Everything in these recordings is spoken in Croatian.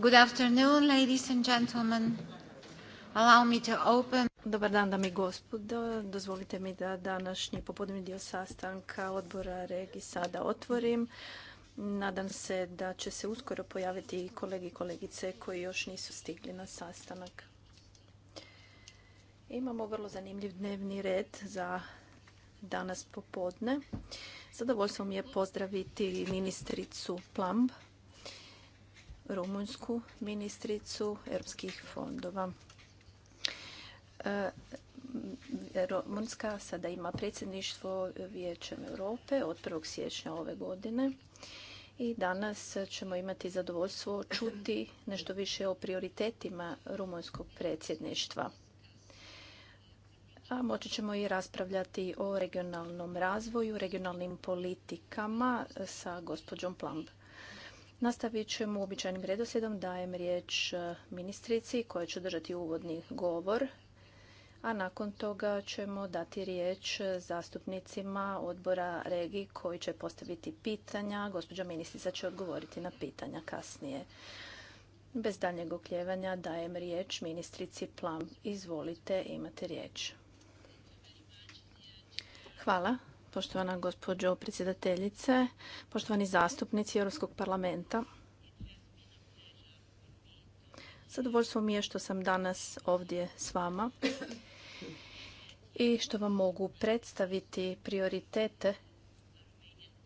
Good Dobar dan, dame i gospodo. Dozvolite mi da današnji popodnevni dio sastanka odbora Regi sada otvorim. Nadam se da će se uskoro pojaviti i kolegi i kolegice koji još nisu stigli na sastanak. Imamo vrlo zanimljiv dnevni red za danas popodne. Zadovoljstvo mi je pozdraviti ministricu Plamb rumunjsku ministricu europskih fondova. E, Rumunjska sada ima predsjedništvo Vijećem Europe od 1. siječnja ove godine i danas ćemo imati zadovoljstvo čuti nešto više o prioritetima rumunjskog predsjedništva. A moći ćemo i raspravljati o regionalnom razvoju, regionalnim politikama sa gospođom Plamb. Nastavit ćemo uobičajenim redoslijedom. Dajem riječ e, ministrici koja će držati uvodni govor, a nakon toga ćemo dati riječ zastupnicima odbora regiji koji će postaviti pitanja. Gospođa ministrica će odgovoriti na pitanja kasnije. Bez daljnjeg okljevanja dajem riječ ministrici Plam. Izvolite, imate riječ. Hvala. Poštovana gospođo predsjedateljice, poštovani zastupnici Europskog parlamenta. Zadovoljstvo mi je što sam danas ovdje s vama i što vam mogu predstaviti prioritete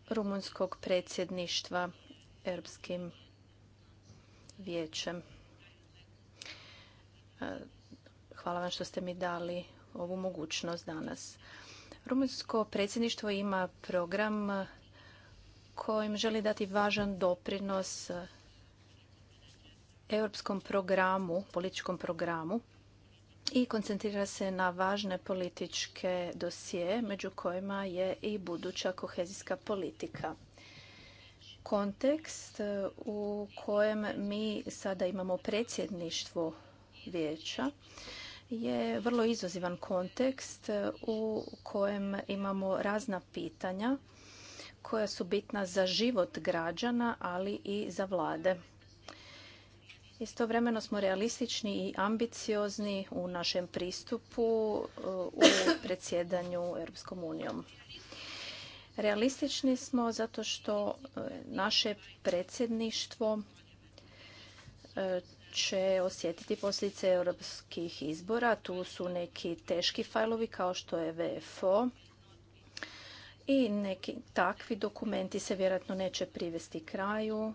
Rumunskog predsjedništva Europskim vijećem. Hvala vam što ste mi dali ovu mogućnost danas. Rumunjsko predsjedništvo ima program kojim želi dati važan doprinos europskom programu, političkom programu i koncentrira se na važne političke dosije, među kojima je i buduća kohezijska politika. Kontekst u kojem mi sada imamo predsjedništvo vijeća je vrlo izazivan kontekst e, u kojem imamo razna pitanja koja su bitna za život građana, ali i za vlade. Istovremeno smo realistični i ambiciozni u našem pristupu e, u predsjedanju Europskom unijom. Realistični smo zato što e, naše predsjedništvo će osjetiti posljedice europskih izbora. Tu su neki teški fajlovi kao što je VFO i neki takvi dokumenti se vjerojatno neće privesti kraju.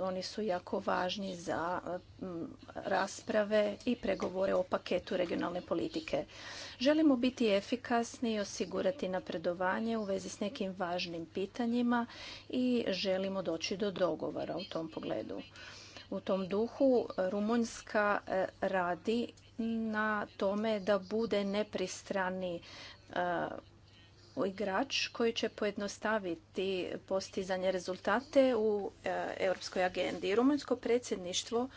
Oni su jako važni za mm, rasprave i pregovore o paketu regionalne politike. Želimo biti efikasni i osigurati napredovanje u vezi s nekim važnim pitanjima i želimo doći do dogovora u tom pogledu. U tom duhu e, Rumunjska e, radi na tome da bude nepristrani e, igrač koji će pojednostaviti postizanje rezultate u europskoj agendi. Rumunjsko predsjedništvo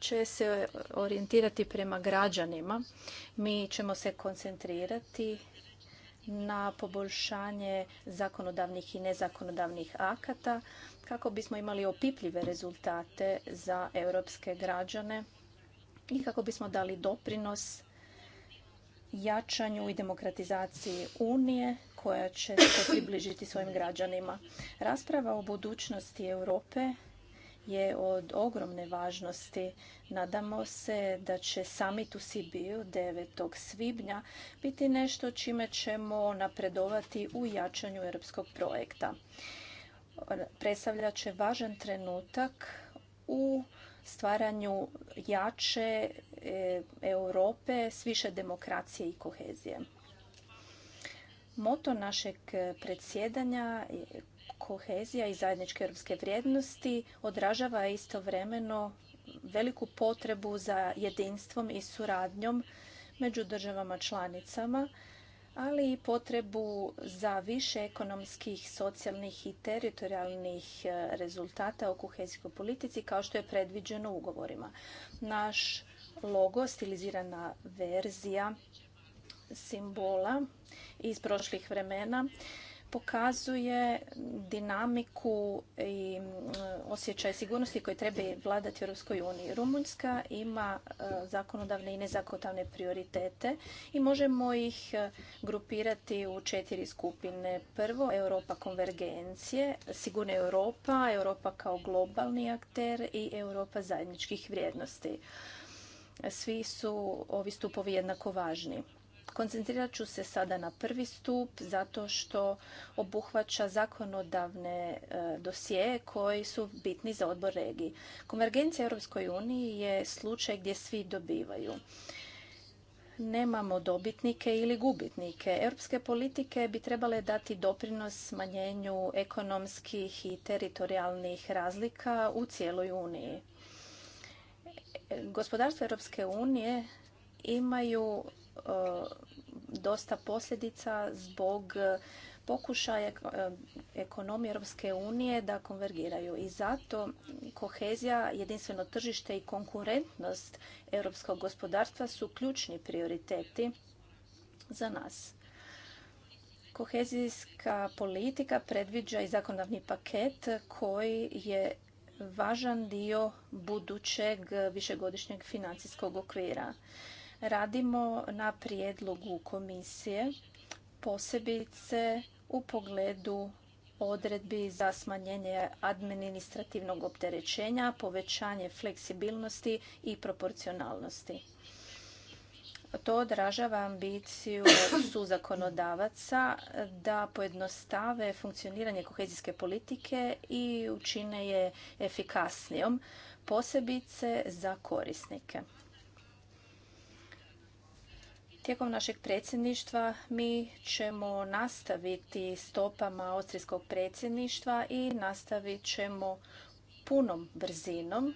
će se orijentirati prema građanima. Mi ćemo se koncentrirati na poboljšanje zakonodavnih i nezakonodavnih akata kako bismo imali opipljive rezultate za europske građane i kako bismo dali doprinos jačanju i demokratizaciji Unije koja će se približiti svojim građanima. Rasprava o budućnosti Europe je od ogromne važnosti. Nadamo se da će summit u Sibiju 9. svibnja biti nešto čime ćemo napredovati u jačanju europskog projekta. Predstavlja će važan trenutak u stvaranju jače e, Europe s više demokracije i kohezije. Moto našeg predsjedanja kohezija i zajedničke europske vrijednosti odražava istovremeno veliku potrebu za jedinstvom i suradnjom među državama članicama ali i potrebu za više ekonomskih, socijalnih i teritorijalnih e, rezultata u kohezijskoj politici kao što je predviđeno ugovorima. Naš logo, stilizirana verzija simbola iz prošlih vremena, pokazuje dinamiku i mm, osjećaj sigurnosti koje treba vladati Europskoj uniji. Rumunjska ima e, zakonodavne i nezakonodavne prioritete i možemo ih e, grupirati u četiri skupine. Prvo, Europa konvergencije, sigurna Europa, Europa kao globalni akter i Europa zajedničkih vrijednosti. Svi su ovi stupovi jednako važni. Koncentrirat ću se sada na prvi stup zato što obuhvaća zakonodavne e, dosije koji su bitni za odbor regiji. Konvergencija EU je slučaj gdje svi dobivaju nemamo dobitnike ili gubitnike. Europske politike bi trebale dati doprinos smanjenju ekonomskih i teritorijalnih razlika u cijeloj Uniji. Gospodarstvo Europske unije imaju Eh, dosta posljedica zbog eh, pokušaja eh, ekonomije Europske unije da konvergiraju i zato kohezija, jedinstveno tržište i konkurentnost europskog gospodarstva su ključni prioriteti za nas. Kohezijska politika predviđa i zakonavni paket koji je važan dio budućeg višegodišnjeg financijskog okvira. Radimo na prijedlogu komisije, posebice u pogledu odredbi za smanjenje administrativnog opterećenja, povećanje fleksibilnosti i proporcionalnosti. To odražava ambiciju su zakonodavaca da pojednostave funkcioniranje kohezijske politike i učine je efikasnijom, posebice za korisnike. Tijekom našeg predsjedništva mi ćemo nastaviti stopama austrijskog predsjedništva i nastavit ćemo punom brzinom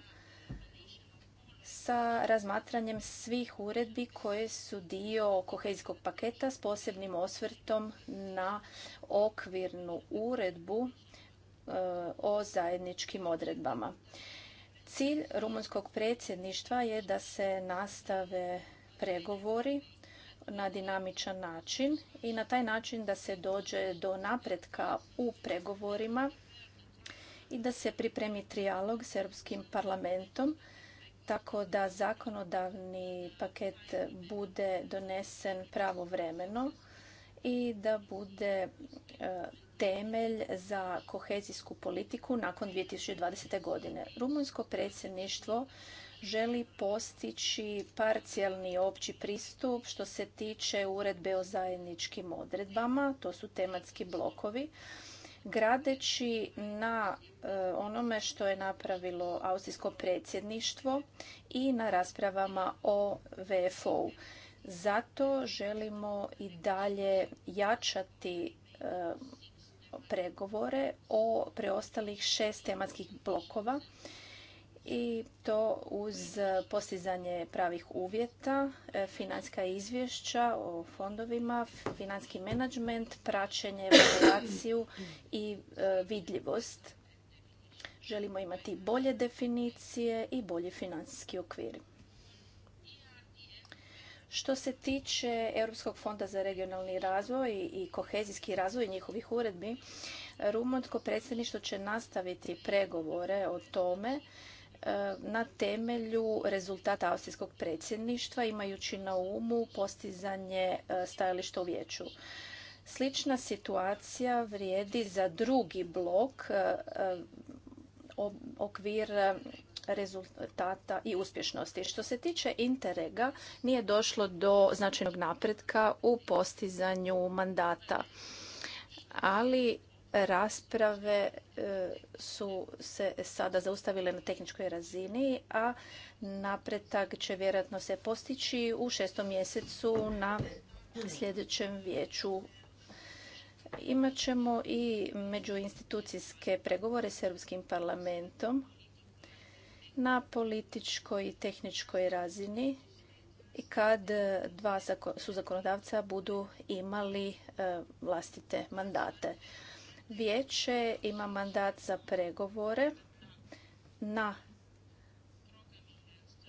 sa razmatranjem svih uredbi koje su dio kohezijskog paketa s posebnim osvrtom na okvirnu uredbu eh, o zajedničkim odredbama. Cilj rumunskog predsjedništva je da se nastave pregovori na dinamičan način i na taj način da se dođe do napretka u pregovorima i da se pripremi trijalog s Europskim parlamentom tako da zakonodavni paket bude donesen pravovremeno i da bude e, temelj za kohezijsku politiku nakon 2020. godine. Rumunjsko predsjedništvo želi postići parcijalni opći pristup što se tiče uredbe o zajedničkim odredbama, to su tematski blokovi, gradeći na e, onome što je napravilo austrijsko predsjedništvo i na raspravama o VFO-u. Zato želimo i dalje jačati e, pregovore o preostalih šest tematskih blokova i to uz postizanje pravih uvjeta, e, financijska izvješća o fondovima, financijski menadžment, praćenje, evaluaciju i e, vidljivost. Želimo imati bolje definicije i bolji financijski okvir. Što se tiče Europskog fonda za regionalni razvoj i kohezijski razvoj njihovih uredbi, rumunsko predsjedništvo će nastaviti pregovore o tome na temelju rezultata austrijskog predsjedništva imajući na umu postizanje e, stajališta u vijeću. Slična situacija vrijedi za drugi blok e, e, okvir rezultata i uspješnosti. Što se tiče interega, nije došlo do značajnog napretka u postizanju mandata. Ali rasprave e, su se sada zaustavile na tehničkoj razini, a napretak će vjerojatno se postići u šestom mjesecu na sljedećem vijeću. Imat ćemo i međuinstitucijske pregovore s Europskim parlamentom na političkoj i tehničkoj razini i kad dva su zakonodavca budu imali e, vlastite mandate. Vijeće ima mandat za pregovore na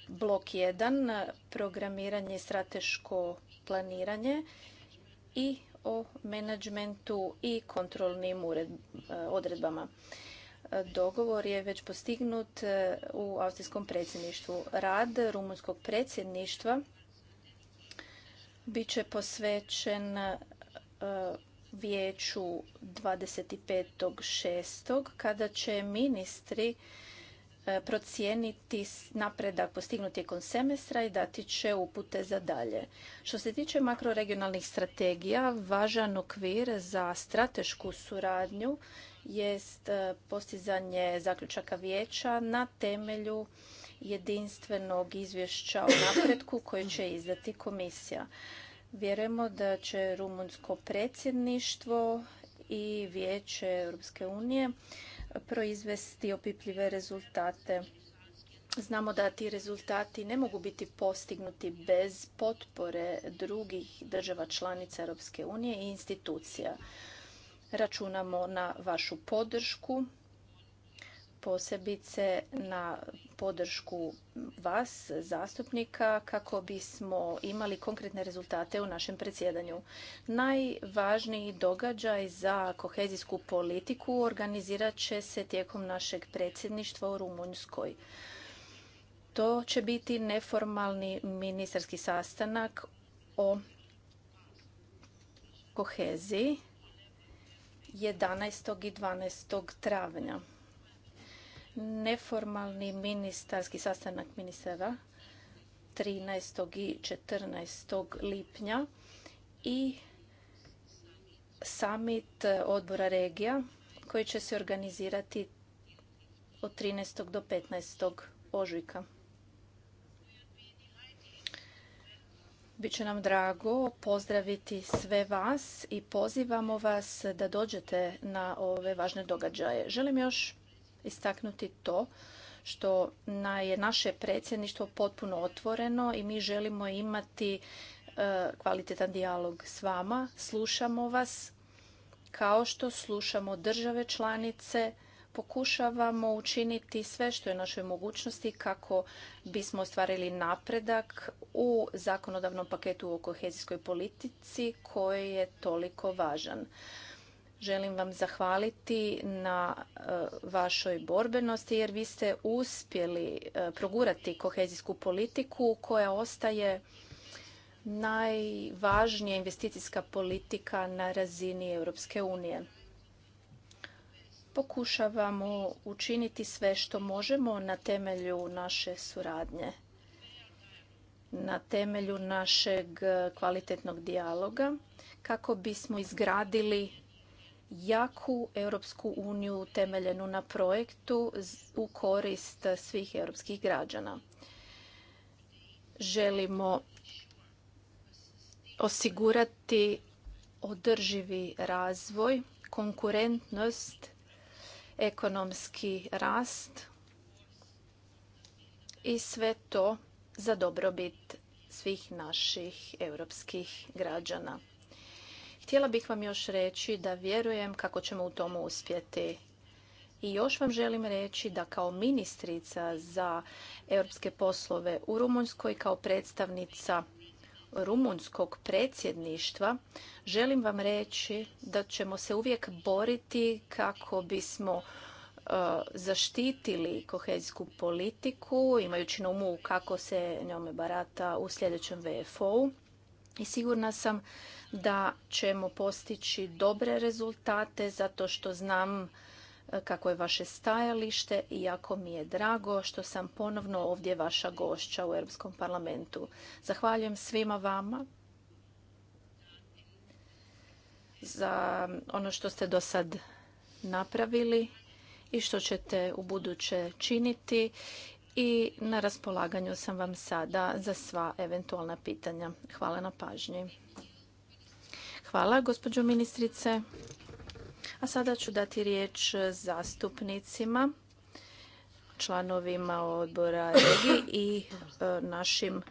blok 1, programiranje i strateško planiranje i o menadžmentu i kontrolnim odredbama. Dogovor je već postignut e, u austrijskom predsjedništvu. Rad rumunskog predsjedništva biće će posvećen e, vijeću 25.6. kada će ministri e, procijeniti napredak postignut tijekom semestra i dati će upute za dalje. Što se tiče makroregionalnih strategija, važan okvir za stratešku suradnju jest e, postizanje zaključaka vijeća na temelju jedinstvenog izvješća o napretku koje će izdati komisija. Vjerujemo da će rumunsko predsjedništvo i vijeće Europske unije proizvesti opipljive rezultate. Znamo da ti rezultati ne mogu biti postignuti bez potpore drugih država članica Europske unije i institucija. Računamo na vašu podršku, posebice na podršku vas, zastupnika, kako bismo imali konkretne rezultate u našem predsjedanju. Najvažniji događaj za kohezijsku politiku organizirat će se tijekom našeg predsjedništva u Rumunjskoj. To će biti neformalni ministarski sastanak o koheziji 11. i 12. travnja neformalni ministarski sastanak ministara 13. i 14. lipnja i summit odbora regija koji će se organizirati od 13. do 15. ožujka. Biće nam drago pozdraviti sve vas i pozivamo vas da dođete na ove važne događaje. Želim još istaknuti to što je naše predsjedništvo potpuno otvoreno i mi želimo imati e, kvalitetan dijalog s vama. Slušamo vas kao što slušamo države članice, pokušavamo učiniti sve što je našoj mogućnosti kako bismo ostvarili napredak u zakonodavnom paketu o kohezijskoj politici koji je toliko važan. Želim vam zahvaliti na e, vašoj borbenosti jer vi ste uspjeli e, progurati kohezijsku politiku koja ostaje najvažnija investicijska politika na razini Europske unije. Pokušavamo učiniti sve što možemo na temelju naše suradnje, na temelju našeg kvalitetnog dijaloga kako bismo izgradili jaku Europsku uniju temeljenu na projektu u korist svih europskih građana. Želimo osigurati održivi razvoj, konkurentnost, ekonomski rast i sve to za dobrobit svih naših europskih građana. Htjela bih vam još reći da vjerujem kako ćemo u tomu uspjeti. I još vam želim reći da kao ministrica za europske poslove u Rumunjskoj, kao predstavnica rumunskog predsjedništva, želim vam reći da ćemo se uvijek boriti kako bismo e, zaštitili kohezijsku politiku, imajući na umu kako se njome barata u sljedećem VFO-u. I sigurna sam da ćemo postići dobre rezultate zato što znam e, kako je vaše stajalište i jako mi je drago što sam ponovno ovdje vaša gošća u Europskom parlamentu. Zahvaljujem svima vama za ono što ste do sad napravili i što ćete u buduće činiti i na raspolaganju sam vam sada za sva eventualna pitanja. Hvala na pažnji. Hvala, gospođo ministrice. A sada ću dati riječ zastupnicima, članovima odbora regi i e, našim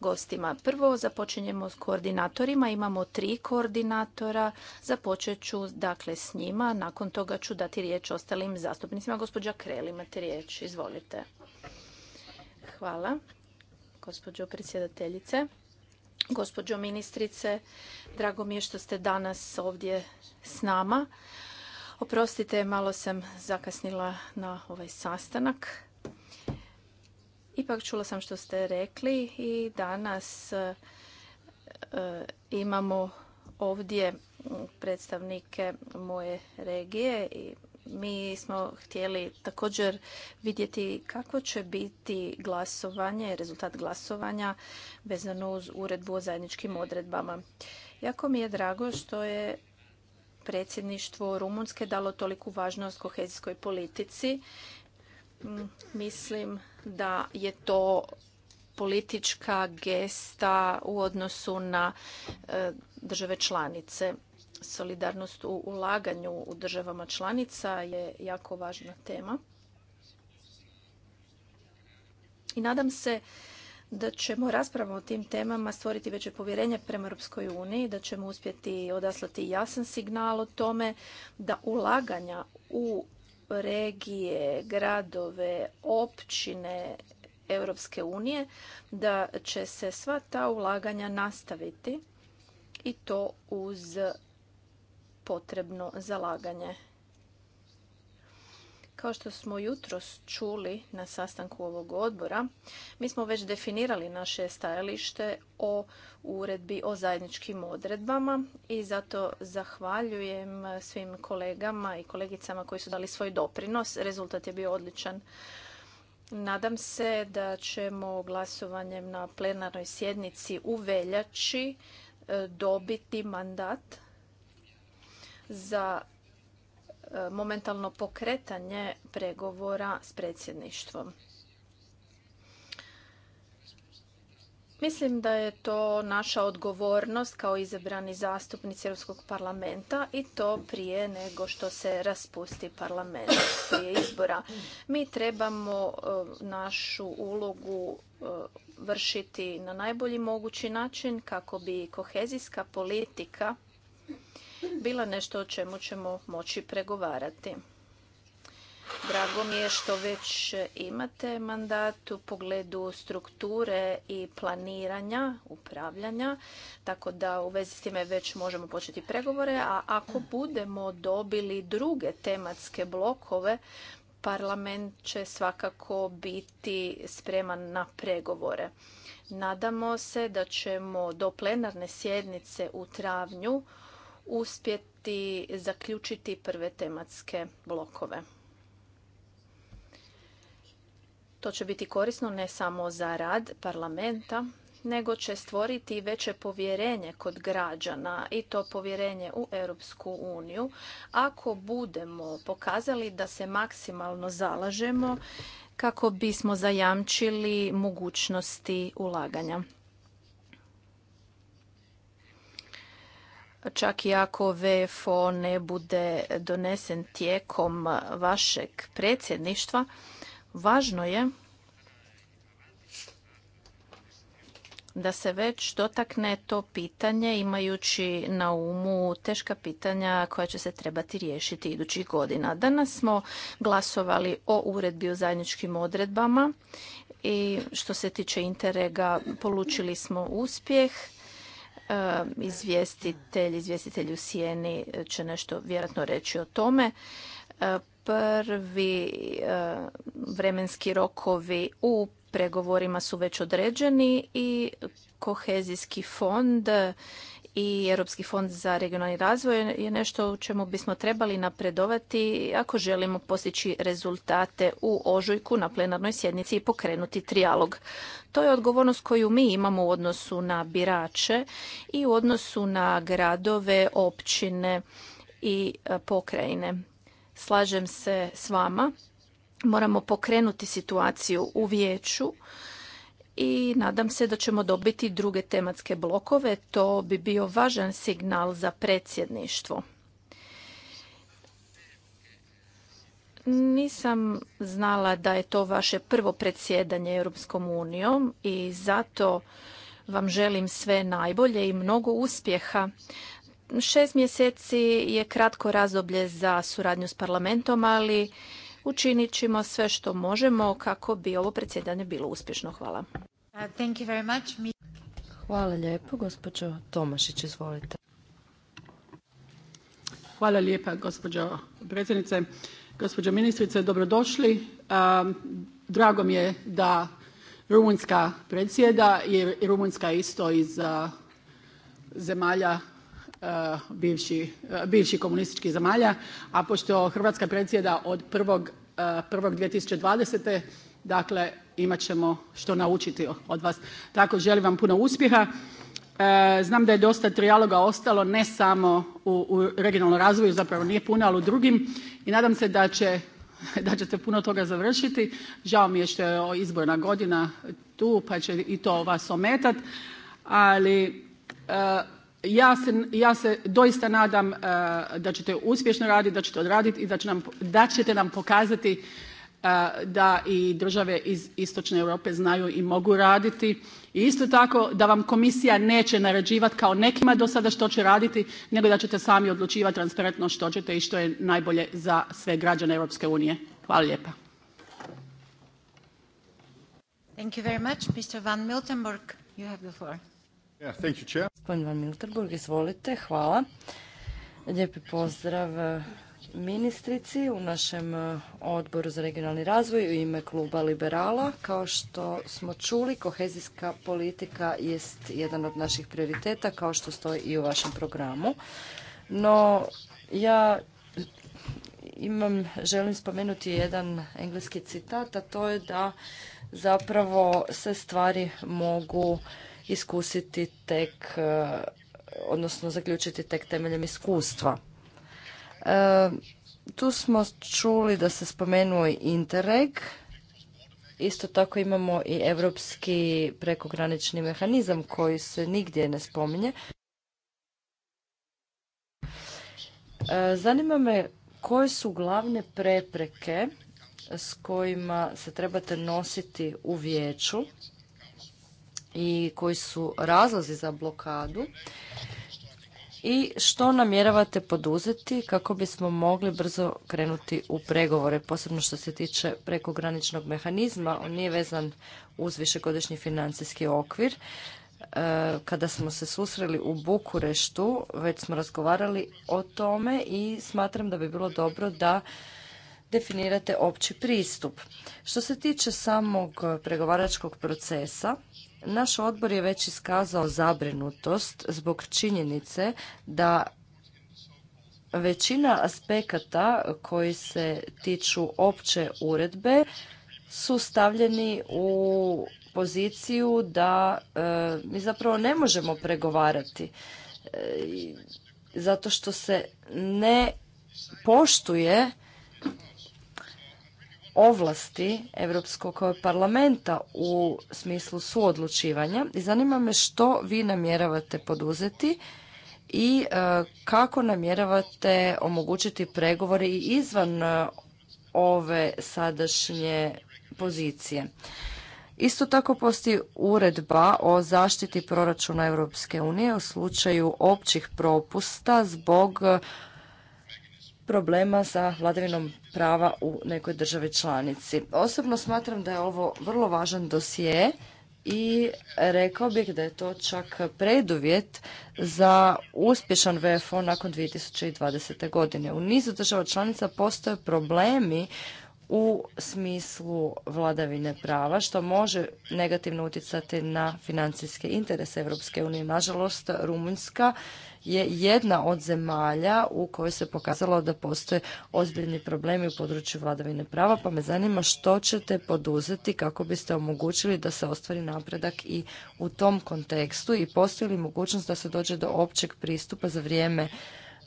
gostima. Prvo započinjemo s koordinatorima. Imamo tri koordinatora. Započet ću dakle s njima. Nakon toga ću dati riječ ostalim zastupnicima. Gospođa Krel, imate riječ. Izvolite. Hvala, gospođo predsjedateljice. Gospođo ministrice, drago mi je što ste danas ovdje s nama. Oprostite, malo sam zakasnila na ovaj sastanak. Ipak čula sam što ste rekli i danas e, imamo ovdje predstavnike moje regije i mi smo htjeli također vidjeti kako će biti glasovanje, rezultat glasovanja vezano uz uredbu o zajedničkim odredbama. Jako mi je drago što je predsjedništvo Rumunske dalo toliku važnost kohezijskoj politici. Mm, mislim da je to politička gesta u odnosu na e, države članice. Solidarnost u ulaganju u državama članica je jako važna tema. I nadam se da ćemo raspravom o tim temama stvoriti veće povjerenje prema Europskoj uniji, da ćemo uspjeti odaslati jasan signal o tome da ulaganja u regije, gradove, općine Europske unije, da će se sva ta ulaganja nastaviti i to uz potrebno zalaganje. Kao što smo jutros čuli na sastanku ovog odbora, mi smo već definirali naše stajalište o uredbi o zajedničkim odredbama i zato zahvaljujem svim kolegama i kolegicama koji su dali svoj doprinos. Rezultat je bio odličan. Nadam se da ćemo glasovanjem na plenarnoj sjednici u veljači e, dobiti mandat za e, momentalno pokretanje pregovora s predsjedništvom. Mislim da je to naša odgovornost kao izabrani zastupnici Europskog parlamenta i to prije nego što se raspusti parlament prije izbora. Mi trebamo e, našu ulogu e, vršiti na najbolji mogući način kako bi kohezijska politika bila nešto o čemu ćemo moći pregovarati. Drago mi je što već imate mandat u pogledu strukture i planiranja, upravljanja, tako da u vezi s time već možemo početi pregovore, a ako budemo dobili druge tematske blokove, parlament će svakako biti spreman na pregovore. Nadamo se da ćemo do plenarne sjednice u travnju uspjeti zaključiti prve tematske blokove. To će biti korisno ne samo za rad parlamenta, nego će stvoriti veće povjerenje kod građana i to povjerenje u Europsku uniju ako budemo pokazali da se maksimalno zalažemo kako bismo zajamčili mogućnosti ulaganja. čak i ako VFO ne bude donesen tijekom vašeg predsjedništva, važno je da se već dotakne to pitanje imajući na umu teška pitanja koja će se trebati riješiti idućih godina. Danas smo glasovali o uredbi o zajedničkim odredbama i što se tiče Interega polučili smo uspjeh Izvjestitelj, izvjestitelj u sjeni e, će nešto vjerojatno reći o tome. E, prvi e, vremenski rokovi u pregovorima su već određeni i kohezijski fond i Europski fond za regionalni razvoj je nešto u čemu bismo trebali napredovati ako želimo postići rezultate u ožujku na plenarnoj sjednici i pokrenuti trijalog. To je odgovornost koju mi imamo u odnosu na birače i u odnosu na gradove, općine i e, pokrajine. Slažem se s vama. Moramo pokrenuti situaciju u vijeću i nadam se da ćemo dobiti druge tematske blokove. To bi bio važan signal za predsjedništvo. Nisam znala da je to vaše prvo predsjedanje Europskom unijom i zato vam želim sve najbolje i mnogo uspjeha. Šest mjeseci je kratko razdoblje za suradnju s parlamentom, ali Učinit ćemo sve što možemo kako bi ovo predsjedanje bilo uspješno. Hvala. Thank you very much. Hvala lijepo. Gospođo Tomašić, izvolite. Hvala lijepa, gospođo predsjednice. Gospođo ministrice, dobrodošli. Drago mi je da Rumunjska predsjeda jer Rumunjska je isto iz zemalja Eh, bivši, eh, bivših komunističkih zemalja, a pošto Hrvatska predsjeda od 1.1.2020. Eh, dakle imat ćemo što naučiti od vas. Tako želim vam puno uspjeha. Znam da je dosta trijaloga ostalo ne samo u regionalnom razvoju, zapravo nije puno, ali u drugim i nadam se da ćete puno toga završiti. Žao mi je što je izborna godina tu pa će i to vas ometat. ali ja se, doista nadam e, da ćete uspješno raditi, da ćete odraditi i da, nam, ćete nam pokazati e, da i države iz Istočne Europe znaju i mogu raditi. I isto tako da vam komisija neće naređivati kao nekima do sada što će raditi, nego da ćete sami odlučivati transparentno što ćete i što je najbolje za sve građane Europske unije. Hvala lijepa. Thank Mr. Van Gospodin Van Milterburg, izvolite, hvala. Lijepi pozdrav eh, ministrici u našem eh, odboru za regionalni razvoj u ime kluba Liberala. Kao što smo čuli, kohezijska politika jest jedan od naših prioriteta, kao što stoji i u vašem programu. No, ja imam, želim spomenuti jedan engleski citat, a to je da zapravo se stvari mogu iskusiti tek, e, odnosno zaključiti tek temeljem iskustva. E, tu smo čuli da se spomenuo i Interreg. Isto tako imamo i europski prekogranični mehanizam koji se nigdje ne spominje. E, zanima me koje su glavne prepreke s kojima se trebate nositi u vijeću i koji su razlozi za blokadu i što namjeravate poduzeti kako bismo mogli brzo krenuti u pregovore, posebno što se tiče prekograničnog mehanizma, on nije vezan uz višegodišnji financijski okvir. E, kada smo se susreli u Bukureštu, već smo razgovarali o tome i smatram da bi bilo dobro da definirate opći pristup. Što se tiče samog pregovaračkog procesa, naš odbor je već iskazao zabrinutost zbog činjenice da većina aspekata koji se tiču opće uredbe su stavljeni u poziciju da e, mi zapravo ne možemo pregovarati e, zato što se ne poštuje ovlasti Europskog parlamenta u smislu suodlučivanja i zanima me što vi namjeravate poduzeti i e, kako namjeravate omogućiti pregovore i izvan e, ove sadašnje pozicije. Isto tako postoji uredba o zaštiti proračuna Europske unije u slučaju općih propusta zbog problema sa vladavinom prava u nekoj državi članici. Osobno smatram da je ovo vrlo važan dosije i rekao bih da je to čak preduvjet za uspješan VFO nakon 2020. godine. U nizu država članica postoje problemi u smislu vladavine prava, što može negativno utjecati na financijske interese Europske unije. Nažalost, Rumunjska je jedna od zemalja u kojoj se pokazalo da postoje ozbiljni problemi u području vladavine prava, pa me zanima što ćete poduzeti kako biste omogućili da se ostvari napredak i u tom kontekstu i postoji li mogućnost da se dođe do općeg pristupa za vrijeme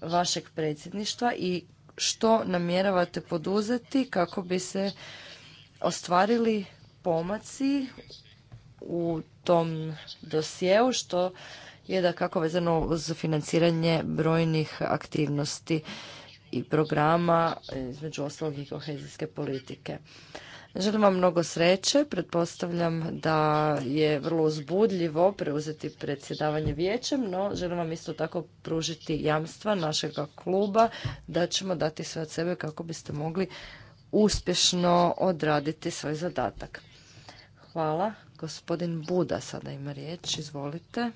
vašeg predsjedništva i što namjeravate poduzeti kako bi se ostvarili pomaci u tom dosjeu što je da kako vezano uz financiranje brojnih aktivnosti i programa između ostalog i kohezijske politike. Želim vam mnogo sreće. Pretpostavljam da je vrlo uzbudljivo preuzeti predsjedavanje vijećem, no želim vam isto tako pružiti jamstva našega kluba da ćemo dati sve od sebe kako biste mogli uspješno odraditi svoj zadatak. Hvala. Gospodin Buda sada ima riječ. Izvolite.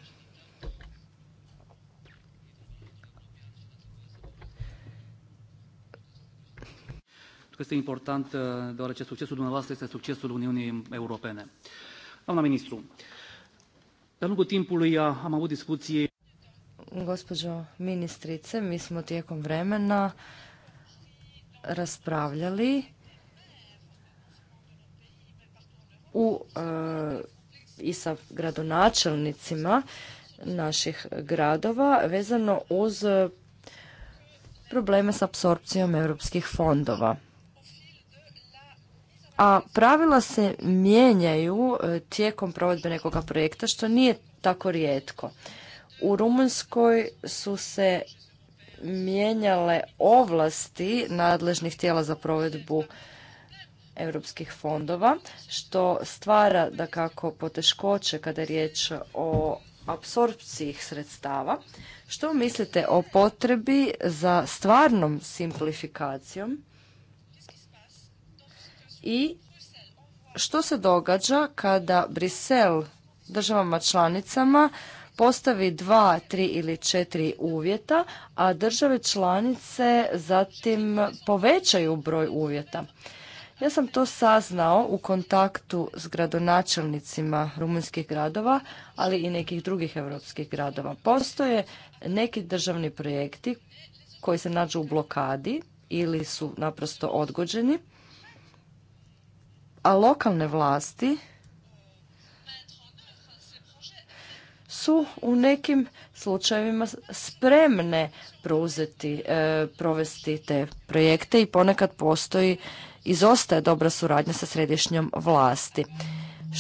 că este important uh, deoarece succesul dumneavoastră este succesul Uniunii Europene. Doamna ministru, de-a lungul timpului uh, am avut discuții... Gospođo ministrice, mi smo tijekom vremena raspravljali u, uh, i sa gradonačelnicima naših gradova vezano uz probleme s apsorpcijom europskih fondova a pravila se mijenjaju e, tijekom provedbe nekoga projekta, što nije tako rijetko. U Rumunjskoj su se mijenjale ovlasti nadležnih tijela za provedbu europskih fondova, što stvara da kako poteškoće kada je riječ o apsorpciji sredstava. Što mislite o potrebi za stvarnom simplifikacijom i što se događa kada Brisel državama članicama postavi dva, tri ili četiri uvjeta, a države članice zatim povećaju broj uvjeta. Ja sam to saznao u kontaktu s gradonačelnicima rumunjskih gradova, ali i nekih drugih europskih gradova. Postoje neki državni projekti koji se nađu u blokadi ili su naprosto odgođeni a lokalne vlasti su u nekim slučajevima spremne preuzeti, e, provesti te projekte i ponekad postoji, izostaje dobra suradnja sa središnjom vlasti.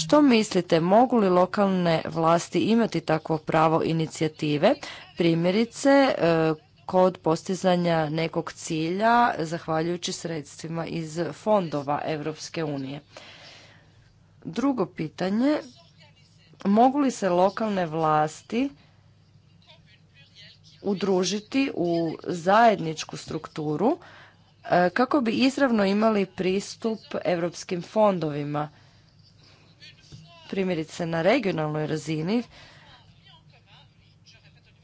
Što mislite, mogu li lokalne vlasti imati takvo pravo inicijative, primjerice e, kod postizanja nekog cilja zahvaljujući sredstvima iz fondova Europske unije. Drugo pitanje, mogu li se lokalne vlasti udružiti u zajedničku strukturu e, kako bi izravno imali pristup europskim fondovima? Primjerice na regionalnoj razini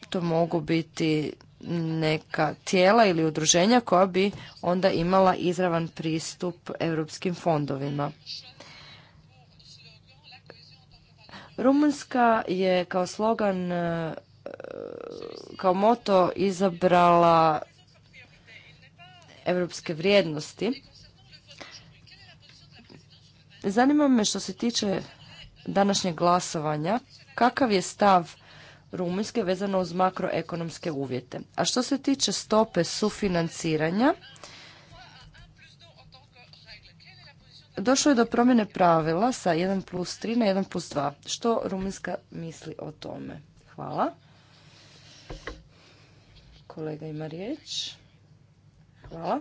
to mogu biti neka tijela ili udruženja koja bi onda imala izravan pristup europskim fondovima. Rumunjska je kao slogan, e, kao moto izabrala europske vrijednosti. Zanima me što se tiče današnjeg glasovanja, kakav je stav Rumunjske vezano uz makroekonomske uvjete. A što se tiče stope sufinanciranja, došlo je do promjene pravila sa 1 plus 3 na 1 plus 2. Što Rumunjska misli o tome? Hvala. Kolega ima riječ. Hvala.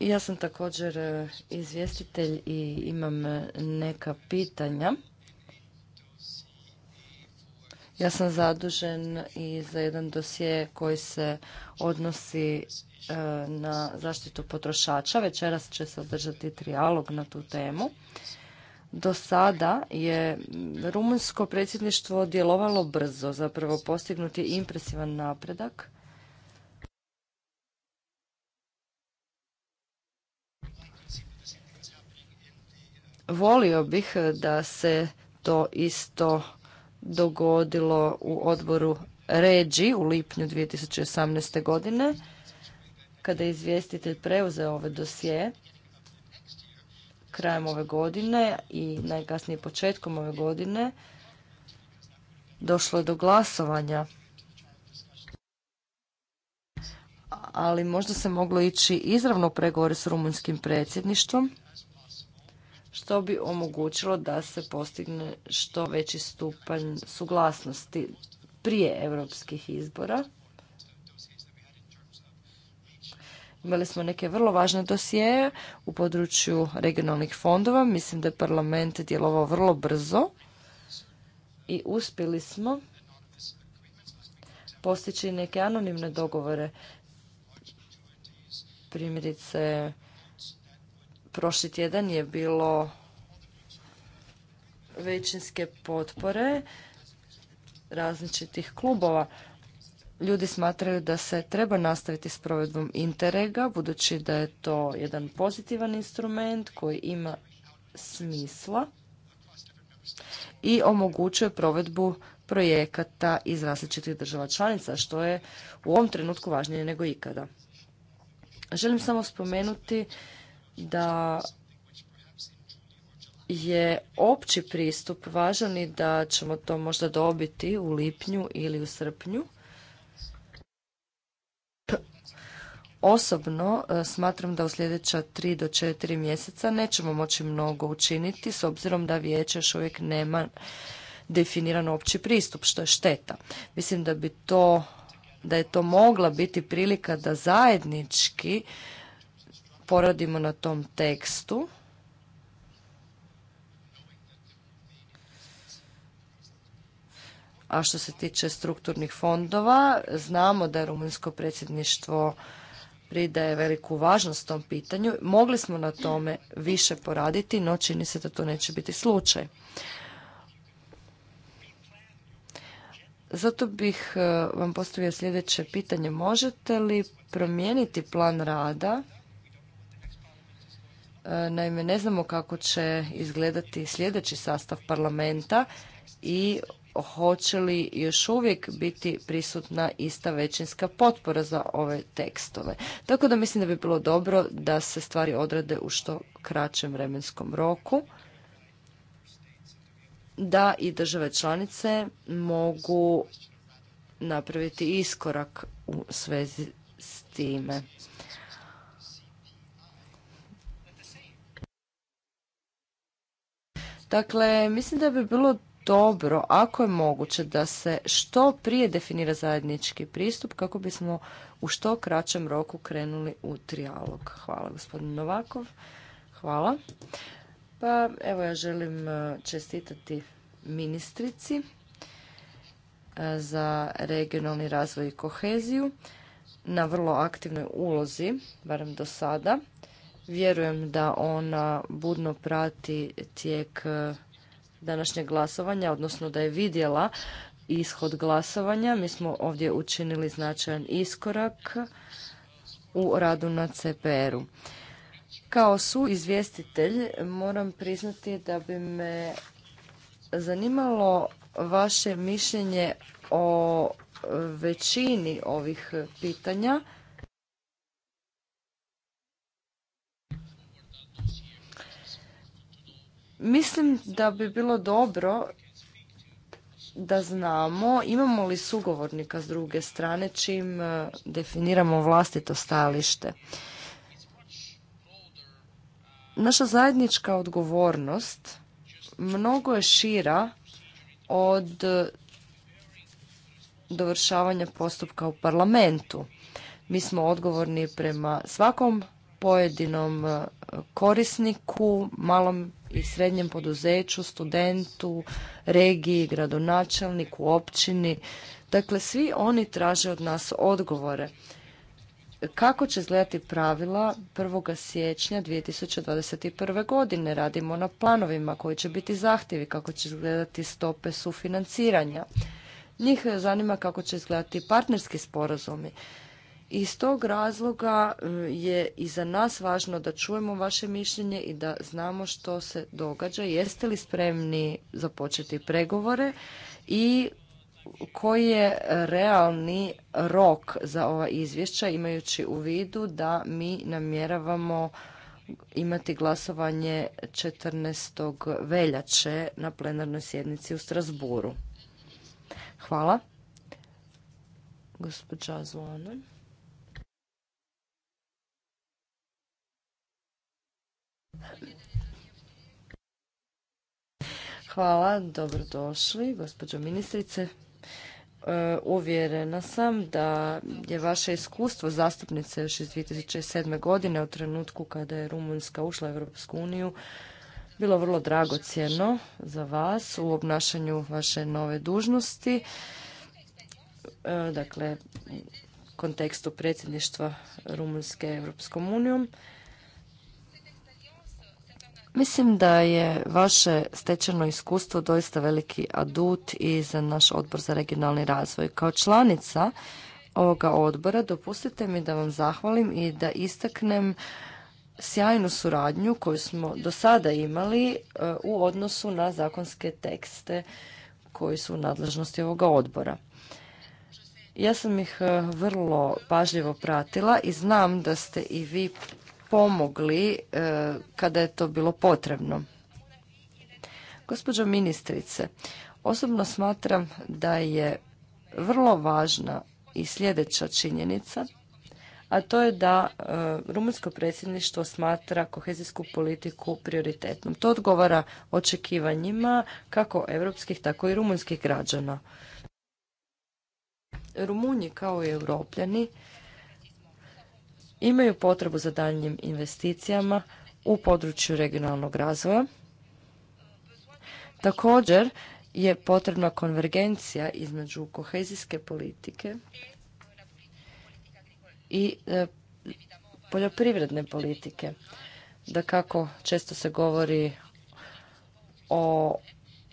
Ja sam također e, izvjestitelj i imam e, neka pitanja. Ja sam zadužen i za jedan dosje koji se odnosi e, na zaštitu potrošača. Večeras će se održati trijalog na tu temu. Do sada je rumunjsko predsjedništvo djelovalo brzo, zapravo postignut je impresivan napredak volio bih e, da se to isto dogodilo u odboru Ređi u lipnju 2018. godine kada je izvjestitelj preuzeo ove ovaj dosije krajem ove godine i najkasnije početkom ove godine došlo je do glasovanja. Ali možda se moglo ići izravno pregovore s rumunjskim predsjedništvom što bi omogućilo da se postigne što veći stupanj suglasnosti prije europskih izbora. Imali smo neke vrlo važne dosjeje u području regionalnih fondova. Mislim da je parlament djelovao vrlo brzo i uspjeli smo postići neke anonimne dogovore. Primjerice, prošli tjedan je bilo većinske potpore različitih klubova. Ljudi smatraju da se treba nastaviti s provedbom interega, budući da je to jedan pozitivan instrument koji ima smisla i omogućuje provedbu projekata iz različitih država članica, što je u ovom trenutku važnije nego ikada. Želim samo spomenuti da je opći pristup važan i da ćemo to možda dobiti u lipnju ili u srpnju. Osobno e, smatram da u sljedeća 3 do 4 mjeseca nećemo moći mnogo učiniti s obzirom da vijeće još uvijek nema definiran opći pristup, što je šteta. Mislim da bi to, da je to mogla biti prilika da zajednički poradimo na tom tekstu A što se tiče strukturnih fondova, znamo da je rumunjsko predsjedništvo pridaje veliku važnost tom pitanju. Mogli smo na tome više poraditi, no čini se da to neće biti slučaj. Zato bih e, vam postavio sljedeće pitanje. Možete li promijeniti plan rada? E, naime, ne znamo kako će izgledati sljedeći sastav parlamenta i hoće li još uvijek biti prisutna ista većinska potpora za ove tekstove. Tako da mislim da bi bilo dobro da se stvari odrade u što kraćem vremenskom roku da i države članice mogu napraviti iskorak u svezi s time. Dakle, mislim da bi bilo dobro ako je moguće da se što prije definira zajednički pristup kako bismo u što kraćem roku krenuli u trijalog. Hvala gospodin Novakov. Hvala. Pa evo ja želim e, čestitati ministrici e, za regionalni razvoj i koheziju na vrlo aktivnoj ulozi, barem do sada. Vjerujem da ona budno prati tijek e, današnjeg glasovanja, odnosno da je vidjela ishod glasovanja. Mi smo ovdje učinili značajan iskorak u radu na CPR-u. Kao su izvjestitelj moram priznati da bi me zanimalo vaše mišljenje o većini ovih pitanja Mislim da bi bilo dobro da znamo imamo li sugovornika s druge strane čim e, definiramo vlastito stajalište. Naša zajednička odgovornost mnogo je šira od dovršavanja postupka u parlamentu. Mi smo odgovorni prema svakom pojedinom e, korisniku, malom i srednjem poduzeću, studentu, regiji, gradonačelniku, općini. Dakle, svi oni traže od nas odgovore. Kako će izgledati pravila 1. siječnja 2021. godine? Radimo na planovima koji će biti zahtjevi, kako će izgledati stope sufinanciranja. Njih zanima kako će izgledati partnerski sporazumi. Iz tog razloga e, je i za nas važno da čujemo vaše mišljenje i da znamo što se događa. Jeste li spremni započeti pregovore i koji je realni rok za ova izvješća imajući u vidu da mi namjeravamo imati glasovanje 14. veljače na plenarnoj sjednici u Strasburu. Hvala. Gospođa Zvonan. Hvala, dobrodošli, gospođo ministrice. E, uvjerena sam da je vaše iskustvo zastupnice još iz 2007. godine u trenutku kada je Rumunjska ušla u Europsku uniju bilo vrlo dragocjeno za vas u obnašanju vaše nove dužnosti. E, dakle, kontekstu predsjedništva Rumunjske Europskom unijom. Mislim da je vaše stečeno iskustvo doista veliki adut i za naš odbor za regionalni razvoj. Kao članica ovoga odbora dopustite mi da vam zahvalim i da istaknem sjajnu suradnju koju smo do sada imali e, u odnosu na zakonske tekste koji su u nadležnosti ovoga odbora. Ja sam ih e, vrlo pažljivo pratila i znam da ste i vi pomogli e, kada je to bilo potrebno. Gospođo ministrice, osobno smatram da je vrlo važna i sljedeća činjenica, a to je da e, rumunsko predsjedništvo smatra kohezijsku politiku prioritetnom. To odgovara očekivanjima kako europskih, tako i rumunskih građana. Rumunji kao i europljani imaju potrebu za daljnjim investicijama u području regionalnog razvoja. Također je potrebna konvergencija između kohezijske politike i e, poljoprivredne politike. Da kako često se govori o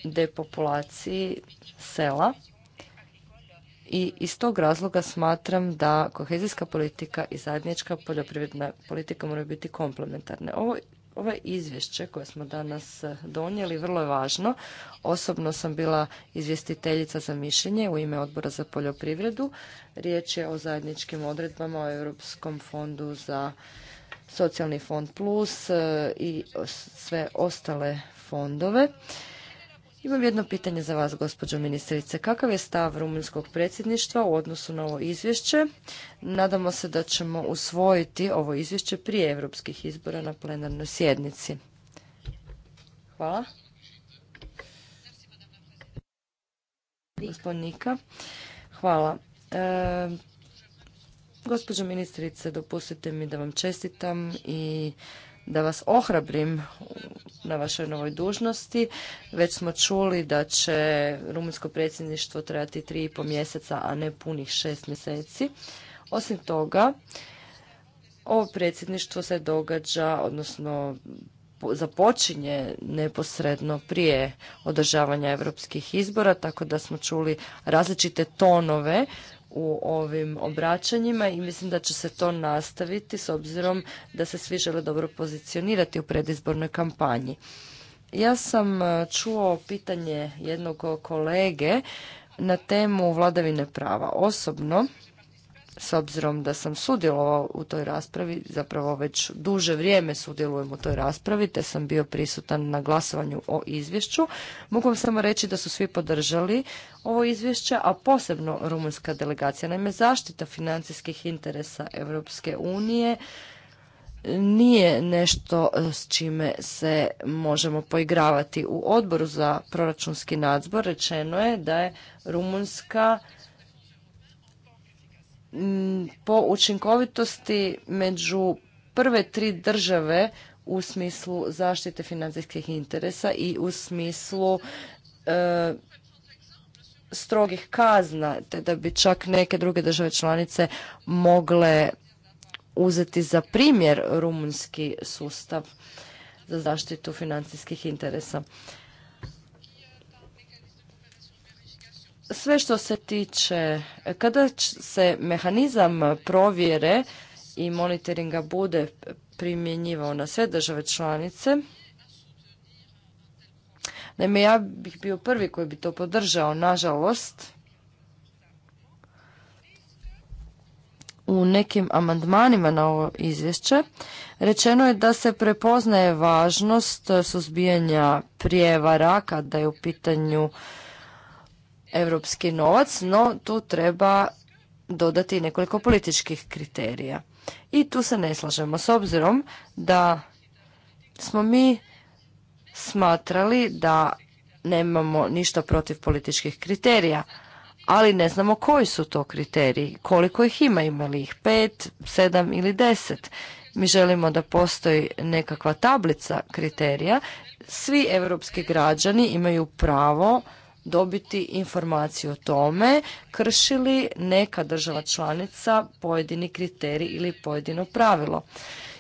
depopulaciji sela, i iz tog razloga smatram da kohezijska politika i zajednička poljoprivredna politika moraju biti komplementarne. Ovo ovo izvješće koje smo danas eh, donijeli vrlo je važno. Osobno sam bila izvjestiteljica za mišljenje u ime Odbora za poljoprivredu. Riječ je o zajedničkim odredbama o Europskom fondu za socijalni fond plus eh, i sve ostale fondove. Imam jedno pitanje za vas, gospođo ministrice. Kakav je stav rumunjskog predsjedništva u odnosu na ovo izvješće? Nadamo se da ćemo usvojiti ovo izvješće prije europskih izbora na plenarnoj sjednici. Hvala. Nika, Hvala. E, gospođo ministrice, dopustite mi da vam čestitam i da vas ohrabrim na vašoj novoj dužnosti. Već smo čuli da će rumunjsko predsjedništvo trajati tri i mjeseca, a ne punih šest mjeseci. Osim toga, ovo predsjedništvo se događa, odnosno započinje neposredno prije održavanja europskih izbora, tako da smo čuli različite tonove u ovim obraćanjima i mislim da će se to nastaviti s obzirom da se svi žele dobro pozicionirati u predizbornoj kampanji. Ja sam e, čuo pitanje jednog kolege na temu vladavine prava. Osobno s obzirom da sam sudjelovao u toj raspravi, zapravo već duže vrijeme sudjelujem u toj raspravi, te sam bio prisutan na glasovanju o izvješću. Mogu vam samo reći da su svi podržali ovo izvješće, a posebno rumunjska delegacija. Naime, zaštita financijskih interesa Europske unije nije nešto s čime se možemo poigravati. U odboru za proračunski nadzor rečeno je da je Rumunska po učinkovitosti među prve tri države u smislu zaštite financijskih interesa i u smislu e, strogih kazna, te da bi čak neke druge države članice mogle uzeti za primjer rumunjski sustav za zaštitu financijskih interesa. sve što se tiče, kada se mehanizam provjere i monitoringa bude primjenjivao na sve države članice, Naime, ja bih bio prvi koji bi to podržao, nažalost. U nekim amandmanima na ovo izvješće rečeno je da se prepoznaje važnost suzbijanja prijevara kada je u pitanju europski novac, no tu treba dodati nekoliko političkih kriterija. I tu se ne slažemo s obzirom da smo mi smatrali da nemamo ništa protiv političkih kriterija, ali ne znamo koji su to kriteriji, koliko ih ima, ima li ih pet, sedam ili deset. Mi želimo da postoji nekakva tablica kriterija. Svi evropski građani imaju pravo dobiti informaciju o tome krši li neka država članica pojedini kriterij ili pojedino pravilo.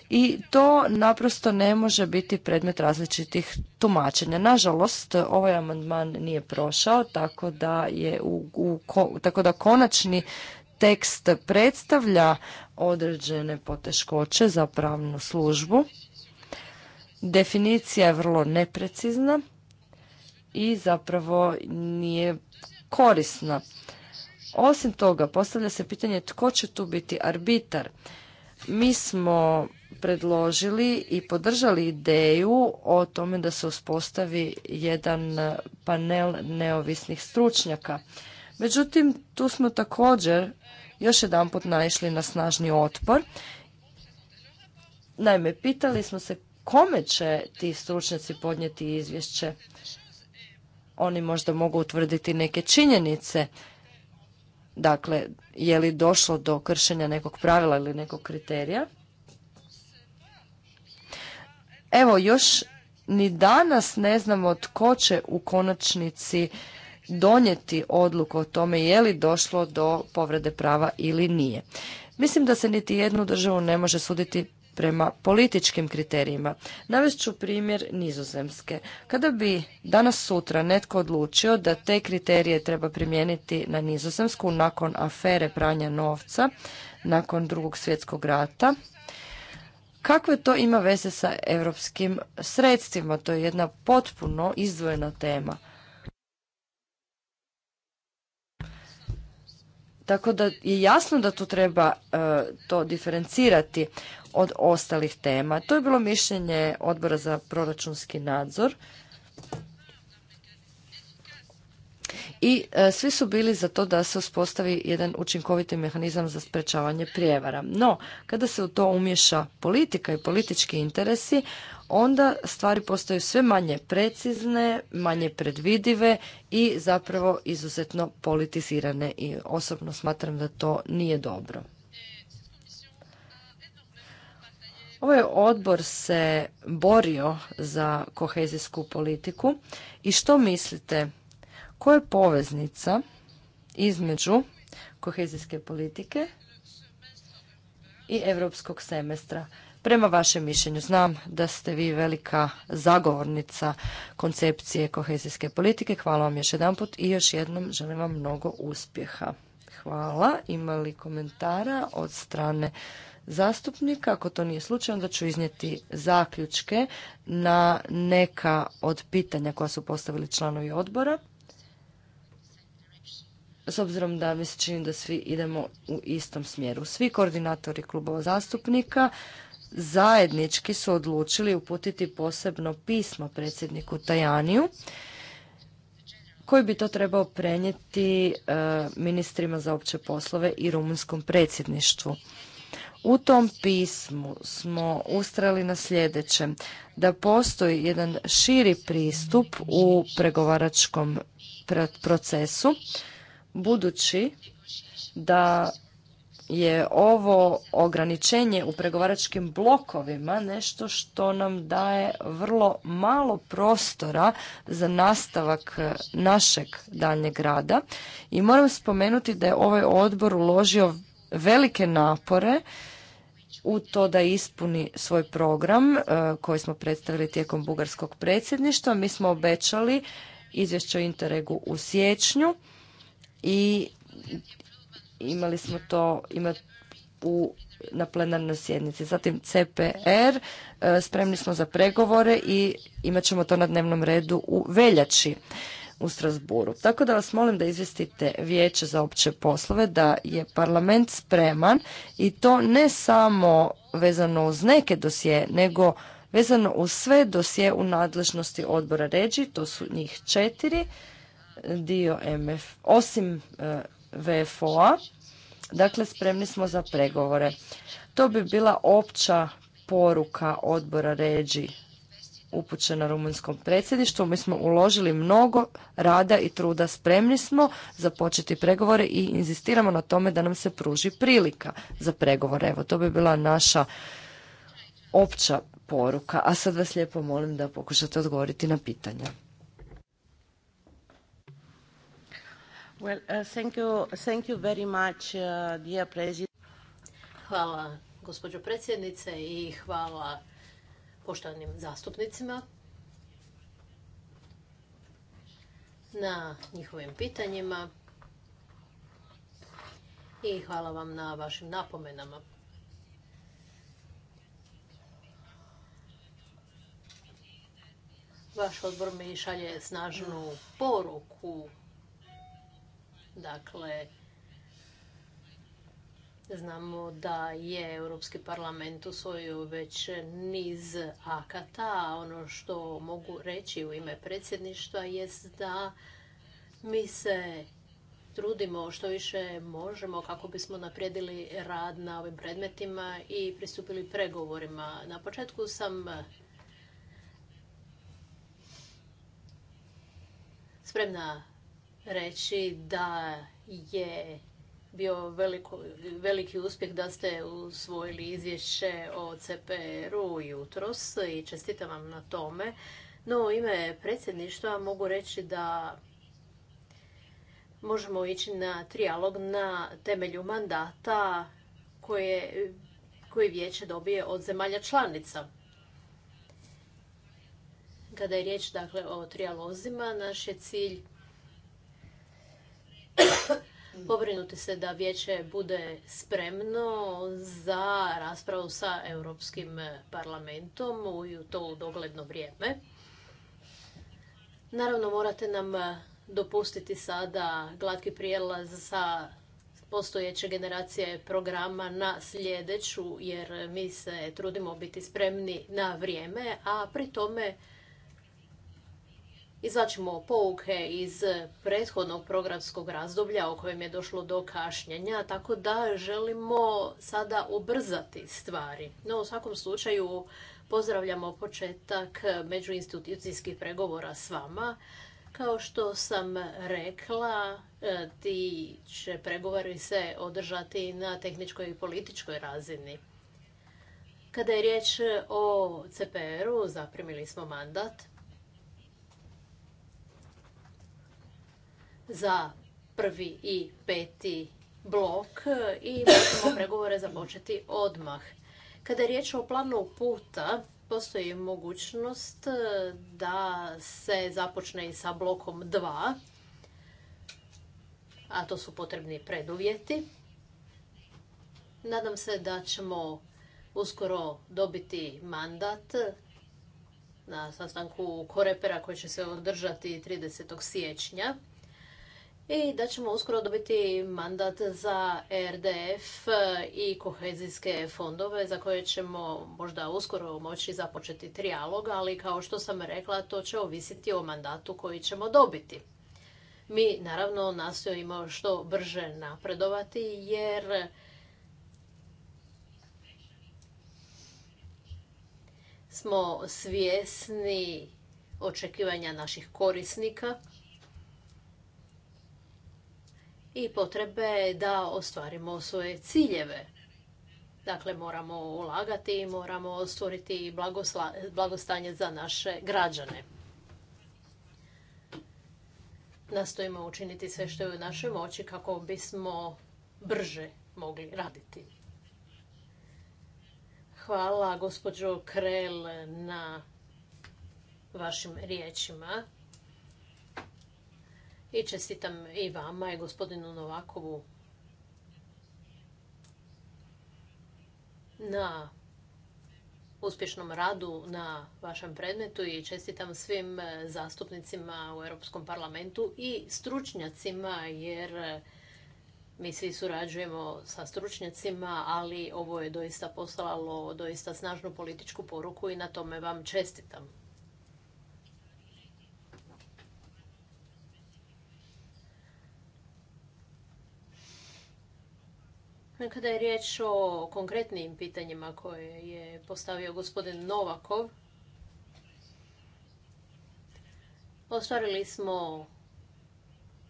I to naprosto ne može biti predmet različitih tumačenja. Nažalost, ovaj amandman nije prošao, tako da je u, tako da konačni tekst predstavlja određene poteškoće za pravnu službu. Definicija je vrlo neprecizna i zapravo nije korisna. Osim toga, postavlja se pitanje tko će tu biti arbitar. Mi smo predložili i podržali ideju o tome da se uspostavi jedan panel neovisnih stručnjaka. Međutim, tu smo također još jedanput naišli na snažni otpor. Naime, pitali smo se kome će ti stručnjaci podnijeti izvješće oni možda mogu utvrditi neke činjenice. Dakle, je li došlo do kršenja nekog pravila ili nekog kriterija? Evo, još ni danas ne znamo tko će u konačnici donijeti odluku o tome je li došlo do povrede prava ili nije. Mislim da se niti jednu državu ne može suditi prema političkim kriterijima. Navest ću primjer nizozemske. Kada bi danas sutra netko odlučio da te kriterije treba primijeniti na nizozemsku nakon afere pranja novca, nakon drugog svjetskog rata, kakve to ima veze sa europskim sredstvima? To je jedna potpuno izdvojena tema. Tako da je jasno da tu treba e, to diferencirati od ostalih tema. To je bilo mišljenje odbora za proračunski nadzor. I e, svi su bili za to da se uspostavi jedan učinkoviti mehanizam za sprečavanje prijevara. No, kada se u to umješa politika i politički interesi, onda stvari postaju sve manje precizne, manje predvidive i zapravo izuzetno politizirane i osobno smatram da to nije dobro. Ovaj odbor se borio za kohezijsku politiku i što mislite, koja je poveznica između kohezijske politike i europskog semestra? Prema vašem mišljenju znam da ste vi velika zagovornica koncepcije kohezijske politike. Hvala vam još put i još jednom želim vam mnogo uspjeha. Hvala. Ima li komentara od strane zastupnika? Ako to nije slučaj, onda ću iznijeti zaključke na neka od pitanja koja su postavili članovi odbora. S obzirom da mi se čini da svi idemo u istom smjeru. Svi koordinatori klubova zastupnika zajednički su odlučili uputiti posebno pismo predsjedniku Tajaniju koji bi to trebao prenijeti e, ministrima za opće poslove i rumunskom predsjedništvu. U tom pismu smo ustrali na sljedećem, da postoji jedan širi pristup u pregovaračkom procesu, budući da je ovo ograničenje u pregovaračkim blokovima nešto što nam daje vrlo malo prostora za nastavak e, našeg daljnjeg rada. I moram spomenuti da je ovaj odbor uložio velike napore u to da ispuni svoj program e, koji smo predstavili tijekom bugarskog predsjedništva. Mi smo obećali izvješće o Interregu u siječnju i imali smo to ima u, na plenarnoj sjednici. Zatim CPR, e, spremni smo za pregovore i imat ćemo to na dnevnom redu u veljači u Strasburu. Tako da vas molim da izvestite vijeće za opće poslove da je parlament spreman i to ne samo vezano uz neke dosije, nego vezano uz sve dosje u nadležnosti odbora ređi, to su njih četiri, dio MF, osim e, VFO-a. Dakle, spremni smo za pregovore. To bi bila opća poruka odbora ređi upućena rumunskom predsjedništvu. Mi smo uložili mnogo rada i truda. Spremni smo započeti pregovore i inzistiramo na tome da nam se pruži prilika za pregovore. Evo, to bi bila naša opća poruka. A sad vas lijepo molim da pokušate odgovoriti na pitanja. Well, uh, very uh, hvala gospođo predsjednice i hvala poštovanim zastupnicima na njihovim pitanjima i hvala vam na vašim napomenama. Vaš odbor mi šalje snažnu poruku Dakle, Znamo da je Europski parlament usvojio već niz akata. Ono što mogu reći u ime predsjedništva jest da mi se trudimo što više možemo kako bismo naprijedili rad na ovim predmetima i pristupili pregovorima. Na početku sam spremna reći da je bio veliki uspjeh da ste usvojili izvješće o CPR-u jutros i čestitam vam na tome. No, u ime predsjedništva mogu reći da možemo ići na trijalog na temelju mandata koje, koji vijeće dobije od zemalja članica. Kada je riječ dakle, o trijalozima, naš je cilj pobrinuti se da vijeće bude spremno za raspravu sa Europskim parlamentom u to u dogledno vrijeme. Naravno morate nam dopustiti sada glatki prijelaz sa postojeće generacije programa na sljedeću jer mi se trudimo biti spremni na vrijeme, a pri tome Izvaćimo pouke iz e, prethodnog programskog razdoblja o kojem je došlo do kašnjenja, tako da želimo sada ubrzati stvari. No, u svakom slučaju pozdravljamo početak e, međuinstitucijskih pregovora s vama. Kao što sam rekla, e, ti će pregovori se održati na tehničkoj i političkoj razini. Kada je riječ o CPR-u, zaprimili smo mandat za prvi i peti blok i možemo pregovore započeti odmah. Kada je riječ o planu puta, postoji mogućnost e, da se započne i sa blokom 2, a to su potrebni preduvjeti. Nadam se da ćemo uskoro dobiti mandat na sastanku Korepera koji će se održati 30. siječnja i da ćemo uskoro dobiti mandat za RDF eh, i kohezijske fondove za koje ćemo možda uskoro moći započeti trijalog, ali kao što sam rekla to će ovisiti o mandatu koji ćemo dobiti. Mi naravno nastojimo što brže napredovati jer smo svjesni očekivanja naših korisnika i potrebe da ostvarimo svoje ciljeve. Dakle, moramo ulagati i moramo stvoriti blagostanje za naše građane. Nastojimo učiniti sve što je u našoj moći kako bismo brže mogli raditi. Hvala gospođo Krel na vašim riječima. I čestitam i vama i gospodinu Novakovu na uspješnom radu na vašem predmetu i čestitam svim zastupnicima u Europskom parlamentu i stručnjacima jer mi svi surađujemo sa stručnjacima, ali ovo je doista poslalo doista snažnu političku poruku i na tome vam čestitam. Dakle, kada je riječ o konkretnim pitanjima koje je postavio gospodin Novakov, ostvarili smo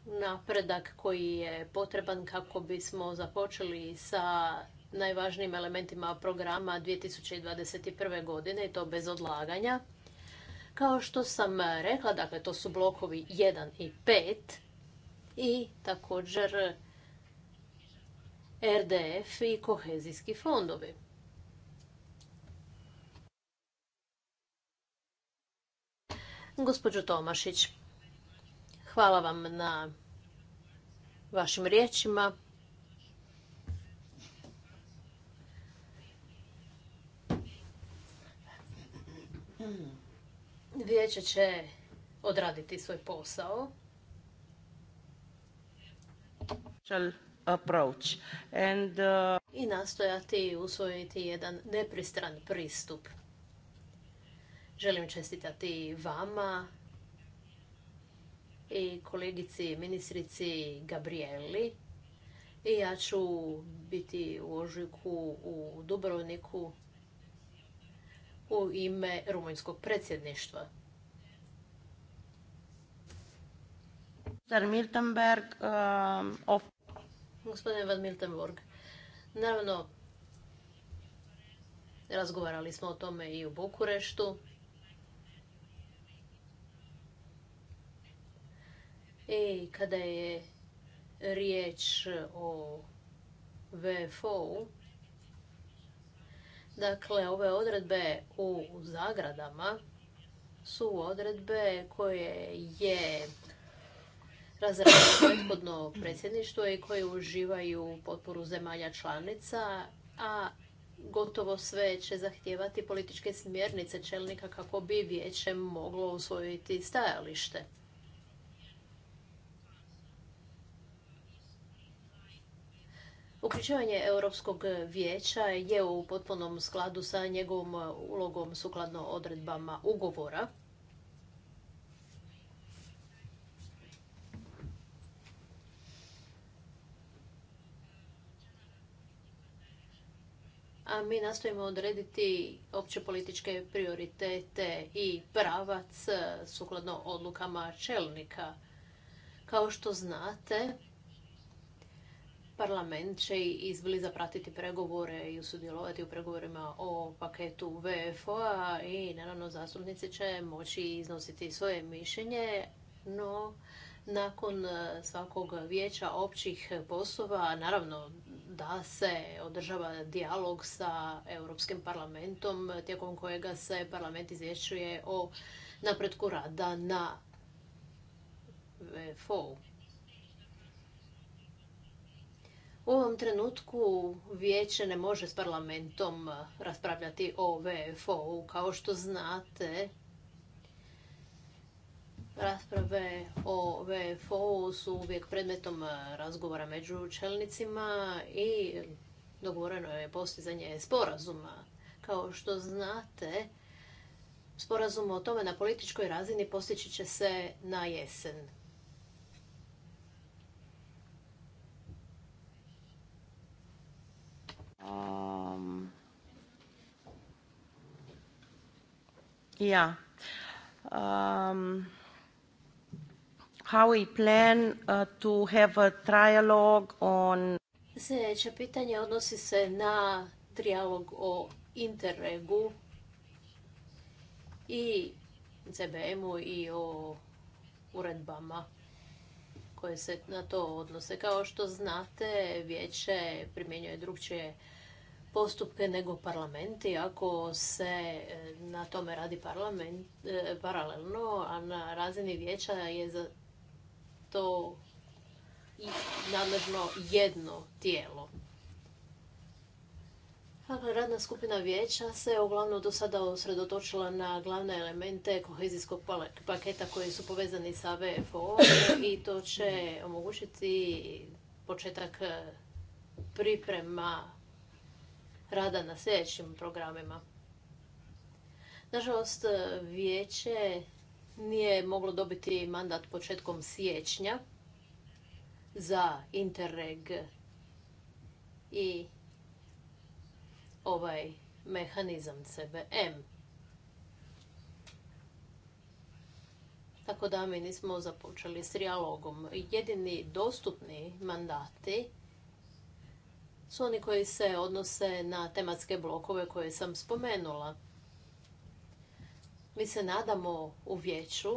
napredak koji je potreban kako bismo započeli sa najvažnijim elementima programa 2021. godine i to bez odlaganja. Kao što sam rekla, dakle to su blokovi 1 i 5 i također RDF i kohezijski fondovi. Gospođo Tomašić, hvala vam na vašim riječima. Vijeće će odraditi svoj posao. Čel, approach. And, uh, I nastojati usvojiti jedan nepristran pristup. Želim čestitati vama i kolegici ministrici Gabrieli. I ja ću biti u ožujku u Dubrovniku u ime rumunjskog predsjedništva. Um, of Gospodine Van Miltenborg, naravno, razgovarali smo o tome i u Bukureštu. I kada je riječ o VFO-u, dakle, ove odredbe u zagradama su odredbe koje je Razredno prethodno predsjedništvo i koje uživaju potporu zemalja članica, a gotovo sve će zahtijevati političke smjernice čelnika kako bi vijeće moglo usvojiti stajalište. Uključivanje Europskog vijeća je u potpunom skladu sa njegovom ulogom sukladno odredbama ugovora. a mi nastojimo odrediti opće političke prioritete i pravac e, sukladno odlukama čelnika. Kao što znate, parlament će izbliza pratiti pregovore i sudjelovati u pregovorima o paketu VFO-a i naravno zastupnici će moći iznositi svoje mišljenje, no nakon e, svakog vijeća općih poslova, naravno da se održava dijalog sa Europskim parlamentom tijekom kojega se parlament izvješćuje o napretku rada na VFO-u. ovom trenutku vijeće ne može s parlamentom raspravljati o VFO-u. Kao što znate, Rasprave o VFO su uvijek predmetom eh, razgovora među čelnicima i dogovoreno je postizanje sporazuma. Kao što znate, sporazum o tome na političkoj razini postići će se na jesen. Um, ja. Um, how we plan uh, to have a trialogue on... Sljedeće pitanje odnosi se na trijalog o Interregu i CBM-u i o uredbama koje se na to odnose. Kao što znate, vijeće primjenjuje drugčije postupke nego parlamenti. Ako se eh, na tome radi parlament, eh, paralelno, a na razini vijeća je za to i nadležno jedno tijelo. radna skupina vijeća se uglavnom do sada osredotočila na glavne elemente kohezijskog paketa koji su povezani sa VFO i to će omogućiti početak e, priprema rada na sljedećim programima. Nažalost, e, vijeće nije moglo dobiti mandat početkom siječnja za Interreg i ovaj mehanizam CBM. Tako da mi nismo započeli s rialogom. Jedini dostupni mandati su oni koji se odnose na tematske blokove koje sam spomenula. Mi se nadamo u vijeću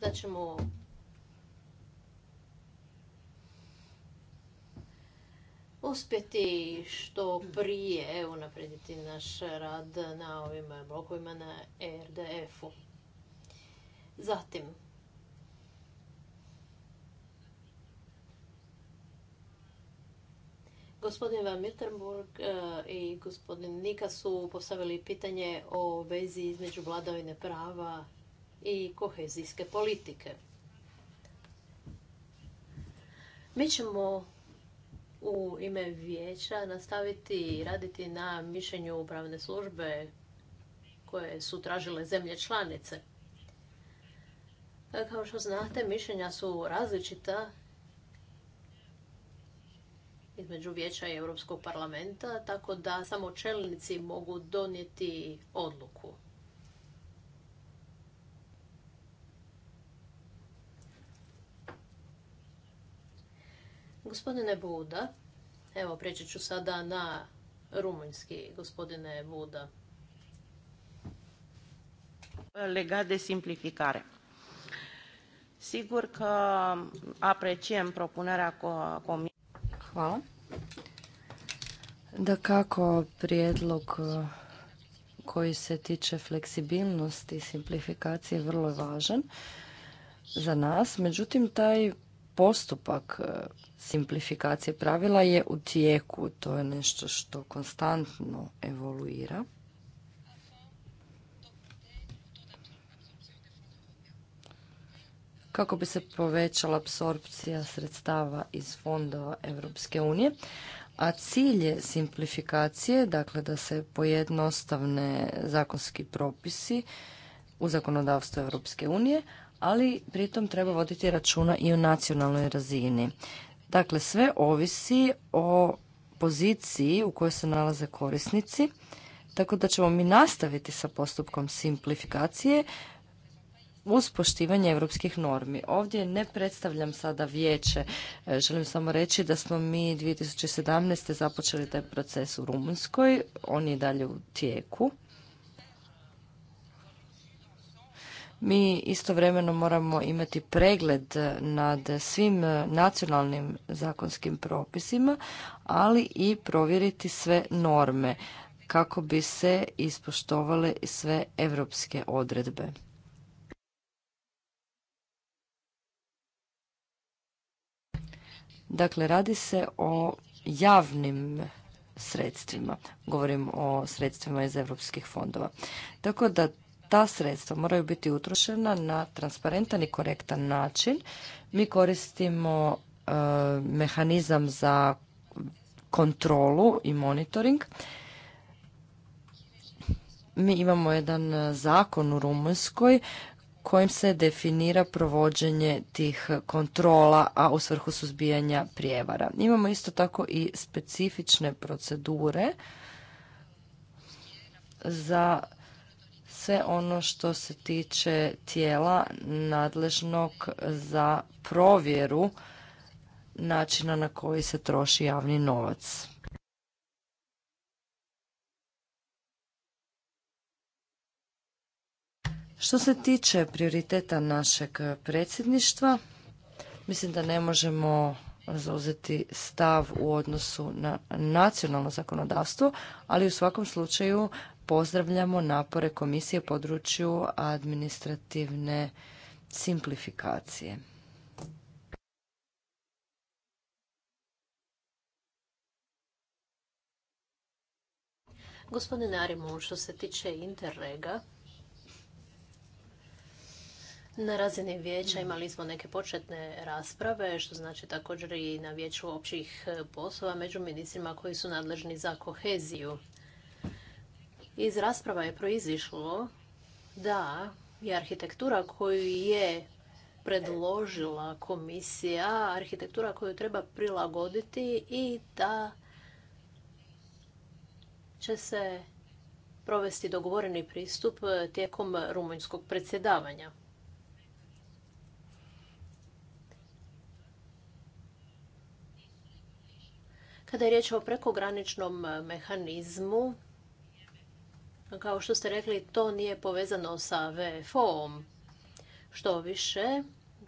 da ćemo uspjeti što prije unaprediti naš rad na ovim blokovima na rdf u Zatim, Gospodin Van e, i gospodin Nika su postavili pitanje o vezi između vladavine prava i kohezijske politike. Mi ćemo u ime vijeća nastaviti raditi na mišljenju upravne službe koje su tražile zemlje članice. E, kao što znate, mišljenja su različita između Vijeća i Europskog parlamenta, tako da samo čelnici mogu donijeti odluku. Gospodine Buda, evo preći ću sada na rumunjski, gospodine Buda. Legade de simplificare. Sigur că apreciem propunerea Hvala. Da kako prijedlog e, koji se tiče fleksibilnosti i simplifikacije je vrlo važan za nas, međutim taj postupak e, simplifikacije pravila je u tijeku, to je nešto što konstantno evoluira. kako bi se povećala apsorpcija sredstava iz fondova Europske unije, a cilj je simplifikacije, dakle da se pojednostavne zakonski propisi u zakonodavstvu Europske unije, ali pritom treba voditi računa i o nacionalnoj razini. Dakle, sve ovisi o poziciji u kojoj se nalaze korisnici, tako da ćemo mi nastaviti sa postupkom simplifikacije, uz poštivanje europskih normi. Ovdje ne predstavljam sada vijeće. E, želim samo reći da smo mi 2017. započeli taj proces u Rumunskoj. On je dalje u tijeku. Mi istovremeno moramo imati pregled nad svim nacionalnim zakonskim propisima, ali i provjeriti sve norme kako bi se ispoštovale sve europske odredbe. Dakle, radi se o javnim sredstvima. Govorim o sredstvima iz europskih fondova. Tako da ta sredstva moraju biti utrošena na transparentan i korektan način. Mi koristimo e, mehanizam za kontrolu i monitoring. Mi imamo jedan zakon u Rumunjskoj kojim se definira provođenje tih kontrola, a u svrhu suzbijanja prijevara. Imamo isto tako i specifične procedure za sve ono što se tiče tijela nadležnog za provjeru načina na koji se troši javni novac. Što se tiče prioriteta našeg predsjedništva, mislim da ne možemo zauzeti stav u odnosu na nacionalno zakonodavstvo, ali u svakom slučaju pozdravljamo napore komisije u području administrativne simplifikacije. Gospodine Arimu, što se tiče Interrega, na razini vijeća mm. imali smo neke početne rasprave, što znači također i na vijeću općih e, poslova među ministrima koji su nadležni za koheziju. Iz rasprava je proizišlo da je arhitektura koju je predložila komisija, arhitektura koju treba prilagoditi i da će se provesti dogovoreni pristup e, tijekom rumunjskog predsjedavanja. Kada je riječ o prekograničnom e, mehanizmu, kao što ste rekli, to nije povezano sa VFO-om. Što više,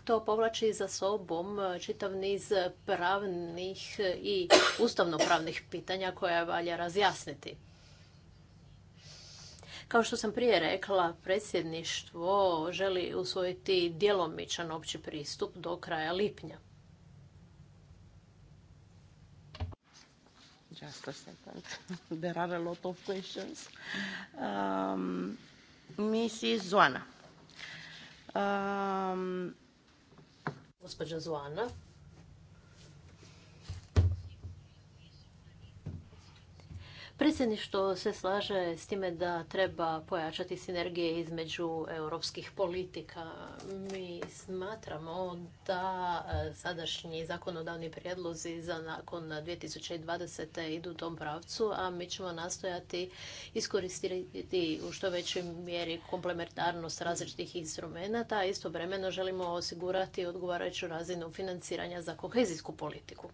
to povlači za sobom e, čitav niz pravnih i ustavnopravnih pitanja koja valja razjasniti. Kao što sam prije rekla, predsjedništvo želi usvojiti djelomičan opći pristup do kraja lipnja. Just a second. There are a lot of questions. Um, Mrs. Zoana. Um, Gospođa Zoana. Predsjedništvo se slaže s time da treba pojačati sinergije između europskih politika. Mi smatramo da e, sadašnji zakonodavni prijedlozi za nakon 2020. idu u tom pravcu, a mi ćemo nastojati iskoristiti u što većoj mjeri komplementarnost različitih instrumenata, a istovremeno želimo osigurati odgovarajuću razinu financiranja za kohezijsku politiku.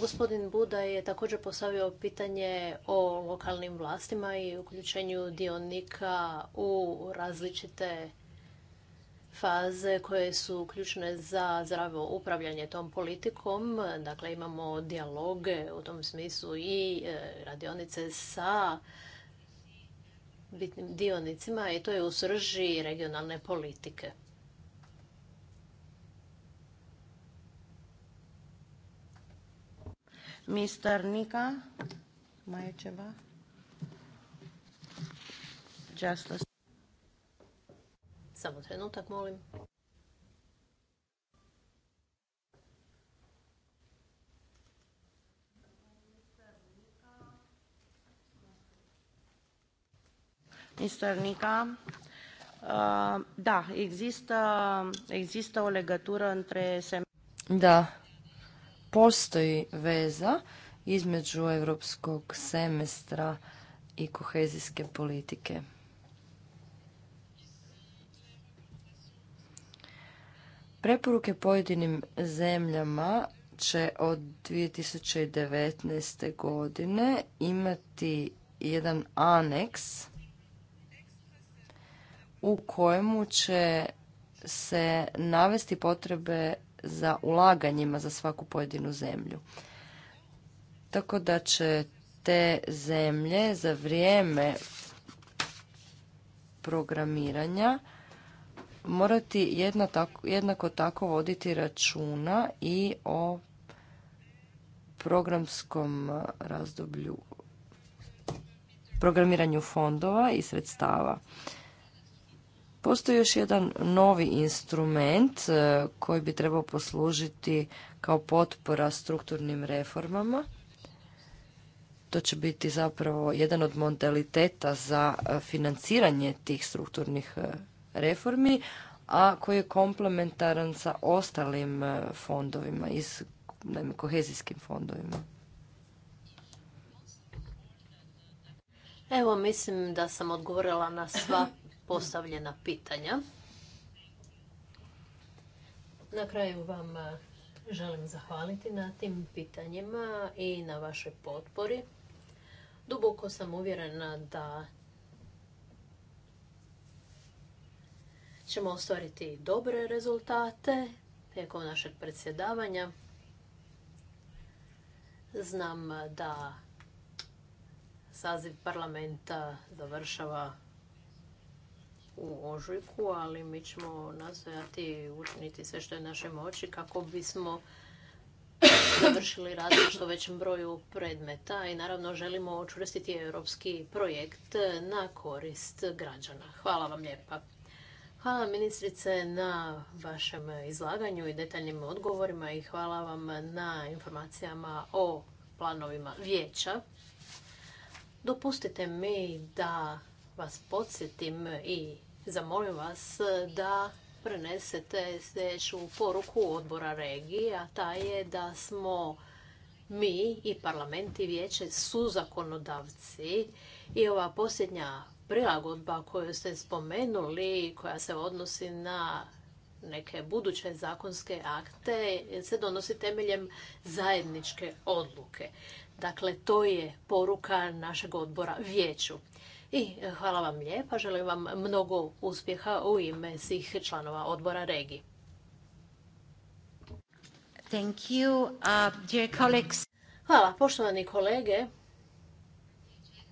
Gospodin Buda je također postavio pitanje o lokalnim vlastima i uključenju dionika u različite faze koje su ključne za zdravo upravljanje tom politikom. Dakle, imamo dijaloge u tom smislu i e, radionice sa bitnim dionicima i to je u srži regionalne politike. Mister Nica, mai e ceva? Just Samo trenutak, molim. Mister Nica, uh, da, există, există o legătură între... Da, postoji veza između europskog semestra i kohezijske politike. Preporuke pojedinim zemljama će od 2019. godine imati jedan aneks u kojemu će se navesti potrebe za ulaganjima za svaku pojedinu zemlju. Tako da će te zemlje za vrijeme programiranja morati jednako tako voditi računa i o programskom razdoblju programiranju fondova i sredstava. Postoji još jedan novi instrument e, koji bi trebao poslužiti kao potpora strukturnim reformama. To će biti zapravo jedan od modaliteta za e, financiranje tih strukturnih e, reformi, a koji je komplementaran sa ostalim fondovima, iz, kohezijskim fondovima. Evo, mislim da sam odgovorila na sva postavljena pitanja. Na kraju vam eh, želim zahvaliti na tim pitanjima i na vašoj potpori. Duboko sam uvjerena da ćemo ostvariti dobre rezultate tijekom našeg predsjedavanja. Znam da saziv parlamenta završava u ožujku, ali mi ćemo nastojati učiniti sve što je naše moći kako bismo završili rad što većem broju predmeta i naravno želimo učvrstiti europski projekt na korist građana. Hvala vam lijepa. Hvala ministrice na vašem izlaganju i detaljnim odgovorima i hvala vam na informacijama o planovima vijeća. Dopustite mi da vas podsjetim i zamolim vas da prenesete sljedeću poruku odbora regije, a ta je da smo mi i parlament i vijeće su zakonodavci i ova posljednja prilagodba koju ste spomenuli, koja se odnosi na neke buduće zakonske akte, se donosi temeljem zajedničke odluke. Dakle, to je poruka našeg odbora vijeću. I eh, hvala vam lijepa, želim vam mnogo uspjeha u ime svih članova odbora Regi. Thank you, uh, dear colleagues. Hvala, poštovani kolege.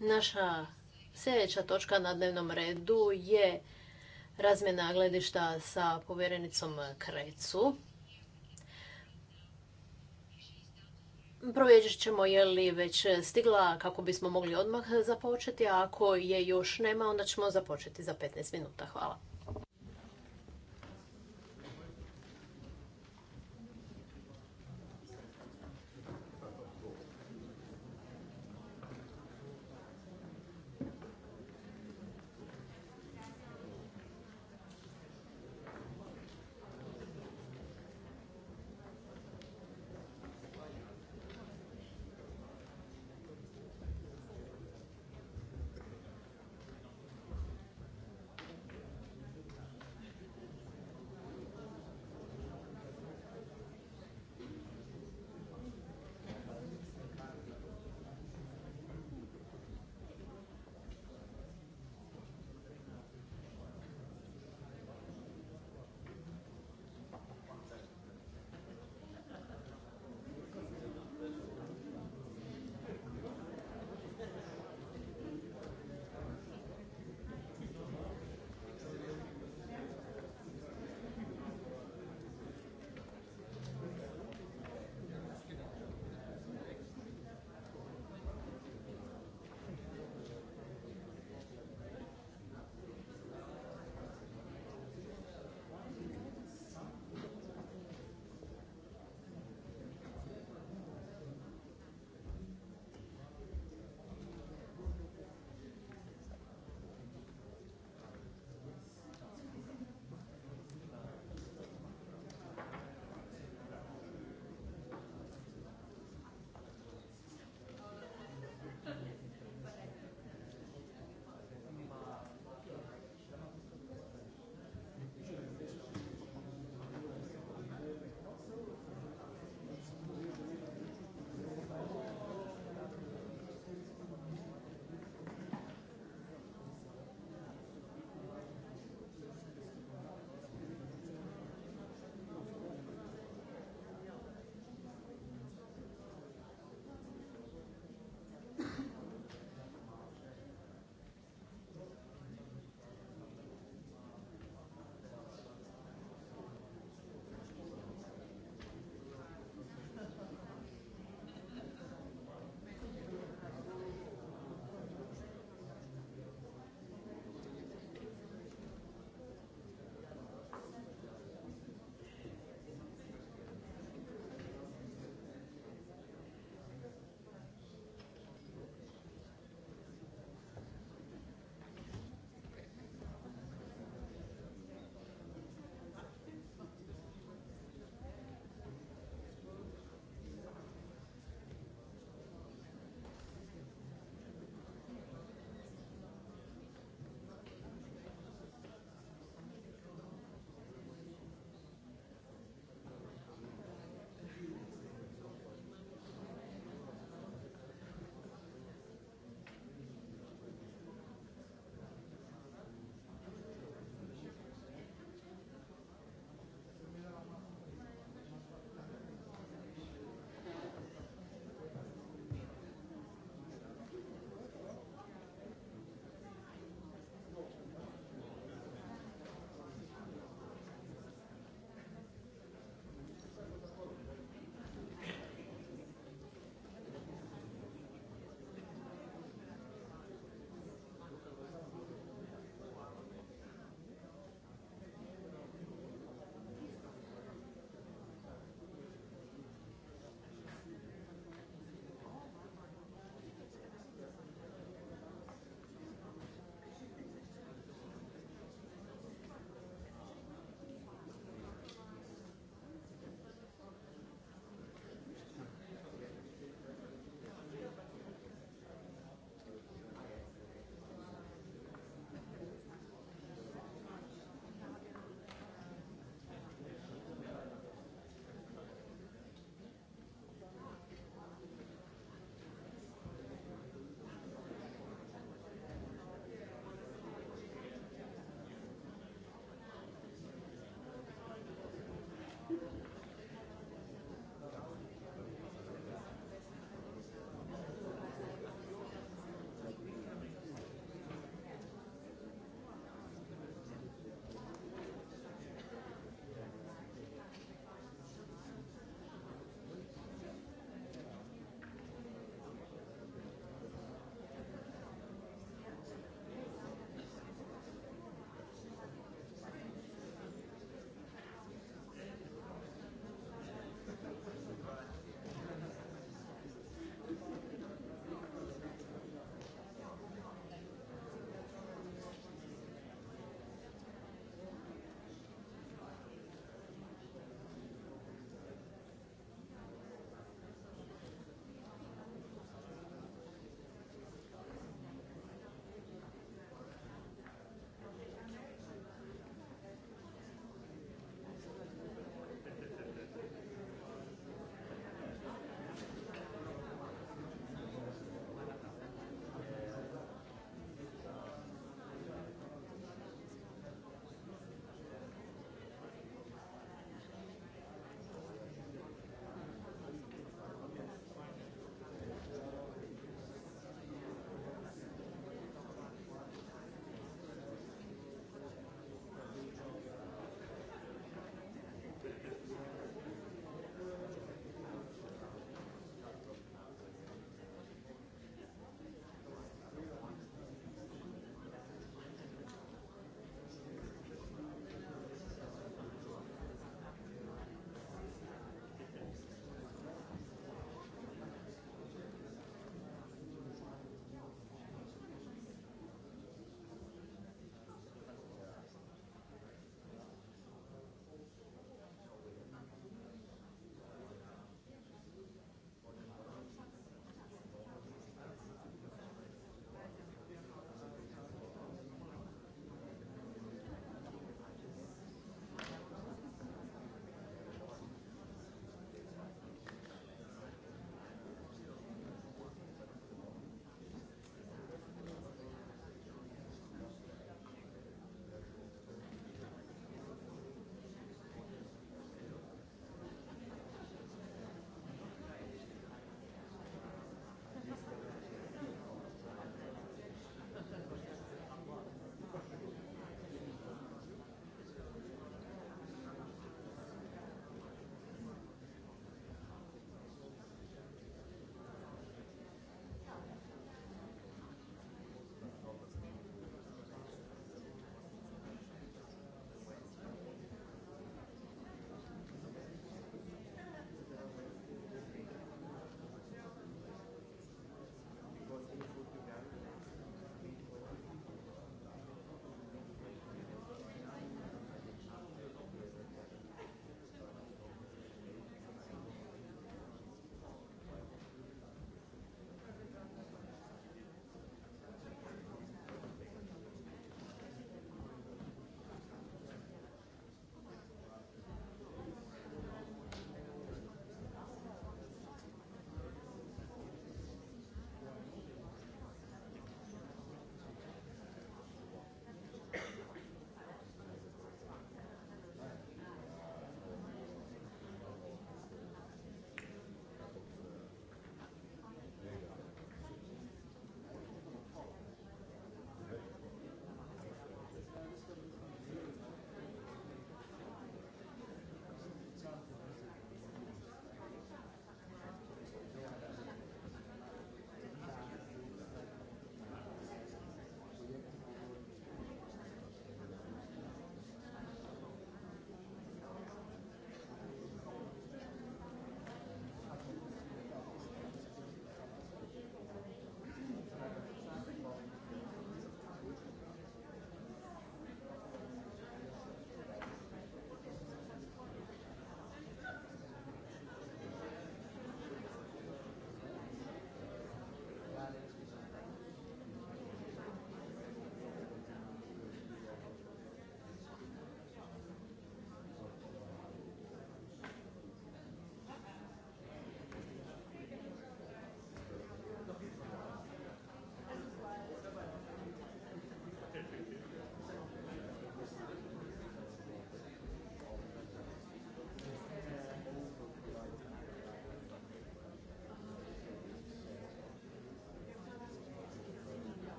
Naša sljedeća točka na dnevnom redu je razmjena gledišta sa povjerenicom Krecu. provjeđit ćemo je li već stigla kako bismo mogli odmah započeti, a ako je još nema, onda ćemo započeti za 15 minuta. Hvala.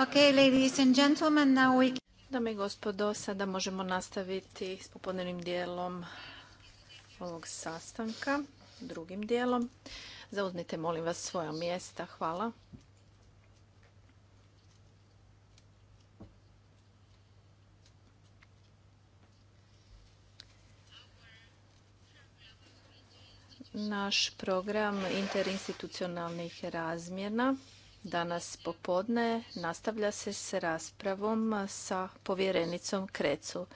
Okay, Dame i gospodo, sada možemo nastaviti s popodnevnim dijelom ovog sastanka, drugim dijelom. Zauzmite, molim vas, svoja mjesta. Hvala. Naš program interinstitucionalnih razmjena Danas popodne nastavlja se s raspravom sa povjerenicom Krecu.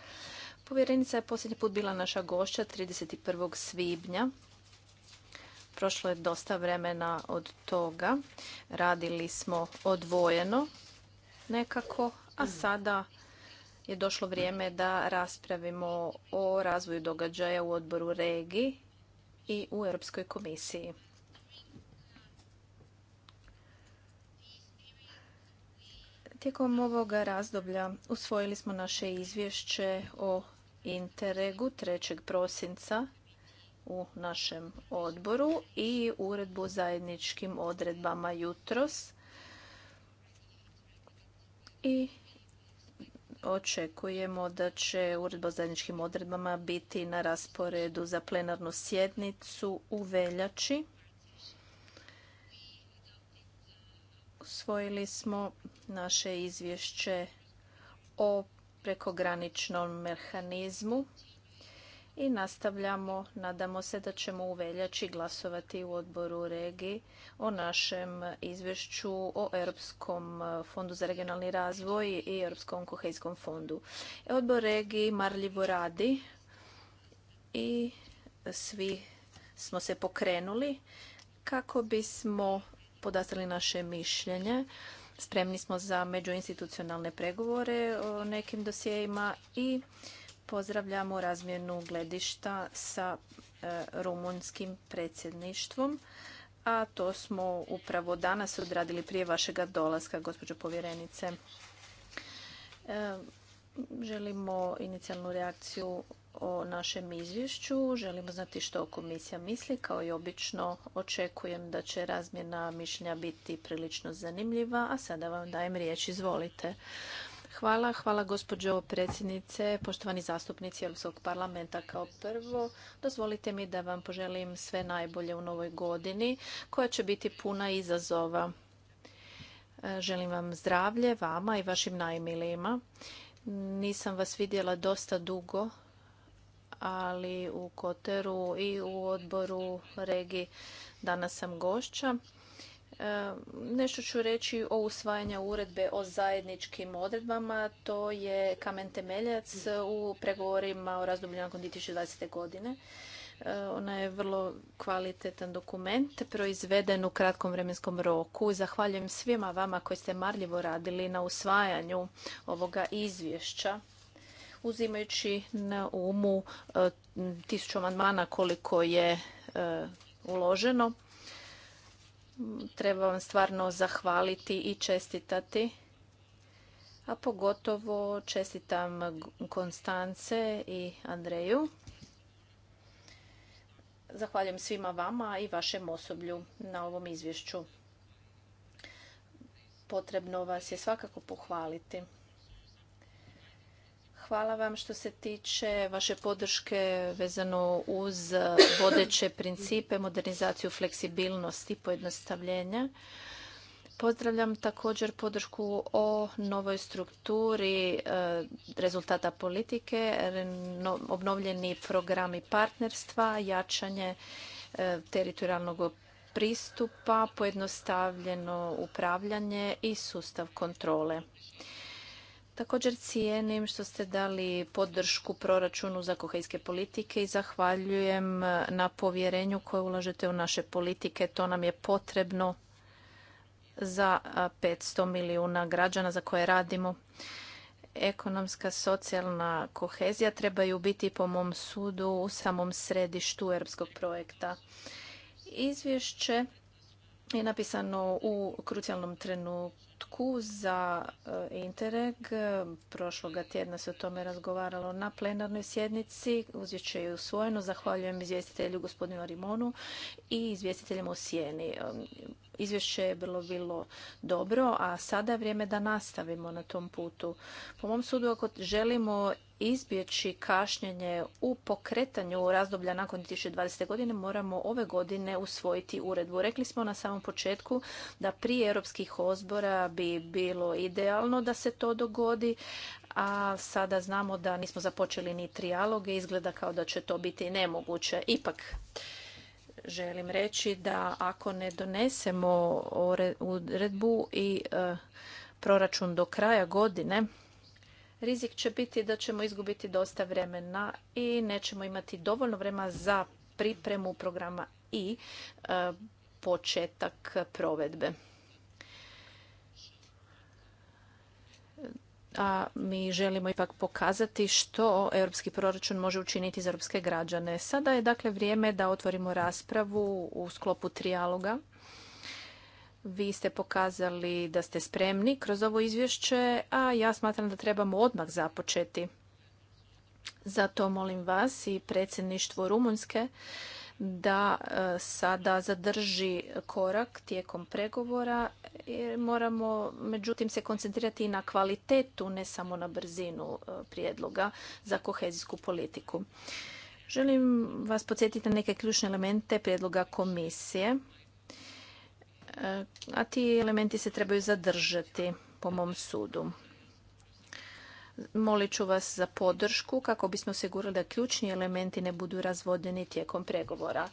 Povjerenica je posljednji put bila naša gošća 31. svibnja. Prošlo je dosta vremena od toga. Radili smo odvojeno nekako, a sada je došlo vrijeme da raspravimo o razvoju događaja u odboru regiji i u Europskoj komisiji. Tijekom ovoga razdoblja usvojili smo naše izvješće o Interregu 3. prosinca u našem odboru i uredbu zajedničkim odredbama jutros. I očekujemo da će uredba zajedničkim odredbama biti na rasporedu za plenarnu sjednicu u veljači Usvojili smo naše izvješće o prekograničnom mehanizmu i nastavljamo. Nadamo se da ćemo u veljači glasovati u odboru regiji o našem izvješću o Europskom fondu za regionalni razvoj i Europskom kohezijskom fondu. E, odbor regiji marljivo radi i svi smo se pokrenuli kako bismo podastrali naše mišljenje. Spremni smo za međuinstitucionalne pregovore o nekim dosjejima i pozdravljamo razmjenu gledišta sa e, rumunskim predsjedništvom a to smo upravo danas odradili prije vašega dolaska, gospođo povjerenice. E, želimo inicijalnu reakciju o našem izvješću. Želimo znati što komisija misli. Kao i obično očekujem da će razmjena mišljenja biti prilično zanimljiva, a sada vam dajem riječ. Izvolite. Hvala, hvala gospođo predsjednice, poštovani zastupnici Europskog parlamenta kao prvo. Dozvolite mi da vam poželim sve najbolje u novoj godini koja će biti puna izazova. Želim vam zdravlje, vama i vašim najmilijima. Nisam vas vidjela dosta dugo, ali u Koteru i u odboru regi danas sam gošća. E, nešto ću reći o usvajanju uredbe o zajedničkim odredbama. To je kamen temeljac u pregovorima o razdoblju nakon 2020. godine. E, ona je vrlo kvalitetan dokument, proizveden u kratkom vremenskom roku. Zahvaljujem svima vama koji ste marljivo radili na usvajanju ovoga izvješća uzimajući na umu e, tisuću amandmana koliko je e, uloženo. Treba vam stvarno zahvaliti i čestitati a pogotovo čestitam Konstance i Andreju. Zahvaljujem svima vama i vašem osoblju na ovom izvješću. Potrebno vas je svakako pohvaliti. Hvala vam što se tiče vaše podrške vezano uz vodeće principe, modernizaciju, fleksibilnosti i pojednostavljenja. Pozdravljam također podršku o novoj strukturi e, rezultata politike, obnovljeni programi partnerstva, jačanje e, teritorijalnog pristupa, pojednostavljeno upravljanje i sustav kontrole. Također cijenim što ste dali podršku proračunu za kohejske politike i zahvaljujem na povjerenju koje ulažete u naše politike. To nam je potrebno za 500 milijuna građana za koje radimo. Ekonomska, socijalna kohezija trebaju biti po mom sudu u samom središtu europskog projekta. Izvješće je napisano u krucijalnom trenutku trenutku za e, Interreg. Prošloga tjedna se o tome razgovaralo na plenarnoj sjednici. Uzvješće je usvojeno. Zahvaljujem izvjestitelju gospodinu Rimonu i izvjestiteljima u Sijeni izvješće je bilo bilo dobro, a sada je vrijeme da nastavimo na tom putu. Po mom sudu, ako želimo izbjeći kašnjenje u pokretanju razdoblja nakon 2020. godine, moramo ove godine usvojiti uredbu. Rekli smo na samom početku da prije europskih ozbora bi bilo idealno da se to dogodi, a sada znamo da nismo započeli ni i izgleda kao da će to biti nemoguće. Ipak, želim reći da ako ne donesemo uredbu i e, proračun do kraja godine, rizik će biti da ćemo izgubiti dosta vremena i nećemo imati dovoljno vremena za pripremu programa i e, početak provedbe. a mi želimo ipak pokazati što europski proračun može učiniti za europske građane. Sada je dakle vrijeme da otvorimo raspravu u sklopu trijaloga. Vi ste pokazali da ste spremni kroz ovo izvješće, a ja smatram da trebamo odmah započeti. Zato molim vas i predsjedništvo Rumunjske da e, sada zadrži korak tijekom pregovora jer moramo međutim se koncentrirati i na kvalitetu ne samo na brzinu e, prijedloga za kohezijsku politiku. Želim vas podsjetiti na neke ključne elemente prijedloga komisije. E, a ti elementi se trebaju zadržati po mom sudu. Molit ću vas za podršku kako bismo osigurali da ključni elementi ne budu razvodeni tijekom pregovora.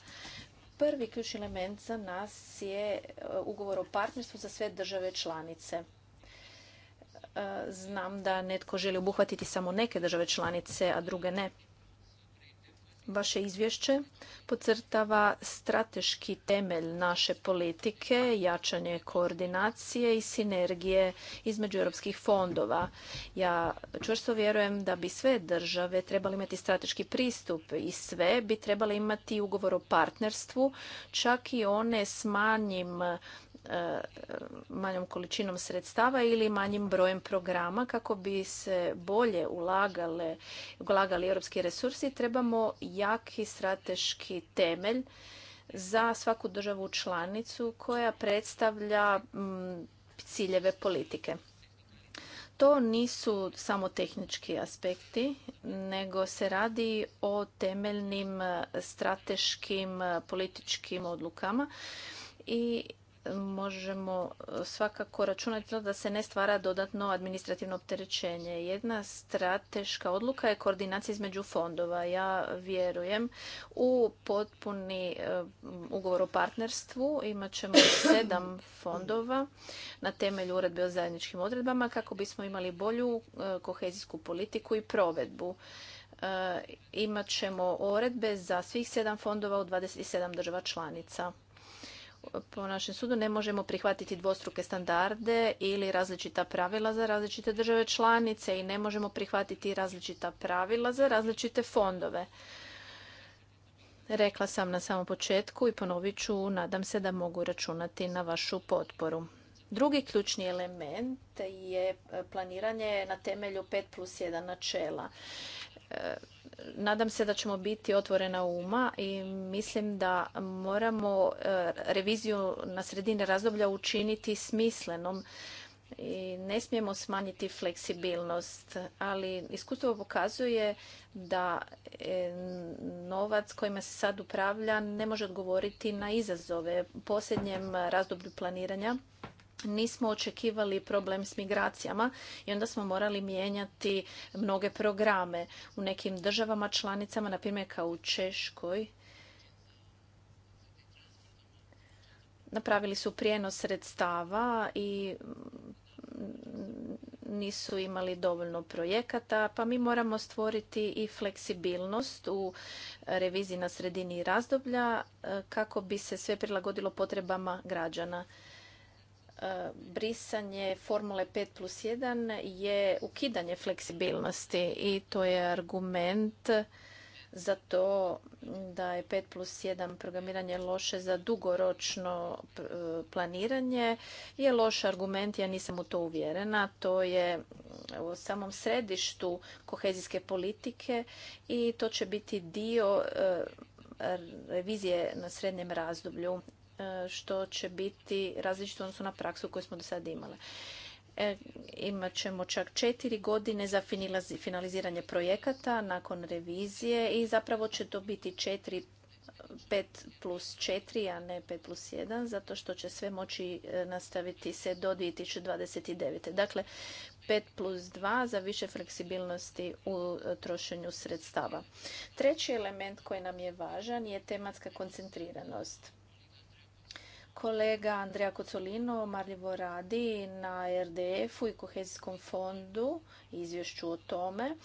Prvi ključni element za nas je e, ugovor o partnerstvu za sve države članice. E, znam da netko želi obuhvatiti samo neke države članice, a druge ne. Vaše izvješće podcrtava strateški temelj naše politike, jačanje koordinacije i sinergije između europskih fondova. Ja čvrsto vjerujem da bi sve države trebali imati strateški pristup i sve bi trebali imati ugovor o partnerstvu, čak i one s manjim E, manjom količinom sredstava ili manjim brojem programa kako bi se bolje ulagale, ulagali europski resursi trebamo jaki strateški temelj za svaku državu članicu koja predstavlja mm, ciljeve politike. To nisu samo tehnički aspekti, nego se radi o temeljnim strateškim političkim odlukama i možemo e, svakako računati da se ne stvara dodatno administrativno opterećenje. Jedna strateška odluka je koordinacija između fondova. Ja vjerujem u potpuni e, ugovor o partnerstvu. ćemo sedam fondova na temelju uredbe o zajedničkim odredbama kako bismo imali bolju e, kohezijsku politiku i provedbu imat ćemo uredbe za svih sedam fondova u 27 država članica po našem sudu ne možemo prihvatiti dvostruke standarde ili različita pravila za različite države članice i ne možemo prihvatiti različita pravila za različite fondove. Rekla sam na samom početku i ponovit ću, nadam se da mogu računati na vašu potporu. Drugi ključni element je planiranje na temelju 5 plus 1 načela e, nadam se da ćemo biti otvorena uma i mislim da moramo e, reviziju na sredini razdoblja učiniti smislenom i ne smijemo smanjiti fleksibilnost, ali iskustvo pokazuje da e, novac kojima se sad upravlja ne može odgovoriti na izazove. U posljednjem razdoblju planiranja nismo očekivali problem s migracijama i onda smo morali mijenjati mnoge programe. U nekim državama članicama, na primjer kao u Češkoj, napravili su prijenos sredstava i nisu imali dovoljno projekata, pa mi moramo stvoriti i fleksibilnost u reviziji na sredini razdoblja e, kako bi se sve prilagodilo potrebama građana. E, brisanje formule 5 plus 1 je ukidanje fleksibilnosti i to je argument za to da je 5 plus 1 programiranje loše za dugoročno e, planiranje je loš argument, ja nisam u to uvjerena. To je u samom središtu kohezijske politike i to će biti dio e, revizije na srednjem razdoblju E, što će biti različito odnosno na praksu koju smo do sada imali. E, imat ćemo čak četiri godine za finaliziranje projekata nakon revizije i zapravo će to biti četiri 5 plus 4, a ne 5 plus 1, zato što će sve moći e, nastaviti se do 2029. Dakle, 5 plus 2 za više fleksibilnosti u e, trošenju sredstava. Treći element koji nam je važan je tematska koncentriranost kolega Andreja Kocolino, Marljivo radi na RDF-u i Kohezijskom fondu, izvješću o tome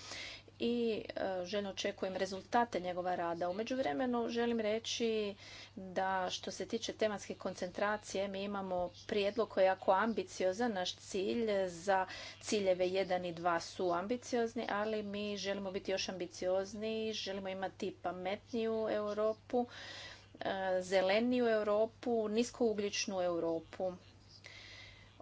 i e, željno očekujem rezultate njegova rada. U međuvremenu želim reći da što se tiče tematske koncentracije mi imamo prijedlog koji je jako ambiciozan. Naš cilj za ciljeve 1 i 2 su ambiciozni, ali mi želimo biti još ambiciozniji, želimo imati pametniju Europu E, zeleniju Europu, niskougljičnu Europu.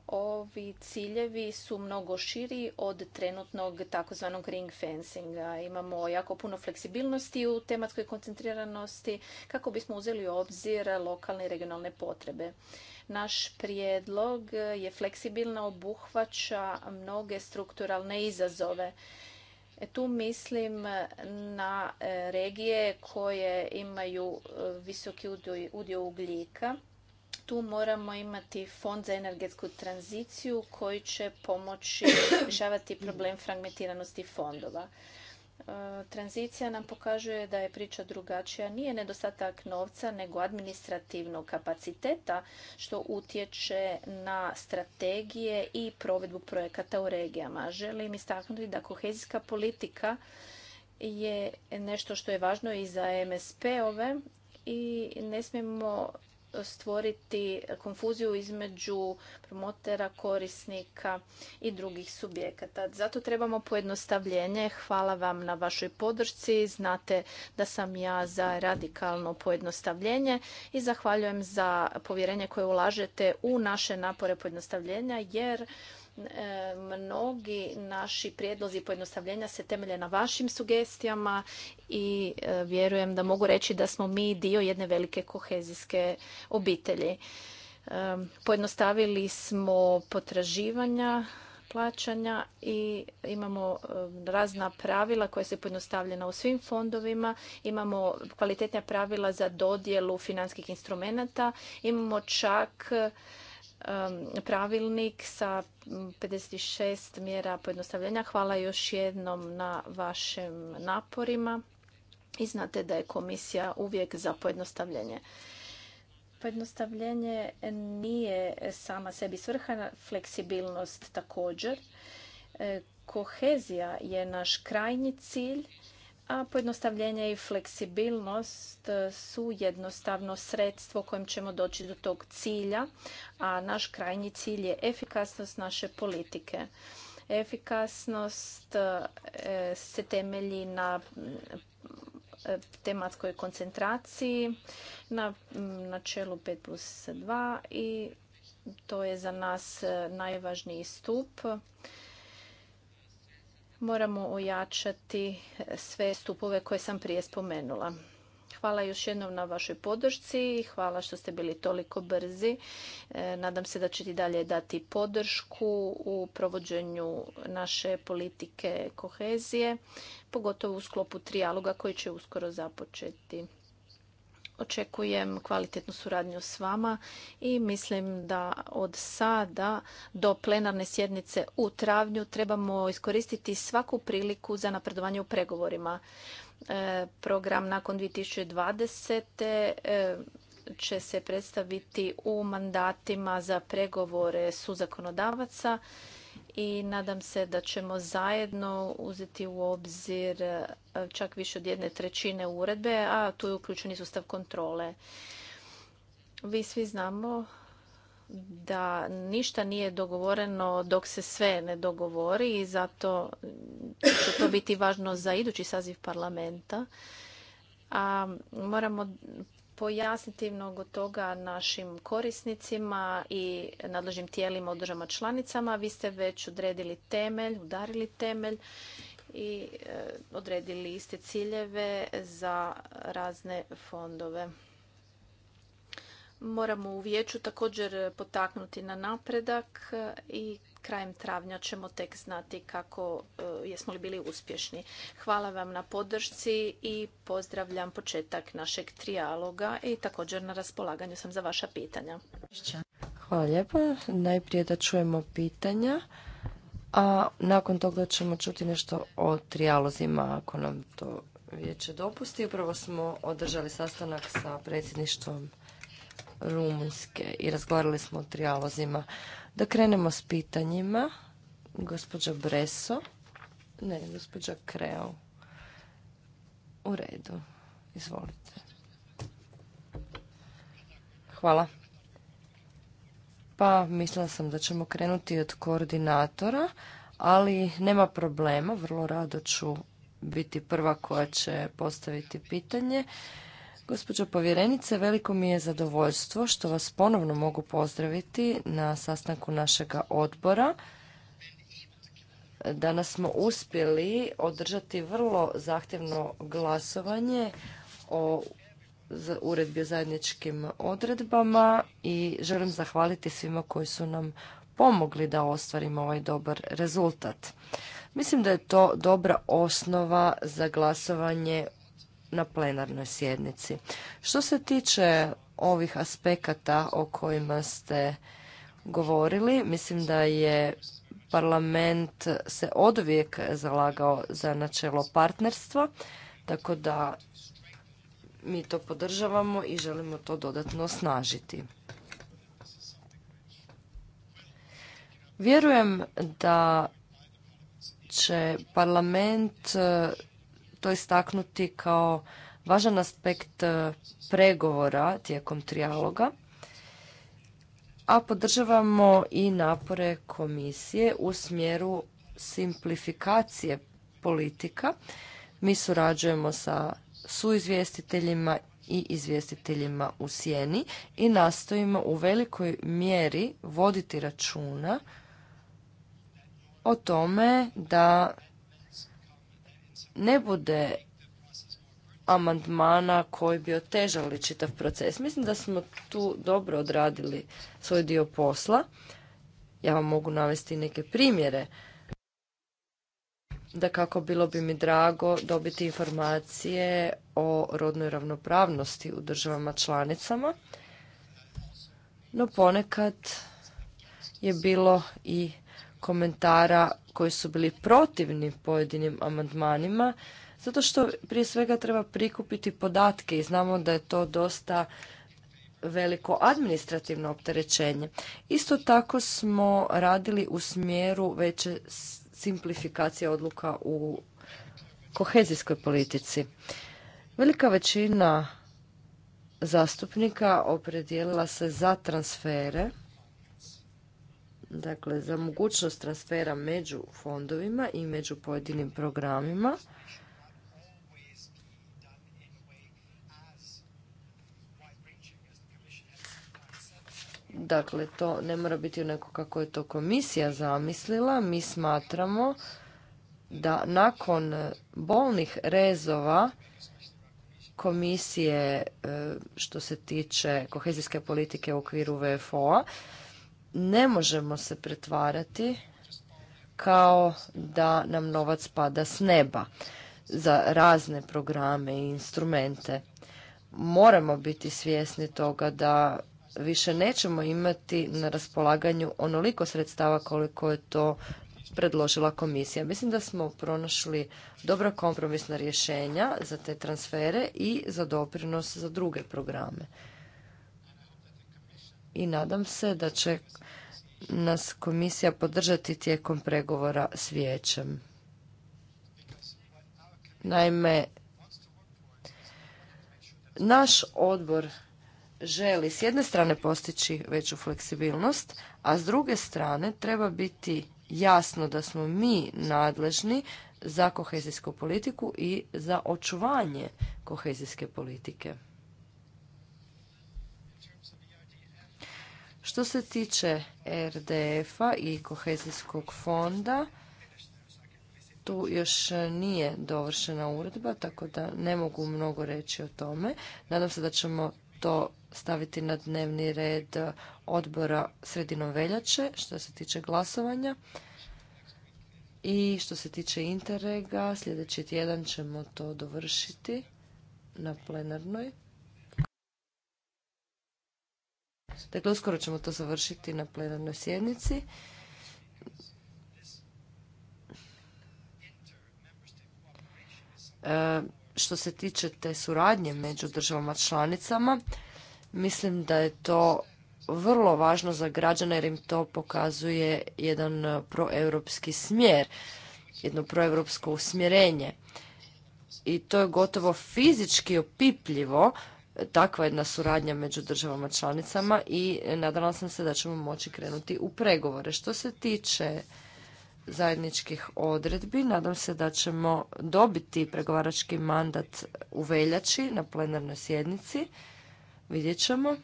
Ovi ciljevi su mnogo širi od trenutnog takozvanog ring fencinga. Imamo jako puno fleksibilnosti u tematskoj koncentriranosti kako bismo uzeli u obzir lokalne i regionalne potrebe. Naš prijedlog je fleksibilna, obuhvaća mnoge strukturalne izazove E, tu mislim na e, regije koje imaju e, visoki udio ugljika. Tu moramo imati fond za energetsku tranziciju koji će pomoći rješavati problem fragmentiranosti fondova. E, tranzicija nam pokazuje da je priča drugačija. Nije nedostatak novca, nego administrativnog kapaciteta što utječe na strategije i provedbu projekata u regijama. Želim istaknuti da kohezijska politika je nešto što je važno i za MSP-ove i ne smijemo stvoriti konfuziju između promotera, korisnika i drugih subjekata. Zato trebamo pojednostavljenje. Hvala vam na vašoj podršci. Znate da sam ja za radikalno pojednostavljenje i zahvaljujem za povjerenje koje ulažete u naše napore pojednostavljenja jer E, mnogi naši prijedlozi pojednostavljenja se temelje na vašim sugestijama i e, vjerujem da mogu reći da smo mi dio jedne velike kohezijske obitelji. E, pojednostavili smo potraživanja plaćanja i imamo razna pravila koja se pojednostavljena u svim fondovima, imamo kvalitetna pravila za dodjelu financijskih instrumenata, imamo čak pravilnik sa 56 mjera pojednostavljenja. Hvala još jednom na vašim naporima i znate da je komisija uvijek za pojednostavljenje. Pojednostavljenje nije sama sebi svrha, fleksibilnost također. Kohezija je naš krajnji cilj a pojednostavljenje i fleksibilnost su jednostavno sredstvo kojim ćemo doći do tog cilja, a naš krajnji cilj je efikasnost naše politike. Efikasnost e, se temelji na e, tematskoj koncentraciji, na načelu 5 plus 2 i to je za nas e, najvažniji stup moramo ojačati sve stupove koje sam prije spomenula. Hvala još jednom na vašoj podršci i hvala što ste bili toliko brzi. E, nadam se da ćete i dalje dati podršku u provođenju naše politike kohezije, pogotovo u sklopu trijaloga koji će uskoro započeti očekujem kvalitetnu suradnju s vama i mislim da od sada do plenarne sjednice u travnju trebamo iskoristiti svaku priliku za napredovanje u pregovorima. E, program nakon 2020 e, će se predstaviti u mandatima za pregovore suzakonodavaca i nadam se da ćemo zajedno uzeti u obzir e, čak više od jedne trećine uredbe, a tu je i sustav kontrole. Vi svi znamo da ništa nije dogovoreno dok se sve ne dogovori i zato će to biti važno za idući saziv parlamenta. A moramo pojasniti mnogo toga našim korisnicima i nadležnim tijelima u državama članicama. Vi ste već odredili temelj, udarili temelj i e, odredili iste ciljeve za razne fondove. Moramo u vijeću također potaknuti na napredak i krajem travnja ćemo tek znati kako e, jesmo li bili uspješni. Hvala vam na podršci i pozdravljam početak našeg trijaloga i također na raspolaganju sam za vaša pitanja. Hvala lijepo. Najprije da čujemo pitanja, a nakon toga ćemo čuti nešto o trijalozima ako nam to vijeće dopusti. Upravo smo održali sastanak sa predsjedništvom Rumunjske i razgovarali smo o trijalozima. Da krenemo s pitanjima. Gospođa Breso. Ne, gospođa Kreo. U redu. Izvolite. Hvala. Pa mislila sam da ćemo krenuti od koordinatora, ali nema problema. Vrlo rado ću biti prva koja će postaviti pitanje. Gospođo povjerenice, veliko mi je zadovoljstvo što vas ponovno mogu pozdraviti na sastanku našega odbora. Danas smo uspjeli održati vrlo zahtjevno glasovanje o uredbi o zajedničkim odredbama i želim zahvaliti svima koji su nam pomogli da ostvarimo ovaj dobar rezultat. Mislim da je to dobra osnova za glasovanje na plenarnoj sjednici. Što se tiče ovih aspekata o kojima ste govorili, mislim da je parlament se odvijek zalagao za načelo partnerstva, tako da mi to podržavamo i želimo to dodatno osnažiti. Vjerujem da će parlament to istaknuti kao važan aspekt e, pregovora tijekom trijaloga, a podržavamo i napore komisije u smjeru simplifikacije politika. Mi surađujemo sa suizvjestiteljima i izvjestiteljima u sjeni i nastojimo u velikoj mjeri voditi računa o tome da ne bude amandmana koji bi otežali čitav proces. Mislim da smo tu dobro odradili svoj dio posla. Ja vam mogu navesti neke primjere. Da kako bilo bi mi drago dobiti informacije o rodnoj ravnopravnosti u državama članicama. No ponekad je bilo i komentara koji su bili protivni pojedinim amandmanima, zato što prije svega treba prikupiti podatke i znamo da je to dosta veliko administrativno opterećenje. Isto tako smo radili u smjeru veće simplifikacije odluka u kohezijskoj politici. Velika većina zastupnika opredijelila se za transfere dakle za mogućnost transfera među fondovima i među pojedinim programima. Dakle, to ne mora biti onako kako je to komisija zamislila. Mi smatramo da nakon bolnih rezova komisije e, što se tiče kohezijske politike u okviru VFO-a, ne možemo se pretvarati kao da nam novac pada s neba za razne programe i instrumente. Moramo biti svjesni toga da više nećemo imati na raspolaganju onoliko sredstava koliko je to predložila komisija. Mislim da smo pronašli dobra kompromisna rješenja za te transfere i za doprinos za druge programe i nadam se da će nas komisija podržati tijekom pregovora s vijećem. Naime, naš odbor želi s jedne strane postići veću fleksibilnost, a s druge strane treba biti jasno da smo mi nadležni za kohezijsku politiku i za očuvanje kohezijske politike. Što se tiče RDF-a i kohezijskog fonda, tu još nije dovršena uredba, tako da ne mogu mnogo reći o tome. Nadam se da ćemo to staviti na dnevni red odbora sredinom veljače što se tiče glasovanja. I što se tiče Interrega, sljedeći tjedan ćemo to dovršiti na plenarnoj. Dakle, uskoro ćemo to završiti na plenarnoj sjednici. E, što se tiče te suradnje među državama članicama, mislim da je to vrlo važno za građane jer im to pokazuje jedan proeuropski smjer, jedno proeuropsko usmjerenje. I to je gotovo fizički opipljivo takva jedna suradnja među državama članicama i e, nadala sam se da ćemo moći krenuti u pregovore. Što se tiče zajedničkih odredbi, nadam se da ćemo dobiti pregovarački mandat u veljači na plenarnoj sjednici, vidjet ćemo,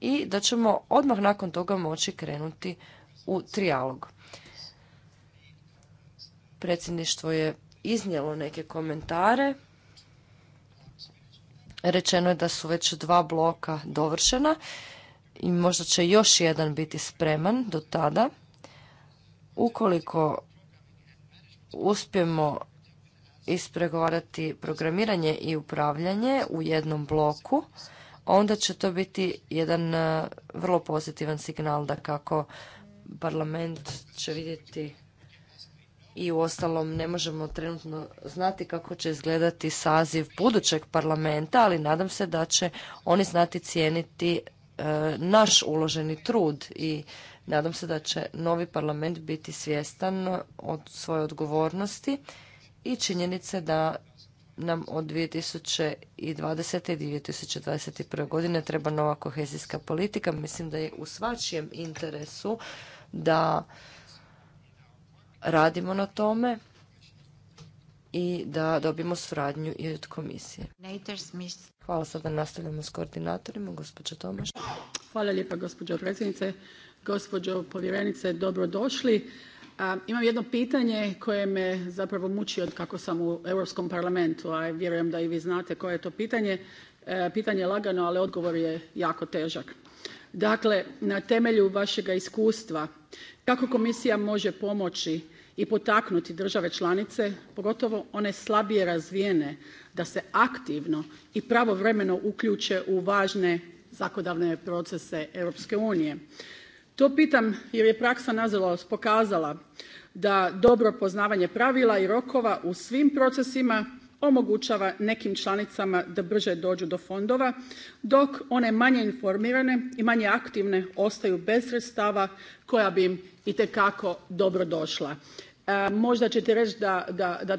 i da ćemo odmah nakon toga moći krenuti u trijalog. Predsjedništvo je iznijelo neke komentare Rečeno je da su već dva bloka dovršena i možda će još jedan biti spreman do tada. Ukoliko uspijemo ispregovarati programiranje i upravljanje u jednom bloku, onda će to biti jedan eh, vrlo pozitivan signal da kako parlament će vidjeti i uostalom ne možemo trenutno znati kako će izgledati saziv budućeg parlamenta, ali nadam se da će oni znati cijeniti e, naš uloženi trud i nadam se da će novi parlament biti svjestan od svoje odgovornosti i činjenice da nam od 2020. i 2021. godine treba nova kohezijska politika. Mislim da je u svačijem interesu da radimo na tome i da dobijemo suradnju i od komisije. Hvala sada nastavljamo s koordinatorima. Gospođa Tomaš. Hvala lijepa gospođo predsjednice. Gospođo povjerenice, dobrodošli. imam jedno pitanje koje me zapravo muči od kako sam u Europskom parlamentu, a vjerujem da i vi znate koje je to pitanje. E, pitanje je lagano, ali odgovor je jako težak Dakle, na temelju vašega iskustva kako Komisija može pomoći i potaknuti države članice, pogotovo one slabije razvijene da se aktivno i pravovremeno uključe u važne zakonodavne procese Europske unije. To pitam jer je praksa nažalost pokazala da dobro poznavanje pravila i rokova u svim procesima omogućava nekim članicama da brže dođu do fondova dok one manje informirane i manje aktivne ostaju bez sredstava koja bi im itekako dobro došla. E, možda ćete reći da,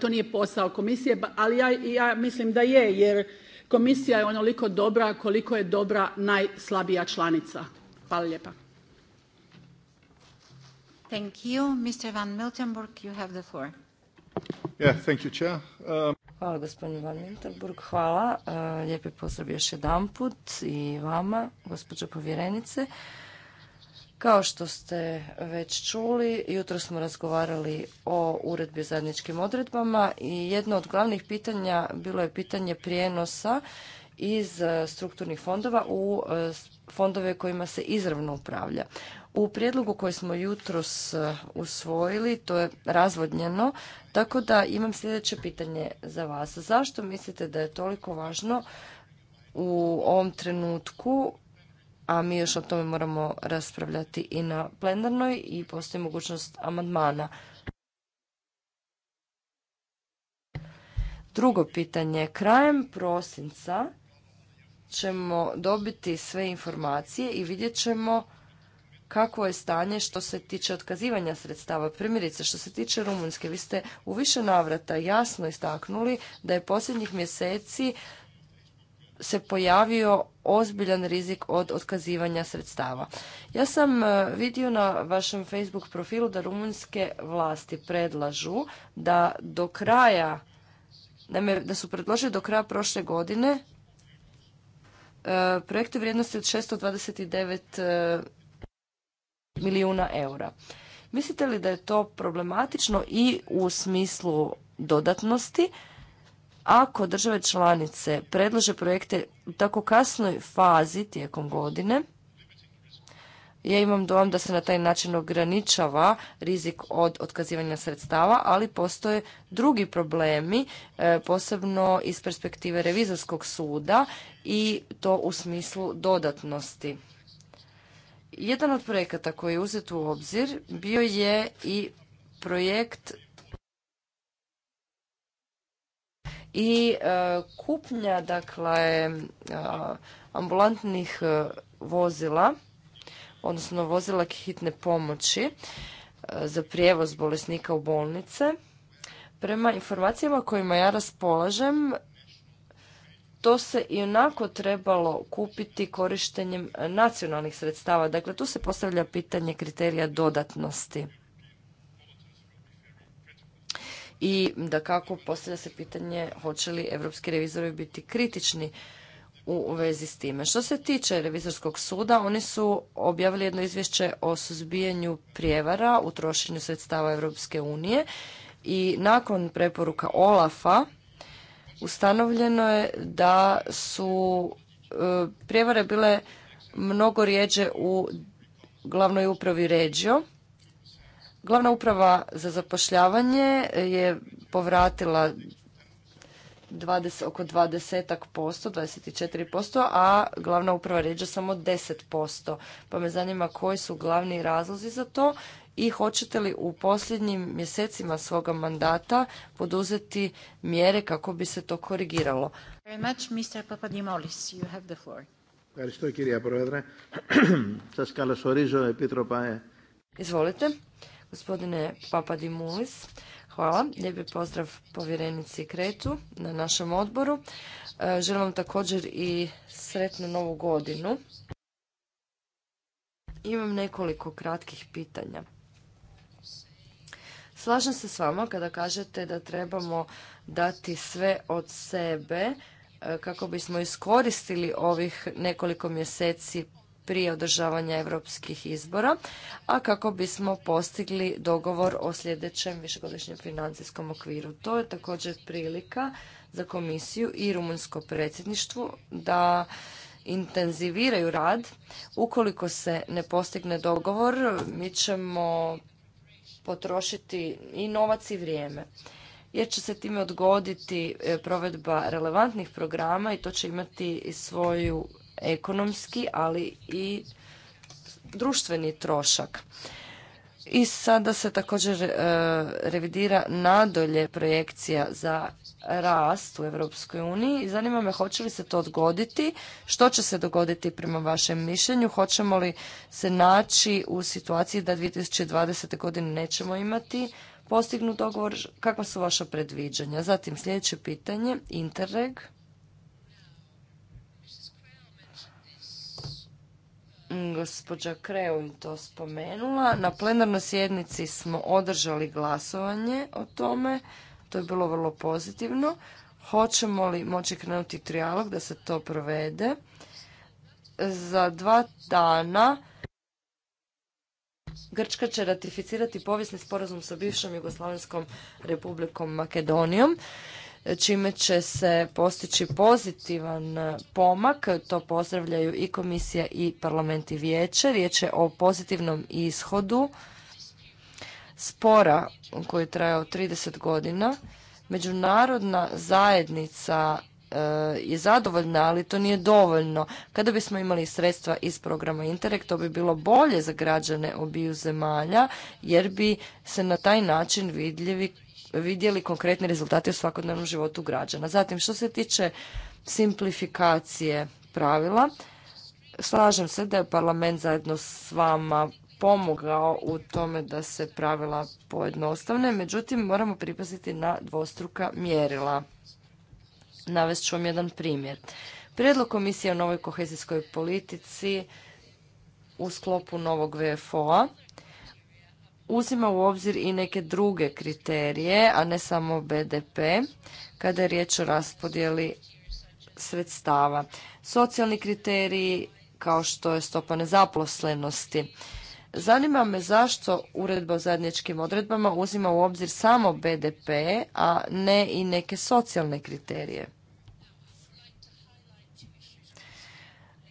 to nije, posao komisije, ali ja, mislim da je, jer komisija je onoliko dobra koliko je dobra najslabija članica. Hvala lijepa. Mr. Van Miltenburg, Um, hvala gospodin Van Winterburg. hvala. Uh, lijepi pozdrav još jedan put i vama, gospođo povjerenice. Kao što ste već čuli, jutro smo razgovarali o uredbi o zajedničkim odredbama i jedno od glavnih pitanja bilo je pitanje prijenosa iz strukturnih fondova u uh, fondove kojima se izravno upravlja. U prijedlogu koji smo jutros e, usvojili, to je razvodnjeno, tako da imam sljedeće pitanje za vas. Zašto mislite da je toliko važno u ovom trenutku, a mi još o tome moramo raspravljati i na plenarnoj i postoji mogućnost amandmana? Drugo pitanje, krajem prosinca ćemo dobiti sve informacije i vidjet ćemo kakvo je stanje što se tiče otkazivanja sredstava. Primjerice, što se tiče Rumunjske, vi ste u više navrata jasno istaknuli da je posljednjih mjeseci se pojavio ozbiljan rizik od otkazivanja sredstava. Ja sam e, vidio na vašem Facebook profilu da rumunjske vlasti predlažu da do kraja, da su predložili do kraja prošle godine e, projekte vrijednosti od 629 milijuna eura. Mislite li da je to problematično i u smislu dodatnosti? Ako države članice predlože projekte u tako kasnoj fazi tijekom godine, ja imam dojam da se na taj način ograničava rizik od otkazivanja sredstava, ali postoje drugi problemi, e, posebno iz perspektive revizorskog suda i to u smislu dodatnosti. Jedan od projekata koji je uzet u obzir bio je i projekt i e, kupnja dakle, e, ambulantnih e, vozila odnosno vozila hitne pomoći za prijevoz bolesnika u bolnice. Prema informacijama kojima ja raspolažem, to se i onako trebalo kupiti korištenjem nacionalnih sredstava. Dakle, tu se postavlja pitanje kriterija dodatnosti. I da kako postavlja se pitanje hoće li evropski revizori biti kritični u vezi s time. Što se tiče revizorskog suda, oni su objavili jedno izvješće o suzbijanju prijevara u trošenju sredstava Europske unije i nakon preporuka Olafa ustanovljeno je da su e, prijevare bile mnogo rijeđe u glavnoj upravi Regio. Glavna uprava za zapošljavanje je povratila 20, oko 20%, 24%, a glavna uprava ređa samo 10%. Pa me zanima koji su glavni razlozi za to i hoćete li u posljednjim mjesecima svoga mandata poduzeti mjere kako bi se to korigiralo? Izvolite, gospodine Papadimulis. Hvala. Lijepi pozdrav povjerenici Kretu na našem odboru. E, želim vam također i sretnu novu godinu. Imam nekoliko kratkih pitanja. Slažem se s vama kada kažete da trebamo dati sve od sebe e, kako bismo iskoristili ovih nekoliko mjeseci prije održavanja europskih izbora, a kako bismo postigli dogovor o sljedećem višegodišnjem financijskom okviru. To je također prilika za komisiju i rumunjsko predsjedništvo da intenziviraju rad. Ukoliko se ne postigne dogovor, mi ćemo potrošiti i novac i vrijeme jer će se time odgoditi e, provedba relevantnih programa i to će imati i svoju ekonomski, ali i društveni trošak. I sada se također e, revidira nadolje projekcija za rast u Europskoj uniji. Zanima me hoće li se to odgoditi, što će se dogoditi prema vašem mišljenju, hoćemo li se naći u situaciji da 2020. godine nećemo imati postignut dogovor, kakva su vaša predviđanja? Zatim sljedeće pitanje, Interreg. Gospođa Kreun to spomenula. Na plenarnoj sjednici smo održali glasovanje o tome. To je bilo vrlo pozitivno. Hoćemo li moći krenuti trijalog da se to provede? Za dva dana Grčka će ratificirati povijesni sporazum sa bivšom Jugoslavenskom republikom Makedonijom čime će se postići pozitivan pomak. To pozdravljaju i komisija i parlament i vijeće. Riječ je o pozitivnom ishodu spora koji je trajao 30 godina. Međunarodna zajednica e, je zadovoljna, ali to nije dovoljno. Kada bismo imali sredstva iz programa Interreg, to bi bilo bolje za građane obiju zemalja, jer bi se na taj način vidljivi, vidjeli konkretni rezultati u svakodnevnom životu građana. Zatim, što se tiče simplifikacije pravila, slažem se da je parlament zajedno s vama pomogao u tome da se pravila pojednostavne, međutim moramo pripaziti na dvostruka mjerila. Navest ću vam jedan primjer. Prijedlog komisije o novoj kohezijskoj politici u sklopu novog VFO-a uzima u obzir i neke druge kriterije, a ne samo BDP, kada je riječ o raspodjeli sredstava. Socijalni kriteriji kao što je stopa nezaposlenosti. Zanima me zašto uredba o zajedničkim odredbama uzima u obzir samo BDP, a ne i neke socijalne kriterije.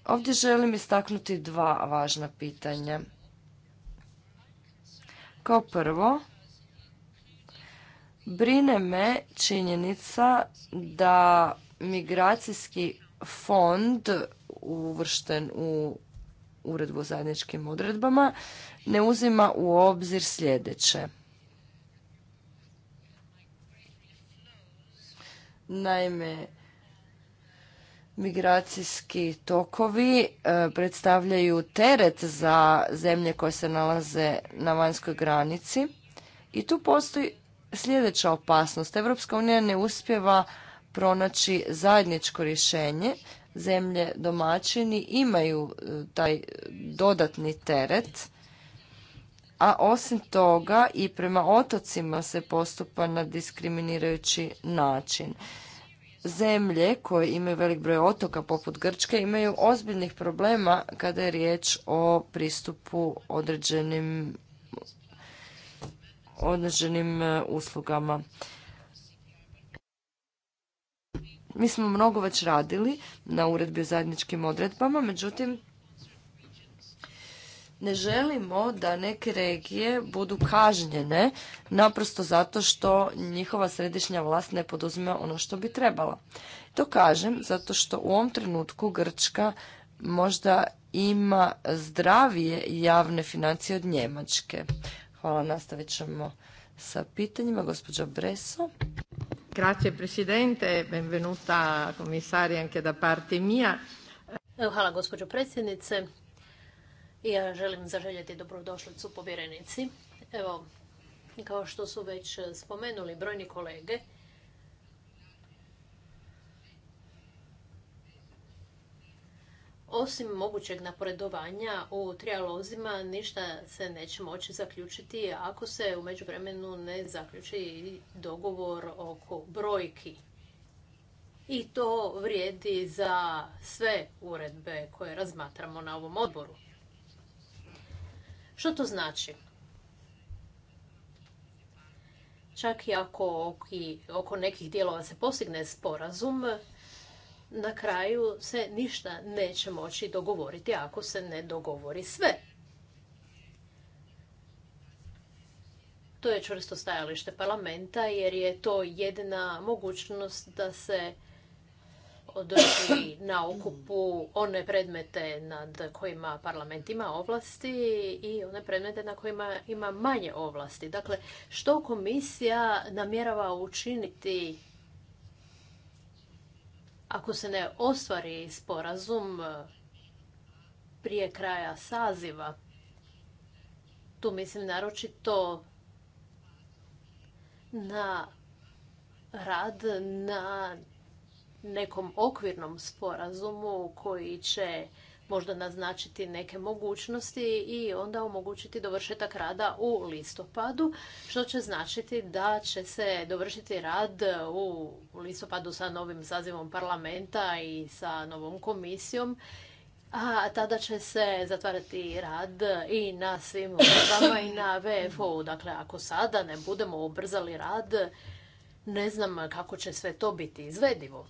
Ovdje želim istaknuti dva važna pitanja. Kao prvo, brine me činjenica da migracijski fond uvršten u uredbu o zajedničkim odredbama ne uzima u obzir sljedeće. Naime, migracijski tokovi e, predstavljaju teret za zemlje koje se nalaze na vanjskoj granici i tu postoji sljedeća opasnost. Evropska unija ne uspjeva pronaći zajedničko rješenje zemlje domaćini imaju e, taj dodatni teret, a osim toga i prema otocima se postupa na diskriminirajući način. Zemlje koje imaju velik broj otoka poput Grčke imaju ozbiljnih problema kada je riječ o pristupu određenim određenim e, uslugama. Mi smo mnogo već radili na uredbi o zajedničkim odredbama, međutim ne želimo da neke regije budu kažnjene naprosto zato što njihova središnja vlast ne poduzima ono što bi trebala. To kažem zato što u ovom trenutku Grčka možda ima zdravije javne financije od Njemačke. Hvala, nastavit ćemo sa pitanjima. Gospođa Breso. Grazie Presidente, e benvenuta komisari anche da parte mia. Hvala gospođo predsjednice. Ja želim zaželjeti dobrodošlicu povjerenici. Evo, kao što su već spomenuli brojni kolege, osim mogućeg naporedovanja u trijalozima ništa se neće moći zaključiti ako se u međuvremenu ne zaključi dogovor oko brojki. I to vrijedi za sve uredbe koje razmatramo na ovom odboru. Što to znači? Čak i ako oko nekih dijelova se postigne sporazum, na kraju se ništa neće moći dogovoriti ako se ne dogovori sve. To je čvrsto stajalište parlamenta jer je to jedina mogućnost da se održi na okupu one predmete nad kojima parlament ima ovlasti i one predmete na kojima ima manje ovlasti. Dakle, što komisija namjerava učiniti ako se ne ostvari sporazum e, prije kraja saziva, tu mislim naročito na rad na nekom okvirnom sporazumu koji će možda naznačiti neke mogućnosti i onda omogućiti dovršetak rada u listopadu, što će značiti da će se dovršiti rad u listopadu sa novim sazivom parlamenta i sa novom komisijom. A tada će se zatvarati rad i na svim upravama i na vfo Dakle, ako sada ne budemo ubrzali rad, ne znam kako će sve to biti izvedivo.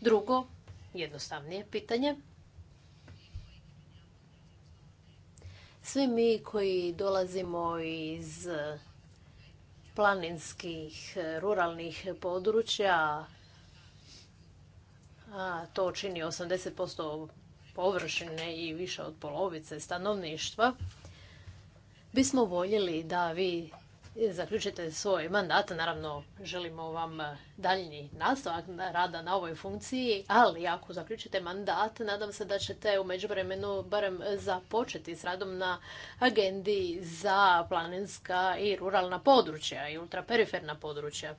Drugo, jednostavnije pitanje. Svi mi koji dolazimo iz planinskih, ruralnih područja, a to čini 80% površine i više od polovice stanovništva, bismo voljeli da vi zaključite svoj mandat. Naravno, želimo vam e, daljnji nastavak rada na ovoj funkciji, ali ako zaključite mandat, nadam se da ćete u međuvremenu barem započeti s radom na agendi za planinska i ruralna područja i ultraperiferna područja.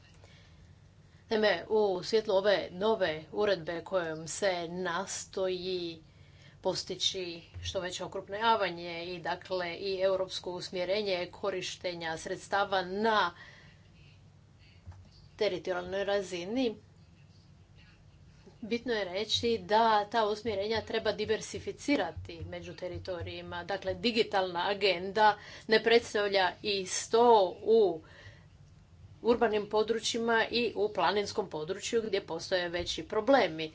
Naime, u svjetlu ove nove uredbe kojom se nastoji postići što veće okrupnjavanje i dakle i europsko usmjerenje korištenja sredstava na teritorijalnoj razini. Bitno je reći da ta usmjerenja treba diversificirati među teritorijima. Dakle, digitalna agenda ne predstavlja i sto u urbanim područjima i u planinskom području gdje postoje veći problemi.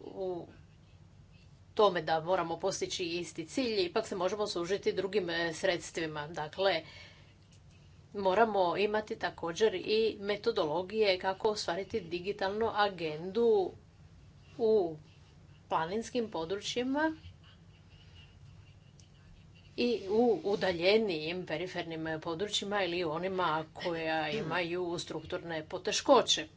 U tome da moramo postići isti cilj, ipak se možemo služiti drugim e, sredstvima. Dakle, moramo imati također i metodologije kako ostvariti digitalnu agendu u planinskim područjima i u udaljenijim perifernim e, područjima ili onima koja imaju strukturne poteškoće.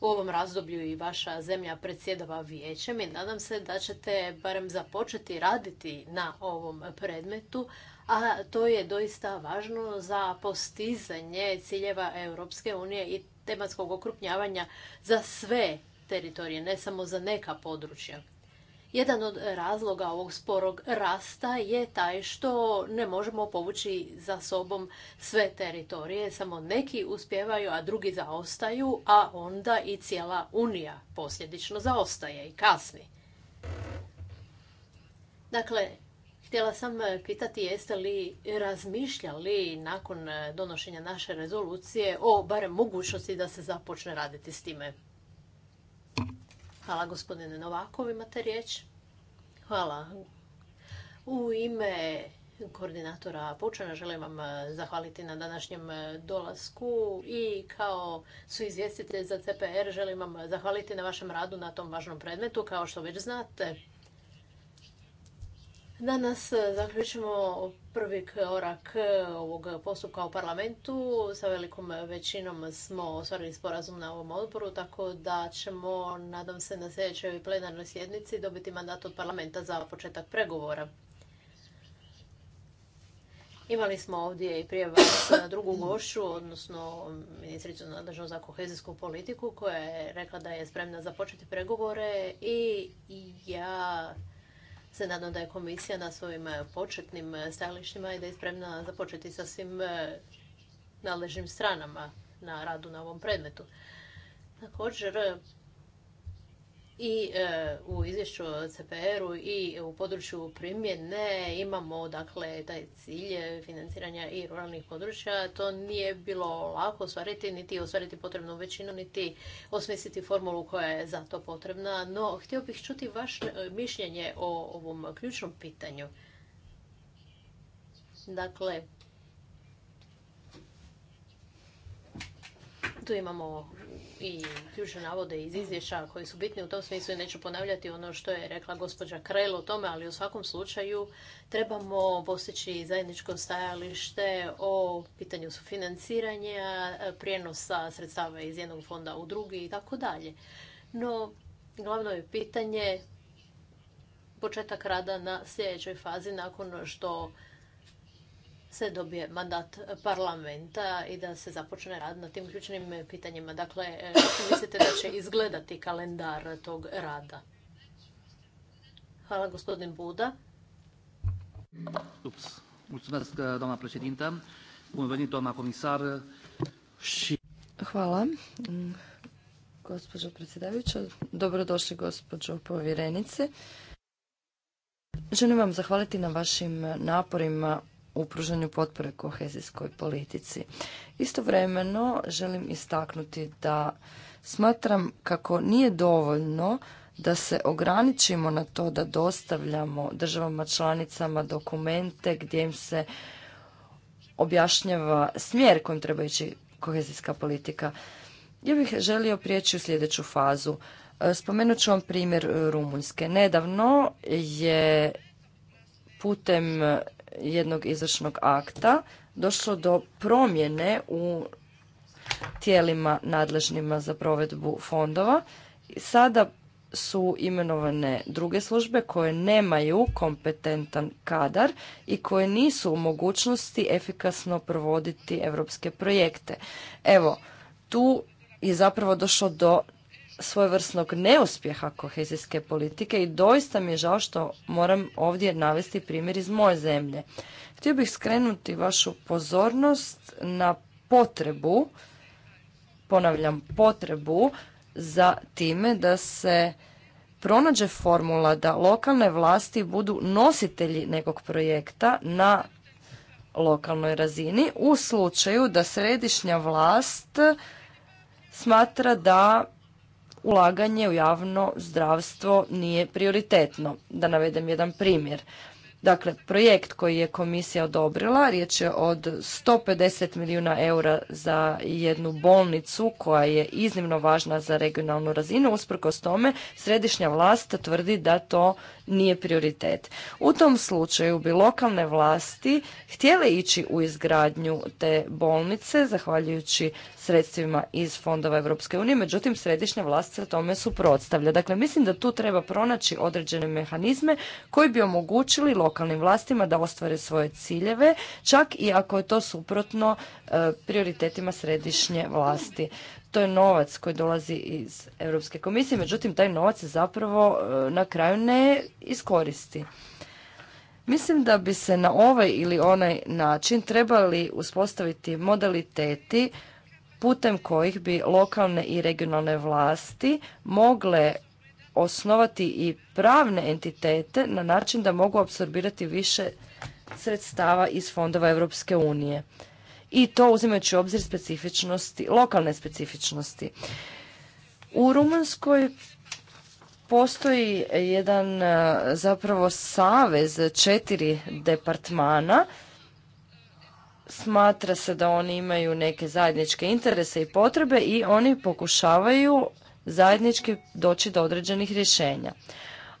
u ovom razdoblju i vaša zemlja predsjedava vijećem i nadam se da ćete barem započeti raditi na ovom predmetu, a to je doista važno za postizanje ciljeva Europske unije i tematskog okrupnjavanja za sve teritorije, ne samo za neka područja. Jedan od razloga ovog sporog rasta je taj što ne možemo povući za sobom sve teritorije, samo neki uspjevaju, a drugi zaostaju, a onda i cijela Unija posljedično zaostaje i kasni. Dakle, Htjela sam pitati jeste li razmišljali nakon donošenja naše rezolucije o barem mogućnosti da se započne raditi s time. Hvala gospodine Novakov, imate riječ. Hvala. U ime koordinatora Pučana želim vam eh, zahvaliti na današnjem eh, dolasku i kao su izvjestitelj za CPR želim vam zahvaliti na vašem radu na tom važnom predmetu kao što već znate. Danas eh, zaključimo prvi korak e, ovog postupka u parlamentu. Sa velikom većinom smo ostvarili sporazum na ovom odboru, tako da ćemo, nadam se, na sljedećoj plenarnoj sjednici dobiti mandat od parlamenta za početak pregovora. Imali smo ovdje i prije vas drugu gošu, odnosno ministricu nadležnu za kohezijsku politiku, koja je rekla da je spremna započeti pregovore i ja se nadam da je komisija na svojim e, početnim e, stajalištima i da je spremna započeti sa svim e, nadležnim stranama na radu na ovom predmetu. Također, i e, u izvješću o CPR-u i u području primjene imamo dakle taj cilj financiranja i ruralnih područja. To nije bilo lako ostvariti, niti ostvariti potrebnu većinu, niti osmisliti formulu koja je za to potrebna. No, htio bih čuti vaše mišljenje o ovom ključnom pitanju. Dakle, tu imamo i ključne navode iz izvješća koji su bitni u tom smislu i neću ponavljati ono što je rekla gospođa Krel o tome, ali u svakom slučaju trebamo postići zajedničko stajalište o pitanju sufinanciranja, prijenosa sredstava iz jednog fonda u drugi i tako dalje. No, glavno je pitanje početak rada na sljedećoj fazi nakon što se dobije mandat parlamenta i da se započne rad na tim ključnim pitanjima. Dakle, e, mislite da će izgledati kalendar tog rada? Hvala, gospodin Buda. Ups. Mulțumesc, doamna președintă. Bun venit, doamna comisar. Hvala, gospođo predsjedavića. Dobrodošli, gospođo povjerenice. Želim vam zahvaliti na vašim naporima u pružanju potpore kohezijskoj politici. Istovremeno želim istaknuti da smatram kako nije dovoljno da se ograničimo na to da dostavljamo državama članicama dokumente gdje im se objašnjava smjer kojim treba ići kohezijska politika. Ja bih želio prijeći u sljedeću fazu. Spomenut ću vam primjer Rumunjske. Nedavno je putem jednog izvršnog akta došlo do promjene u tijelima nadležnima za provedbu fondova. Sada su imenovane druge službe koje nemaju kompetentan kadar i koje nisu u mogućnosti efikasno provoditi europske projekte. Evo, tu je zapravo došlo do svojevrsnog neuspjeha kohezijske politike i doista mi je žao što moram ovdje navesti primjer iz moje zemlje. Htio bih skrenuti vašu pozornost na potrebu, ponavljam potrebu, za time da se pronađe formula da lokalne vlasti budu nositelji nekog projekta na lokalnoj razini u slučaju da središnja vlast smatra da ulaganje u javno zdravstvo nije prioritetno. Da navedem jedan primjer. Dakle, projekt koji je komisija odobrila, riječ je od 150 milijuna eura za jednu bolnicu koja je iznimno važna za regionalnu razinu. Usprkos tome, središnja vlast tvrdi da to nije prioritet. U tom slučaju bi lokalne vlasti htjele ići u izgradnju te bolnice zahvaljujući sredstvima iz fondova Europske unije, međutim središnja vlast se tome suprotstavlja. Dakle, mislim da tu treba pronaći određene mehanizme koji bi omogućili lokalnim vlastima da ostvare svoje ciljeve, čak i ako je to suprotno e, prioritetima središnje vlasti to je novac koji dolazi iz Europske komisije, međutim taj novac se zapravo e, na kraju ne iskoristi. Mislim da bi se na ovaj ili onaj način trebali uspostaviti modaliteti putem kojih bi lokalne i regionalne vlasti mogle osnovati i pravne entitete na način da mogu apsorbirati više sredstava iz fondova Europske unije i to uzimajući u obzir specifičnosti, lokalne specifičnosti. U Rumunskoj postoji jedan e, zapravo savez četiri departmana. Smatra se da oni imaju neke zajedničke interese i potrebe i oni pokušavaju zajednički doći do određenih rješenja.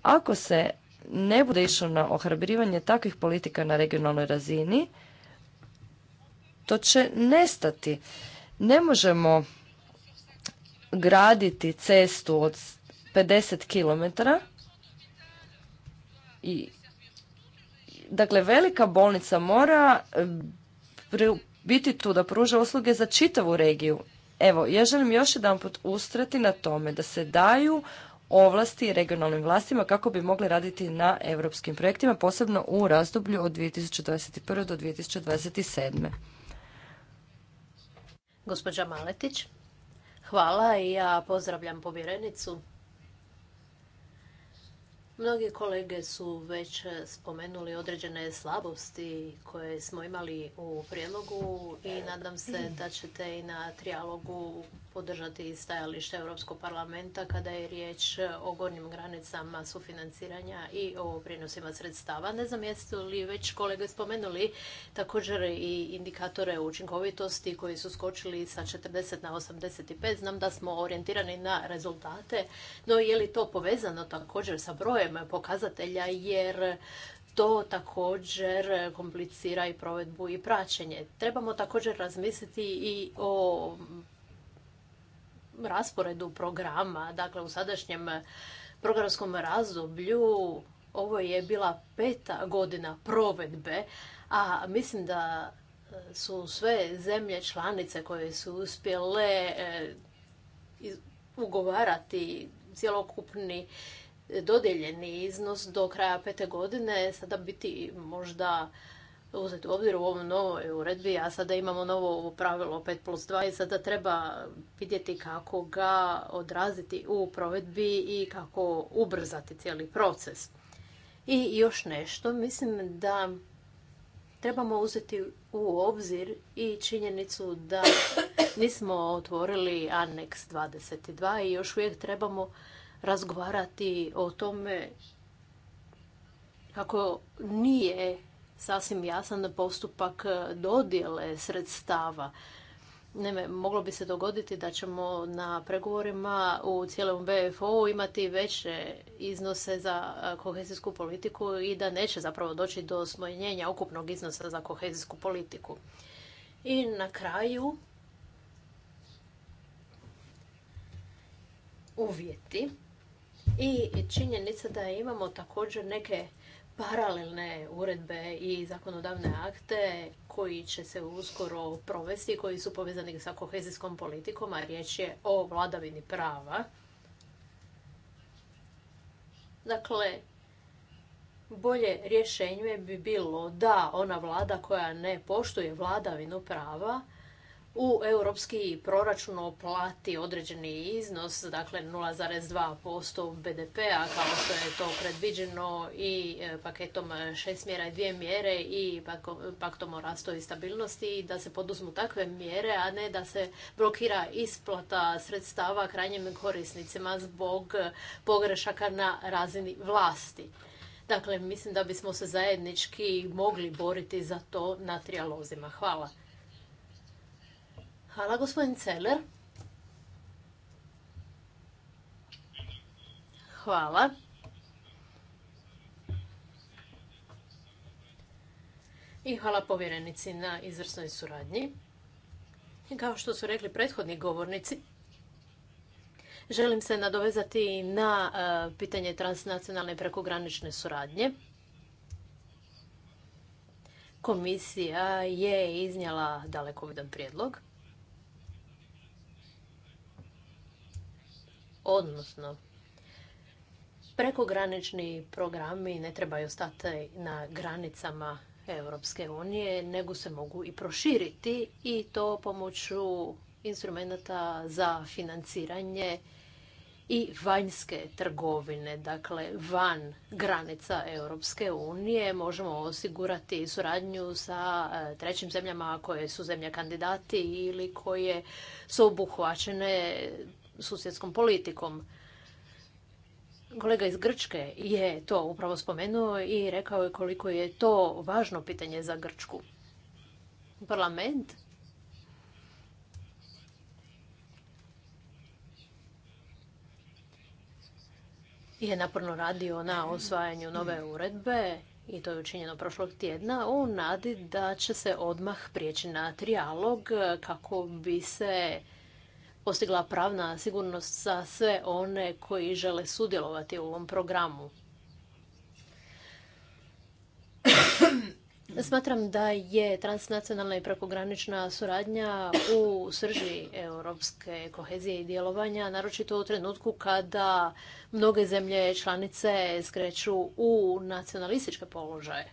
Ako se ne bude išlo na ohrabrivanje takvih politika na regionalnoj razini, to će nestati. Ne možemo graditi cestu od 50 km i dakle velika bolnica mora e, biti tu da pruža usluge za čitavu regiju. Evo, ja želim još jedanput ustrati na tome da se daju ovlasti regionalnim vlastima kako bi mogli raditi na europskim projektima, posebno u razdoblju od 2021. do 2027. Gospođa Maletić. Hvala i ja pozdravljam povjerenicu. Mnogi kolege su već spomenuli određene slabosti koje smo imali u prijedlogu i nadam se da ćete i na trijalogu podržati stajalište Europskog parlamenta kada je riječ o gornjim granicama sufinanciranja i o prinosima sredstava. Ne znam jeste li već kolege spomenuli također i indikatore učinkovitosti koji su skočili sa 40 na 85. Znam da smo orijentirani na rezultate, no je li to povezano također sa brojem pokazatelja jer to također komplicira i provedbu i praćenje. Trebamo također razmisliti i o rasporedu programa, dakle u sadašnjem programskom razdoblju ovo je bila peta godina provedbe, a mislim da su sve zemlje članice koje su uspjele e, ugovarati cjelokupni dodijeljeni iznos do kraja pete godine sada biti možda uzeti u obzir u ovoj novoj uredbi, a sada imamo novo pravilo 5 plus 2 i sada treba vidjeti kako ga odraziti u provedbi i kako ubrzati cijeli proces. I još nešto, mislim da trebamo uzeti u obzir i činjenicu da nismo otvorili aneks 22 i još uvijek trebamo razgovarati o tome kako nije sasvim jasan postupak dodjele sredstava. Naime, moglo bi se dogoditi da ćemo na pregovorima u cijelom BFO imati veće iznose za kohezijsku politiku i da neće zapravo doći do smanjenja ukupnog iznosa za kohezijsku politiku. I na kraju uvjeti. I činjenica da imamo također neke paralelne uredbe i zakonodavne akte koji će se uskoro provesti, koji su povezani sa kohezijskom politikom, a riječ je o vladavini prava. Dakle, bolje rješenje bi bilo da ona vlada koja ne poštuje vladavinu prava u europski proračun plati određeni iznos, dakle 0,2% BDP-a kao što je to predviđeno i e, paketom šest mjera i dvije mjere i paktom o rastu i stabilnosti i da se poduzmu takve mjere, a ne da se blokira isplata sredstava krajnjim korisnicima zbog pogrešaka na razini vlasti. Dakle, mislim da bismo se zajednički mogli boriti za to na trijalozima. Hvala. Hvala, gospodin Celer. Hvala. I hvala povjerenici na izvrsnoj suradnji. I kao što su rekli prethodni govornici, želim se nadovezati na e, pitanje transnacionalne prekogranične suradnje. Komisija je iznijela dalekovidan prijedlog. Odnosno, prekogranični programi ne trebaju stati na granicama Europske unije, nego se mogu i proširiti i to pomoću instrumenta za financiranje i vanjske trgovine, dakle van granica Europske unije. Možemo osigurati suradnju sa e, trećim zemljama koje su zemlje kandidati ili koje su obuhvaćene susjedskom politikom. Kolega iz Grčke je to upravo spomenuo i rekao je koliko je to važno pitanje za Grčku. Parlament je naporno radio na osvajanju nove uredbe i to je učinjeno prošlog tjedna u nadi da će se odmah prijeći na trijalog kako bi se postigla pravna sigurnost za sve one koji žele sudjelovati u ovom programu. Smatram da je transnacionalna i prekogranična suradnja u srži europske kohezije i djelovanja, naročito u trenutku kada mnoge zemlje članice skreću u nacionalističke položaje.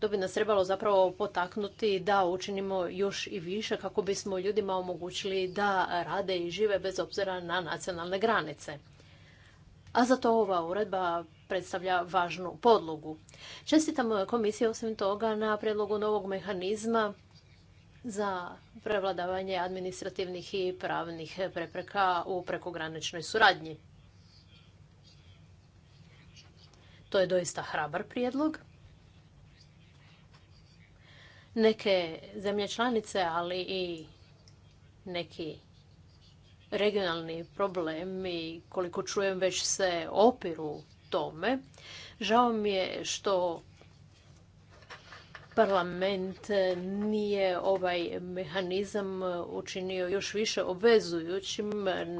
To bi nas trebalo zapravo potaknuti da učinimo još i više kako bismo ljudima omogućili da rade i žive bez obzira na nacionalne granice. A za to ova uredba predstavlja važnu podlogu. Čestitam komisiji osim toga na prijedlogu novog mehanizma za prevladavanje administrativnih i pravnih prepreka u prekograničnoj suradnji. To je doista hrabar prijedlog neke zemlje članice, ali i neki regionalni problemi, koliko čujem, već se opiru tome. Žao mi je što parlament nije ovaj mehanizam učinio još više obvezujućim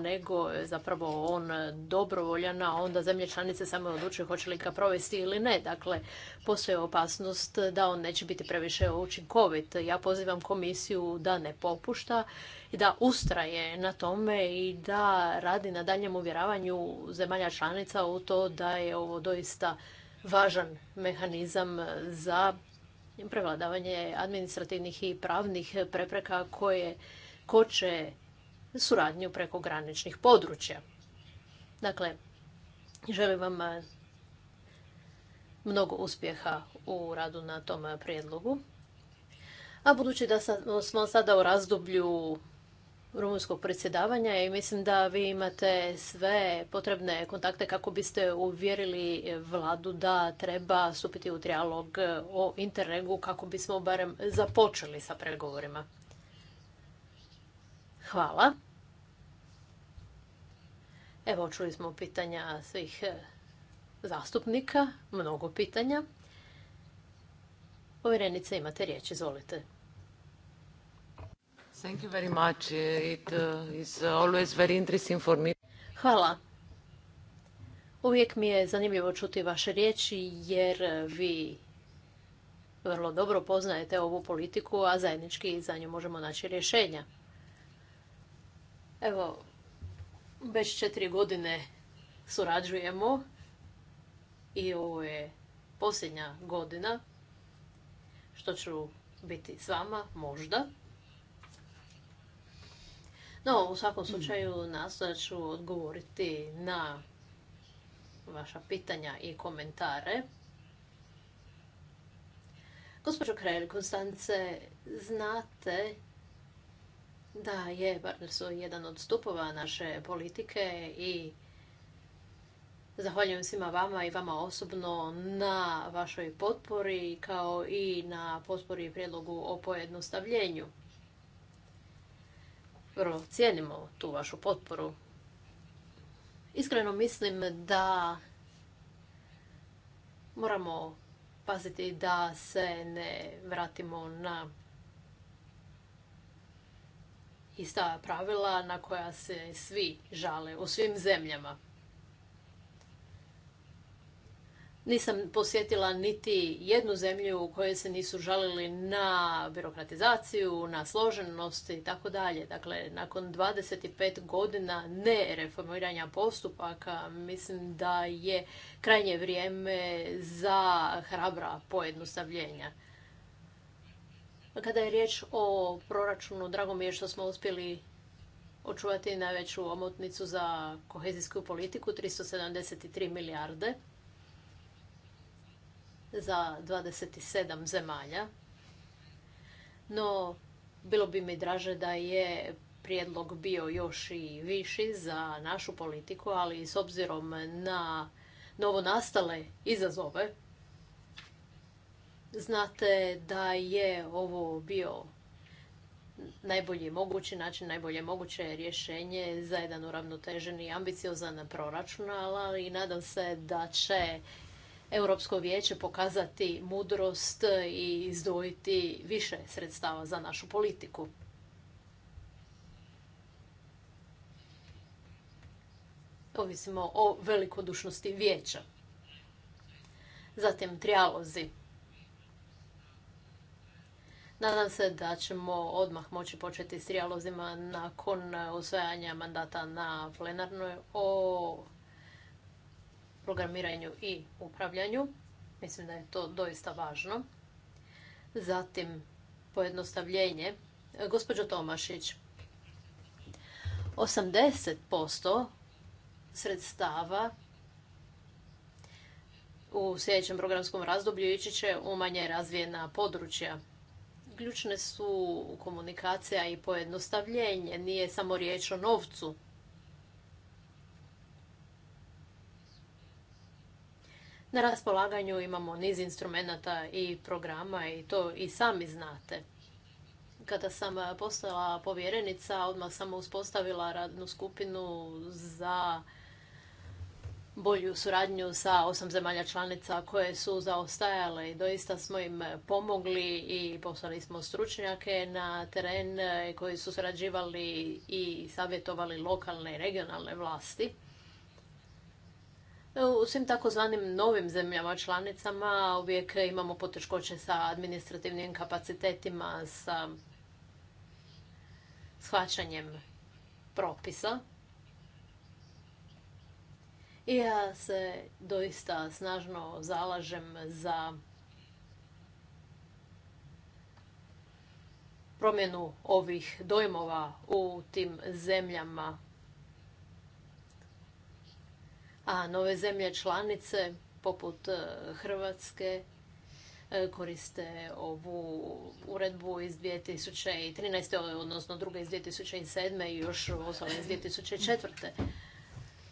nego zapravo on dobrovoljan, a onda zemlje članice samo odlučuju hoće li ga provesti ili ne. Dakle, postoje opasnost da on neće biti previše učinkovit. Ja pozivam komisiju da ne popušta i da ustraje na tome i da radi na daljem uvjeravanju zemalja članica u to da je ovo doista važan mehanizam za prevladavanje administrativnih i pravnih prepreka koje koče suradnju graničnih područja. Dakle, želim vam eh, mnogo uspjeha u radu na tom prijedlogu. A budući da smo sada u razdoblju rumunskog predsjedavanja i mislim da vi imate sve potrebne kontakte kako biste uvjerili vladu da treba stupiti u trijalog o Interregu kako bismo barem započeli sa pregovorima. Hvala. Evo, čuli smo pitanja svih zastupnika, mnogo pitanja. Povjerenice, imate riječ, izvolite. Thank you very much. It uh, is Hvala. Uvijek mi je zanimljivo čuti vaše riječi jer vi vrlo dobro poznajete ovu politiku, a zajednički za nju možemo naći rješenja. Evo, već četiri godine surađujemo i ovo je posljednja godina što ću biti s vama, možda. No, u svakom slučaju nastojat ću odgovoriti na vaša pitanja i komentare. Gospođo Kralj Konstance, znate da je partnerstvo jedan od stupova naše politike i Zahvaljujem svima vama i vama osobno na vašoj potpori kao i na potpori i prijedlogu o pojednostavljenju vrlo cijenimo tu vašu potporu. Iskreno mislim da moramo paziti da se ne vratimo na ista pravila na koja se svi žale u svim zemljama. Nisam posjetila niti jednu zemlju u kojoj se nisu žalili na birokratizaciju, na složenost i tako dalje. Dakle, nakon 25 godina ne reformiranja postupaka, mislim da je krajnje vrijeme za hrabra pojednostavljenja. Kada je riječ o proračunu, drago mi je što smo uspjeli očuvati najveću omotnicu za kohezijsku politiku, 373 milijarde za 27 zemalja. No, bilo bi mi draže da je prijedlog bio još i viši za našu politiku, ali s obzirom na novo nastale izazove, znate da je ovo bio najbolji mogući način, najbolje moguće rješenje za jedan uravnoteženi i ambiciozan proračun, ali nadam se da će Europsko vijeće pokazati mudrost i izdvojiti više sredstava za našu politiku. Ovisimo o velikodušnosti vijeća. Zatim trijalozi. Nadam se da ćemo odmah moći početi s trijalozima nakon osvajanja mandata na plenarnoj o programiranju i upravljanju. Mislim da je to doista važno. Zatim pojednostavljenje. Gospođo Tomašić, 80% sredstava u sljedećem programskom razdoblju ići će u manje razvijena područja. Ključne su komunikacija i pojednostavljenje, nije samo riječ o novcu, Na raspolaganju imamo niz instrumenta i programa i to i sami znate. Kada sam postala povjerenica, odmah sam uspostavila radnu skupinu za bolju suradnju sa osam zemalja članica koje su zaostajale i doista smo im pomogli i poslali smo stručnjake na teren e, koji su surađivali i savjetovali lokalne i regionalne vlasti. E, u svim takozvanim novim zemljama članicama uvijek imamo poteškoće sa administrativnim kapacitetima, sa shvaćanjem propisa. I ja se doista snažno zalažem za promjenu ovih dojmova u tim zemljama a nove zemlje članice poput e, Hrvatske e, koriste ovu uredbu iz 2013. odnosno druge iz 2007. i još ostale iz 2004.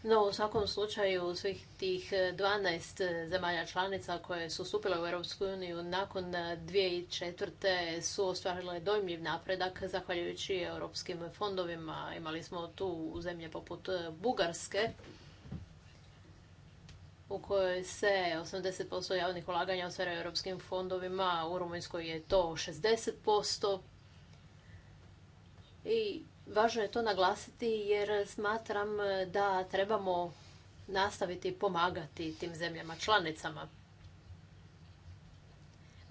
No, u svakom slučaju svih tih 12 zemalja članica koje su stupile u Europsku uniju nakon 2004. su ostvarile dojmljiv napredak zahvaljujući europskim fondovima. Imali smo tu zemlje poput Bugarske u kojoj se 80% javnih ulaganja u europskim fondovima, u Rumunjskoj je to 60%. I važno je to naglasiti jer smatram da trebamo nastaviti pomagati tim zemljama članicama.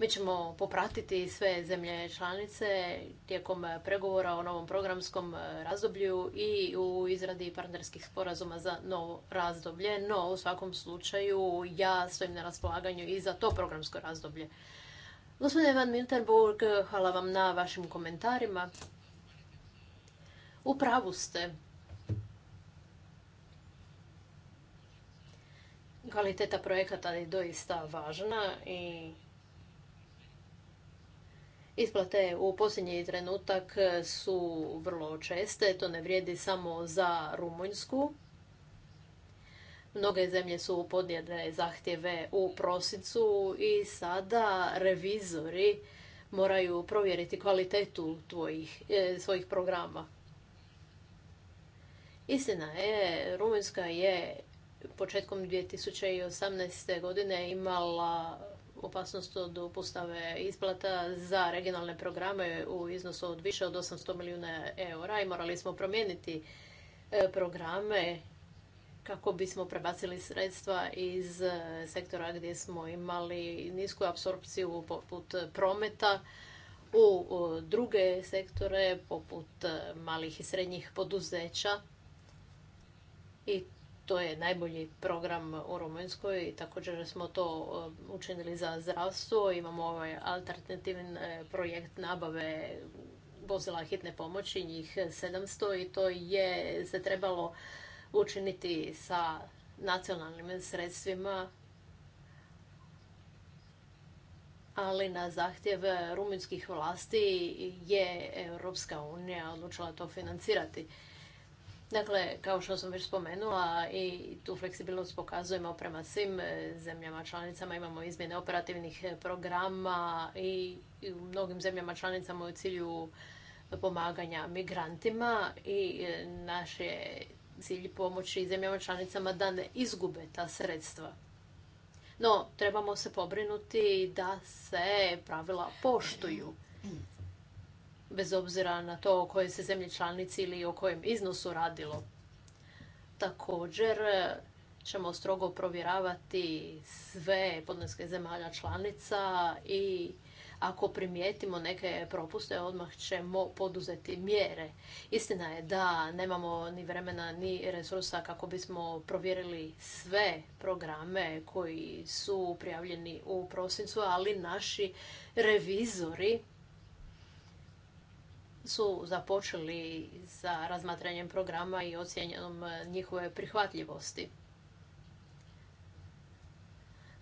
Mi ćemo popratiti sve zemlje članice tijekom pregovora o novom programskom e, razdoblju i u izradi partnerskih sporazuma za novo razdoblje, no u svakom slučaju ja stojim na raspolaganju i za to programsko razdoblje. Gospodine Van Milterburg, hvala vam na vašim komentarima. U pravu ste. Kvaliteta projekata je doista važna i Isplate u posljednji trenutak e, su vrlo česte, to ne vrijedi samo za Rumunjsku. Mnoge zemlje su podnijele zahtjeve u prosincu i sada revizori moraju provjeriti kvalitetu tvojih, e, svojih programa. Istina je, Rumunjska je početkom 2018. godine imala opasnost od upustave isplata za regionalne programe u iznosu od više od 800 milijuna eura i morali smo promijeniti e, programe kako bismo prebacili sredstva iz e, sektora gdje smo imali nisku apsorpciju poput prometa u druge sektore poput e, malih i srednjih poduzeća i to je najbolji program u Rumunjskoj i također smo to um, učinili za zdravstvo. Imamo ovaj alternativni e, projekt nabave vozila hitne pomoći, njih 700 i to je se trebalo učiniti sa nacionalnim sredstvima ali na zahtjev rumunjskih vlasti je Europska unija odlučila to financirati. Dakle, kao što sam već spomenula i tu fleksibilnost pokazujemo prema svim e, zemljama članicama. Imamo izmjene operativnih e, programa i u mnogim zemljama članicama u cilju pomaganja migrantima i e, naš je cilj pomoći zemljama članicama da ne izgube ta sredstva. No, trebamo se pobrinuti da se pravila poštuju bez obzira na to o kojoj se zemlji članici ili o kojem iznosu radilo. Također e, ćemo strogo provjeravati sve podneske zemalja članica i ako primijetimo neke propuste, odmah ćemo poduzeti mjere. Istina je da nemamo ni vremena ni resursa kako bismo provjerili sve programe koji su prijavljeni u prosincu, ali naši revizori su započeli sa razmatranjem programa i ocjenjenom e, njihove prihvatljivosti.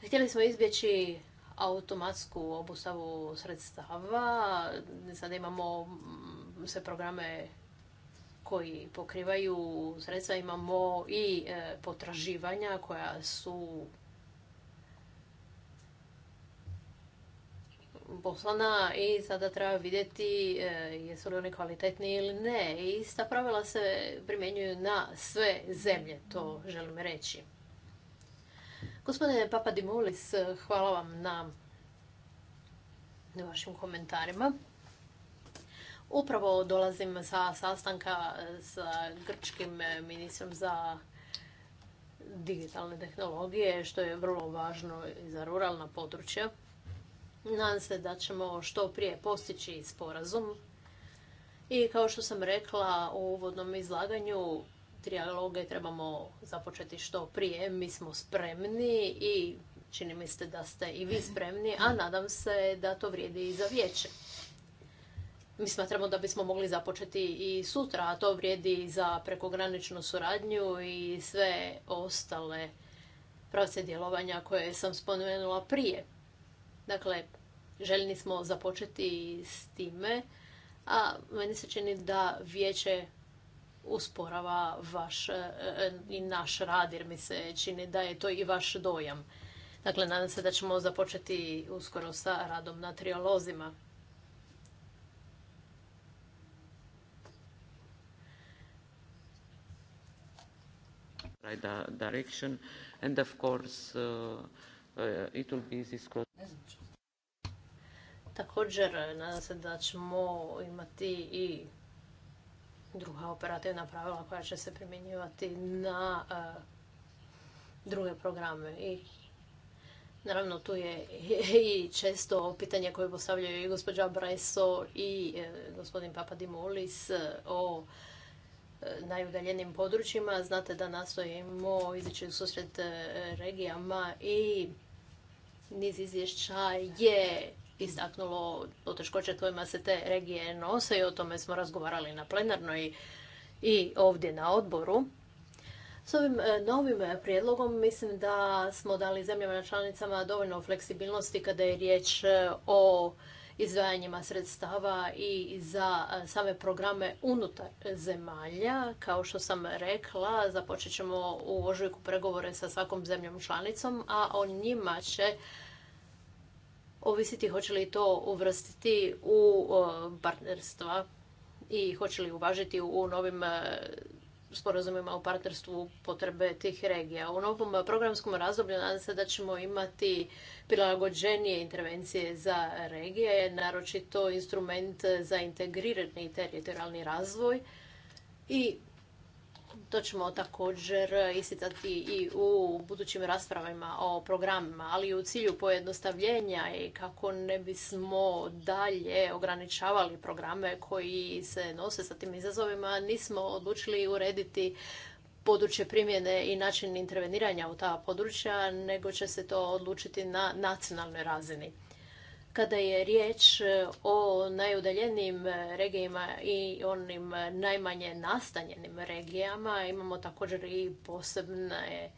Htjeli smo izbjeći automatsku obustavu sredstava. Sada imamo mm, sve programe koji pokrivaju sredstva, imamo i e, potraživanja koja su poslana i sada treba vidjeti e, jesu li oni kvalitetni ili ne. I ista pravila se primjenjuju na sve zemlje, to želim reći. Gospodine Dimulis, hvala vam na vašim komentarima. Upravo dolazim sa sastanka e, sa grčkim e, ministrom za digitalne tehnologije, što je vrlo važno i za ruralna područja. Nadam se da ćemo što prije postići sporazum. I kao što sam rekla u uvodnom izlaganju, trijaloge trebamo započeti što prije. Mi smo spremni i čini mi se da ste i vi spremni, a nadam se da to vrijedi i za vijeće. Mi smatramo da bismo mogli započeti i sutra, a to vrijedi za prekograničnu suradnju i sve ostale pravce djelovanja koje sam spomenula prije. Dakle, željni smo započeti s time, a meni se čini da vijeće usporava vaš e, i naš rad, jer mi se čini da je to i vaš dojam. Dakle, nadam se da ćemo započeti uskoro sa radom na triolozima. direction and of course uh, Također, nadam se da ćemo imati i druga operativna pravila koja će se primjenjivati na e, druge programe. I naravno tu je i često pitanje koje postavljaju i gospođa Breso i gospodin e, gospodin Papadimoulis e, o najudaljenim područjima. Znate da nastojimo izići u susret regijama i niz izvješća je istaknulo teškoće kojima se te regije nose i o tome smo razgovarali na plenarnoj i ovdje na odboru. S ovim e, novim e, prijedlogom mislim da smo dali zemljama članicama dovoljno fleksibilnosti kada je riječ e, o izdvajanjima sredstava i za e, same programe unutar zemalja. Kao što sam rekla, započet ćemo u ožujku pregovore sa svakom zemljom članicom, a o njima će ovisiti hoće li to uvrstiti u e, partnerstva i hoće li uvažiti u novim e, sporazumima o partnerstvu potrebe tih regija. U novom programskom razdoblju nadam se da ćemo imati prilagođenije intervencije za regije, naročito instrument za integrirani teritorijalni razvoj i to ćemo također isticati i u budućim raspravama o programima, ali u cilju pojednostavljenja i kako ne bismo dalje ograničavali programe koji se nose sa tim izazovima, nismo odlučili urediti područje primjene i način interveniranja u ta područja, nego će se to odlučiti na nacionalnoj razini kada je riječ e, o najudaljenijim e, regijima i onim e, najmanje nastanjenim regijama. Imamo također i posebne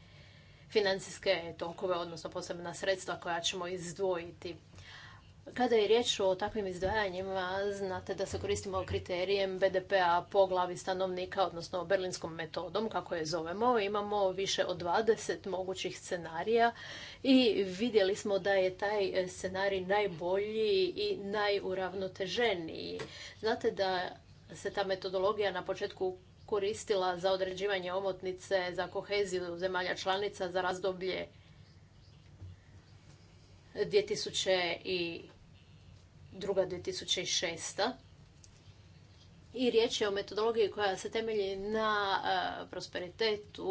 financijske tokove, odnosno posebna sredstva koja ćemo izdvojiti. Kada je riječ o takvim izdvajanjima, znate da se koristimo kriterijem BDP-a po glavi stanovnika, odnosno berlinskom metodom, kako je zovemo. Imamo više od 20 mogućih scenarija i vidjeli smo da je taj scenarij najbolji i najuravnoteženiji. Znate da se ta metodologija na početku koristila za određivanje omotnice za koheziju zemalja članica za razdoblje 2000 i Druga 2006. I riječ je o metodologiji koja se temelji na e, prosperitetu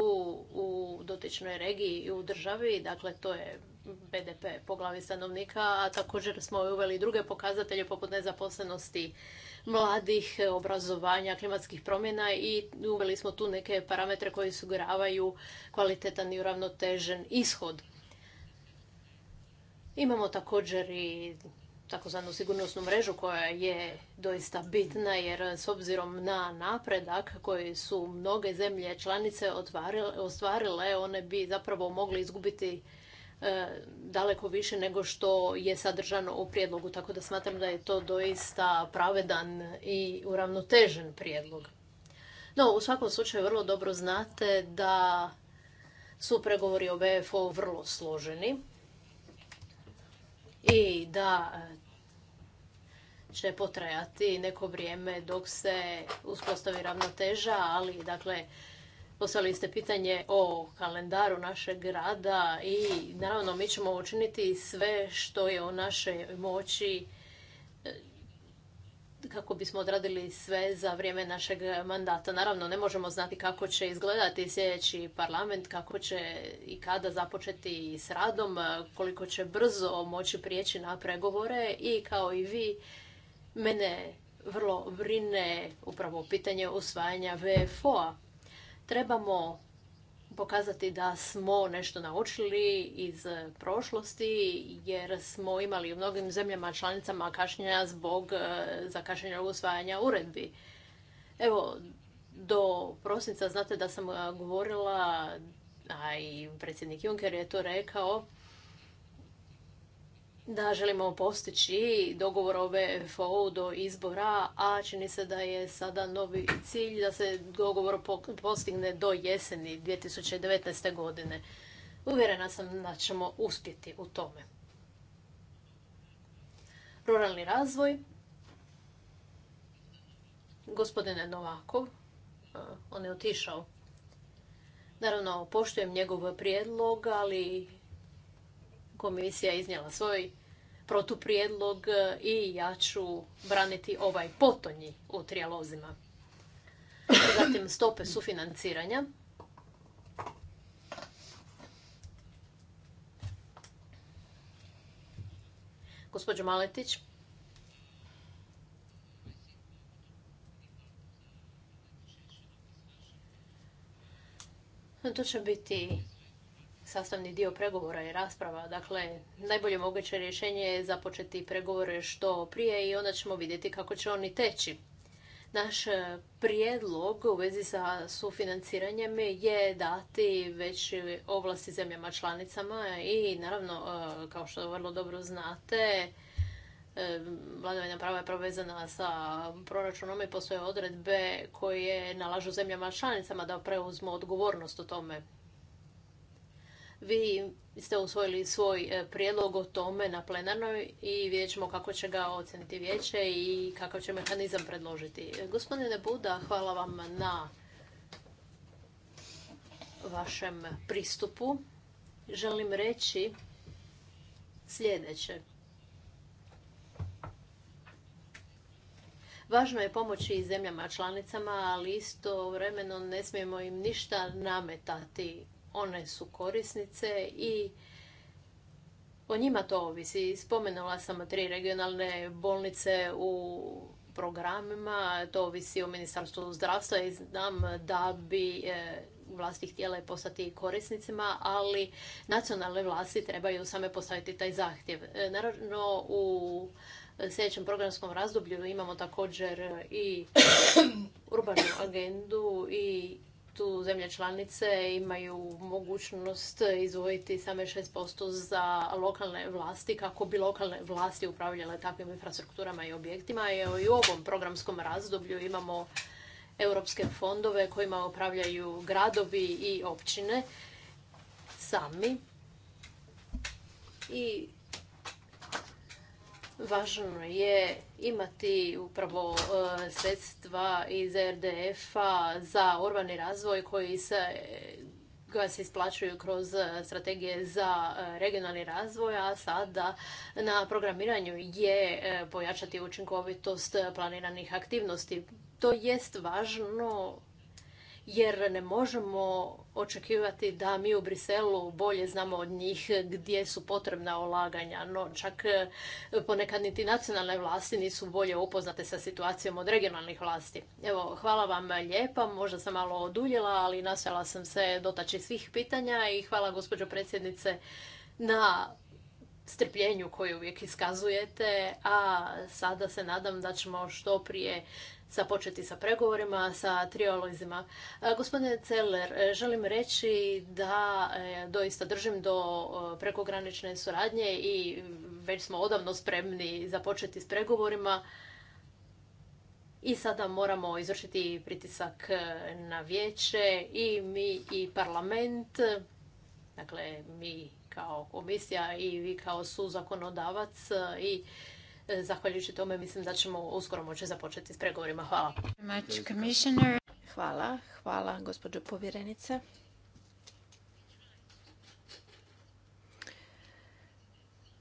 u dotičnoj regiji i u državi. Dakle, to je BDP po glavi stanovnika, a također smo uveli druge pokazatelje poput nezaposlenosti mladih, obrazovanja, klimatskih promjena i uveli smo tu neke parametre koji sugeravaju kvalitetan i uravnotežen ishod. Imamo također i takozvanu sigurnosnu mrežu koja je doista bitna jer s obzirom na napredak koji su mnoge zemlje članice ostvarile, one bi zapravo mogli izgubiti e, daleko više nego što je sadržano u prijedlogu. Tako da smatram da je to doista pravedan i uravnotežen prijedlog. No, u svakom slučaju vrlo dobro znate da su pregovori o BFO vrlo složeni i da e, će potrajati neko vrijeme dok se uspostavi ravnoteža, ali dakle postavili ste pitanje o kalendaru našeg grada i naravno mi ćemo učiniti sve što je u našoj moći kako bismo odradili sve za vrijeme našeg mandata. Naravno, ne možemo znati kako će izgledati sljedeći parlament, kako će i kada započeti s radom, koliko će brzo moći prijeći na pregovore i kao i vi, mene vrlo brine upravo pitanje usvajanja VFO-a. Trebamo pokazati da smo nešto naučili iz prošlosti jer smo imali u mnogim zemljama članicama kašnjenja zbog e, zakašnjenja usvajanja uredbi. Evo, do prosinca znate da sam e, govorila, a i predsjednik Juncker je to rekao, da želimo postići dogovor o VFO do izbora, a čini se da je sada novi cilj da se dogovor postigne do jeseni 2019. godine. Uvjerena sam da ćemo uspjeti u tome. Ruralni razvoj. Gospodine Novakov, on je otišao. Naravno, poštujem njegov prijedlog, ali komisija iznijela svoj protuprijedlog e, i ja ću braniti ovaj potonji u trijalozima. Zatim stope sufinanciranja. Gospođo Maletić. To će biti sastavni dio pregovora i rasprava. Dakle, najbolje moguće rješenje je započeti pregovore što prije i onda ćemo vidjeti kako će oni teći. Naš e, prijedlog u vezi sa sufinanciranjem je dati već ovlasti zemljama članicama i naravno, e, kao što vrlo dobro znate, e, vladavina prava je provezana sa proračunom i postoje odredbe koje nalažu zemljama članicama da preuzmu odgovornost o tome. Vi ste usvojili svoj e, prijedlog o tome na plenarnoj i vidjet ćemo kako će ga oceniti vijeće i kakav će mehanizam predložiti. E, gospodine Buda, hvala vam na vašem pristupu. Želim reći sljedeće. Važno je pomoći zemljama članicama, ali isto vremeno ne smijemo im ništa nametati one su korisnice i o njima to ovisi. Spomenula sam tri regionalne bolnice u programima, to ovisi o Ministarstvu zdravstva i znam da bi e, vlasti htjele postati korisnicima, ali nacionalne vlasti trebaju same postaviti taj zahtjev. E, naravno, u sljedećem programskom razdoblju imamo također i urbanu agendu i tu zemlje članice imaju mogućnost izvojiti same 6% za lokalne vlasti kako bi lokalne vlasti upravljale takvim infrastrukturama i objektima. I u ovom programskom razdoblju imamo europske fondove kojima upravljaju gradovi i općine sami. I Važno je imati upravo e, sredstva iz RDF-a za urbani razvoj koji se koja se isplaćuju kroz e, strategije za e, regionalni razvoj, a sada na programiranju je pojačati učinkovitost planiranih aktivnosti. To jest važno jer ne možemo očekivati da mi u Briselu bolje znamo od njih gdje su potrebna olaganja. No, čak e, ponekad niti nacionalne vlasti nisu bolje upoznate sa situacijom od regionalnih vlasti. Evo, hvala vam lijepa, možda sam malo oduljila, ali nastojala sam se dotaći svih pitanja i hvala gospođo predsjednice na strpljenju koju uvijek iskazujete, a sada se nadam da ćemo što prije započeti sa pregovorima, sa triolozima. E, gospodine Celler, e, želim reći da e, doista držim do prekogranične suradnje i već smo odavno spremni započeti s pregovorima. I sada moramo izvršiti pritisak na vijeće i mi i parlament, dakle mi kao komisija i vi kao suzakonodavac i E, zahvaljujući tome mislim da ćemo uskoro moći započeti s pregovorima. Hvala. Hvala, hvala gospođo povjerenice.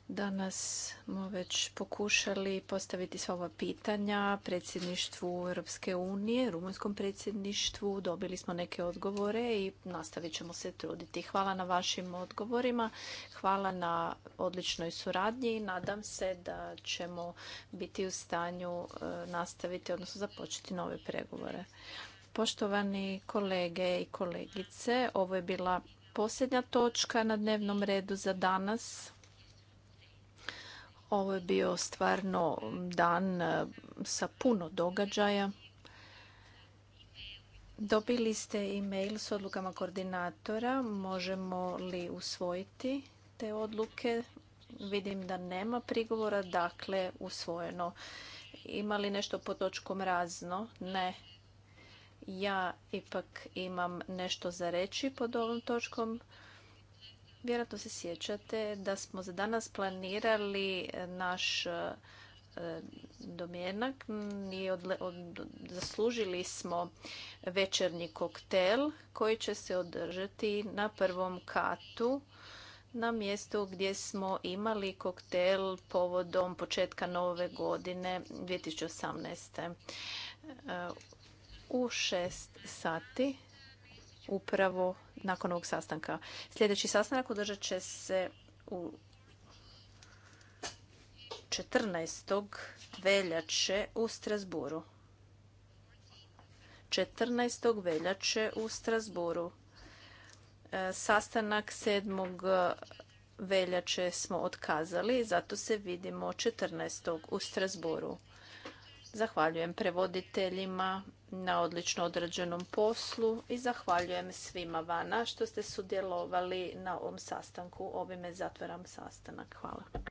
Danas smo već pokušali postaviti sva ova pitanja predsjedništvu Europske unije, rumunskom predsjedništvu. Dobili smo neke odgovore i nastavit ćemo se truditi. Hvala na vašim odgovorima, hvala na odličnoj suradnji i nadam se da ćemo biti u stanju e, nastaviti, odnosno započeti nove pregovore. Poštovani kolege i kolegice, ovo je bila posljednja točka na dnevnom redu za danas. Ovo je bio stvarno dan e, sa puno događaja. Dobili ste e-mail s odlukama koordinatora. Možemo li usvojiti te odluke? Vidim da nema prigovora, dakle usvojeno. Ima li nešto pod točkom razno? Ne. Ja ipak imam nešto za reći pod ovom točkom Vjerojatno se sjećate da smo za danas planirali e, naš e, domjenak i zaslužili smo večernji koktel koji će se održati na prvom katu na mjestu gdje smo imali koktel povodom početka nove godine 2018. E, u šest sati upravo nakon ovog sastanka. Sljedeći sastanak održat će se u 14. veljače u Strasboru. 14. veljače u Strasboru. E, sastanak 7. veljače smo otkazali, zato se vidimo 14. u Strasboru. Zahvaljujem prevoditeljima na odlično odrađenom poslu i zahvaljujem svima vana što ste sudjelovali na ovom sastanku. Ovime zatvaram sastanak. Hvala.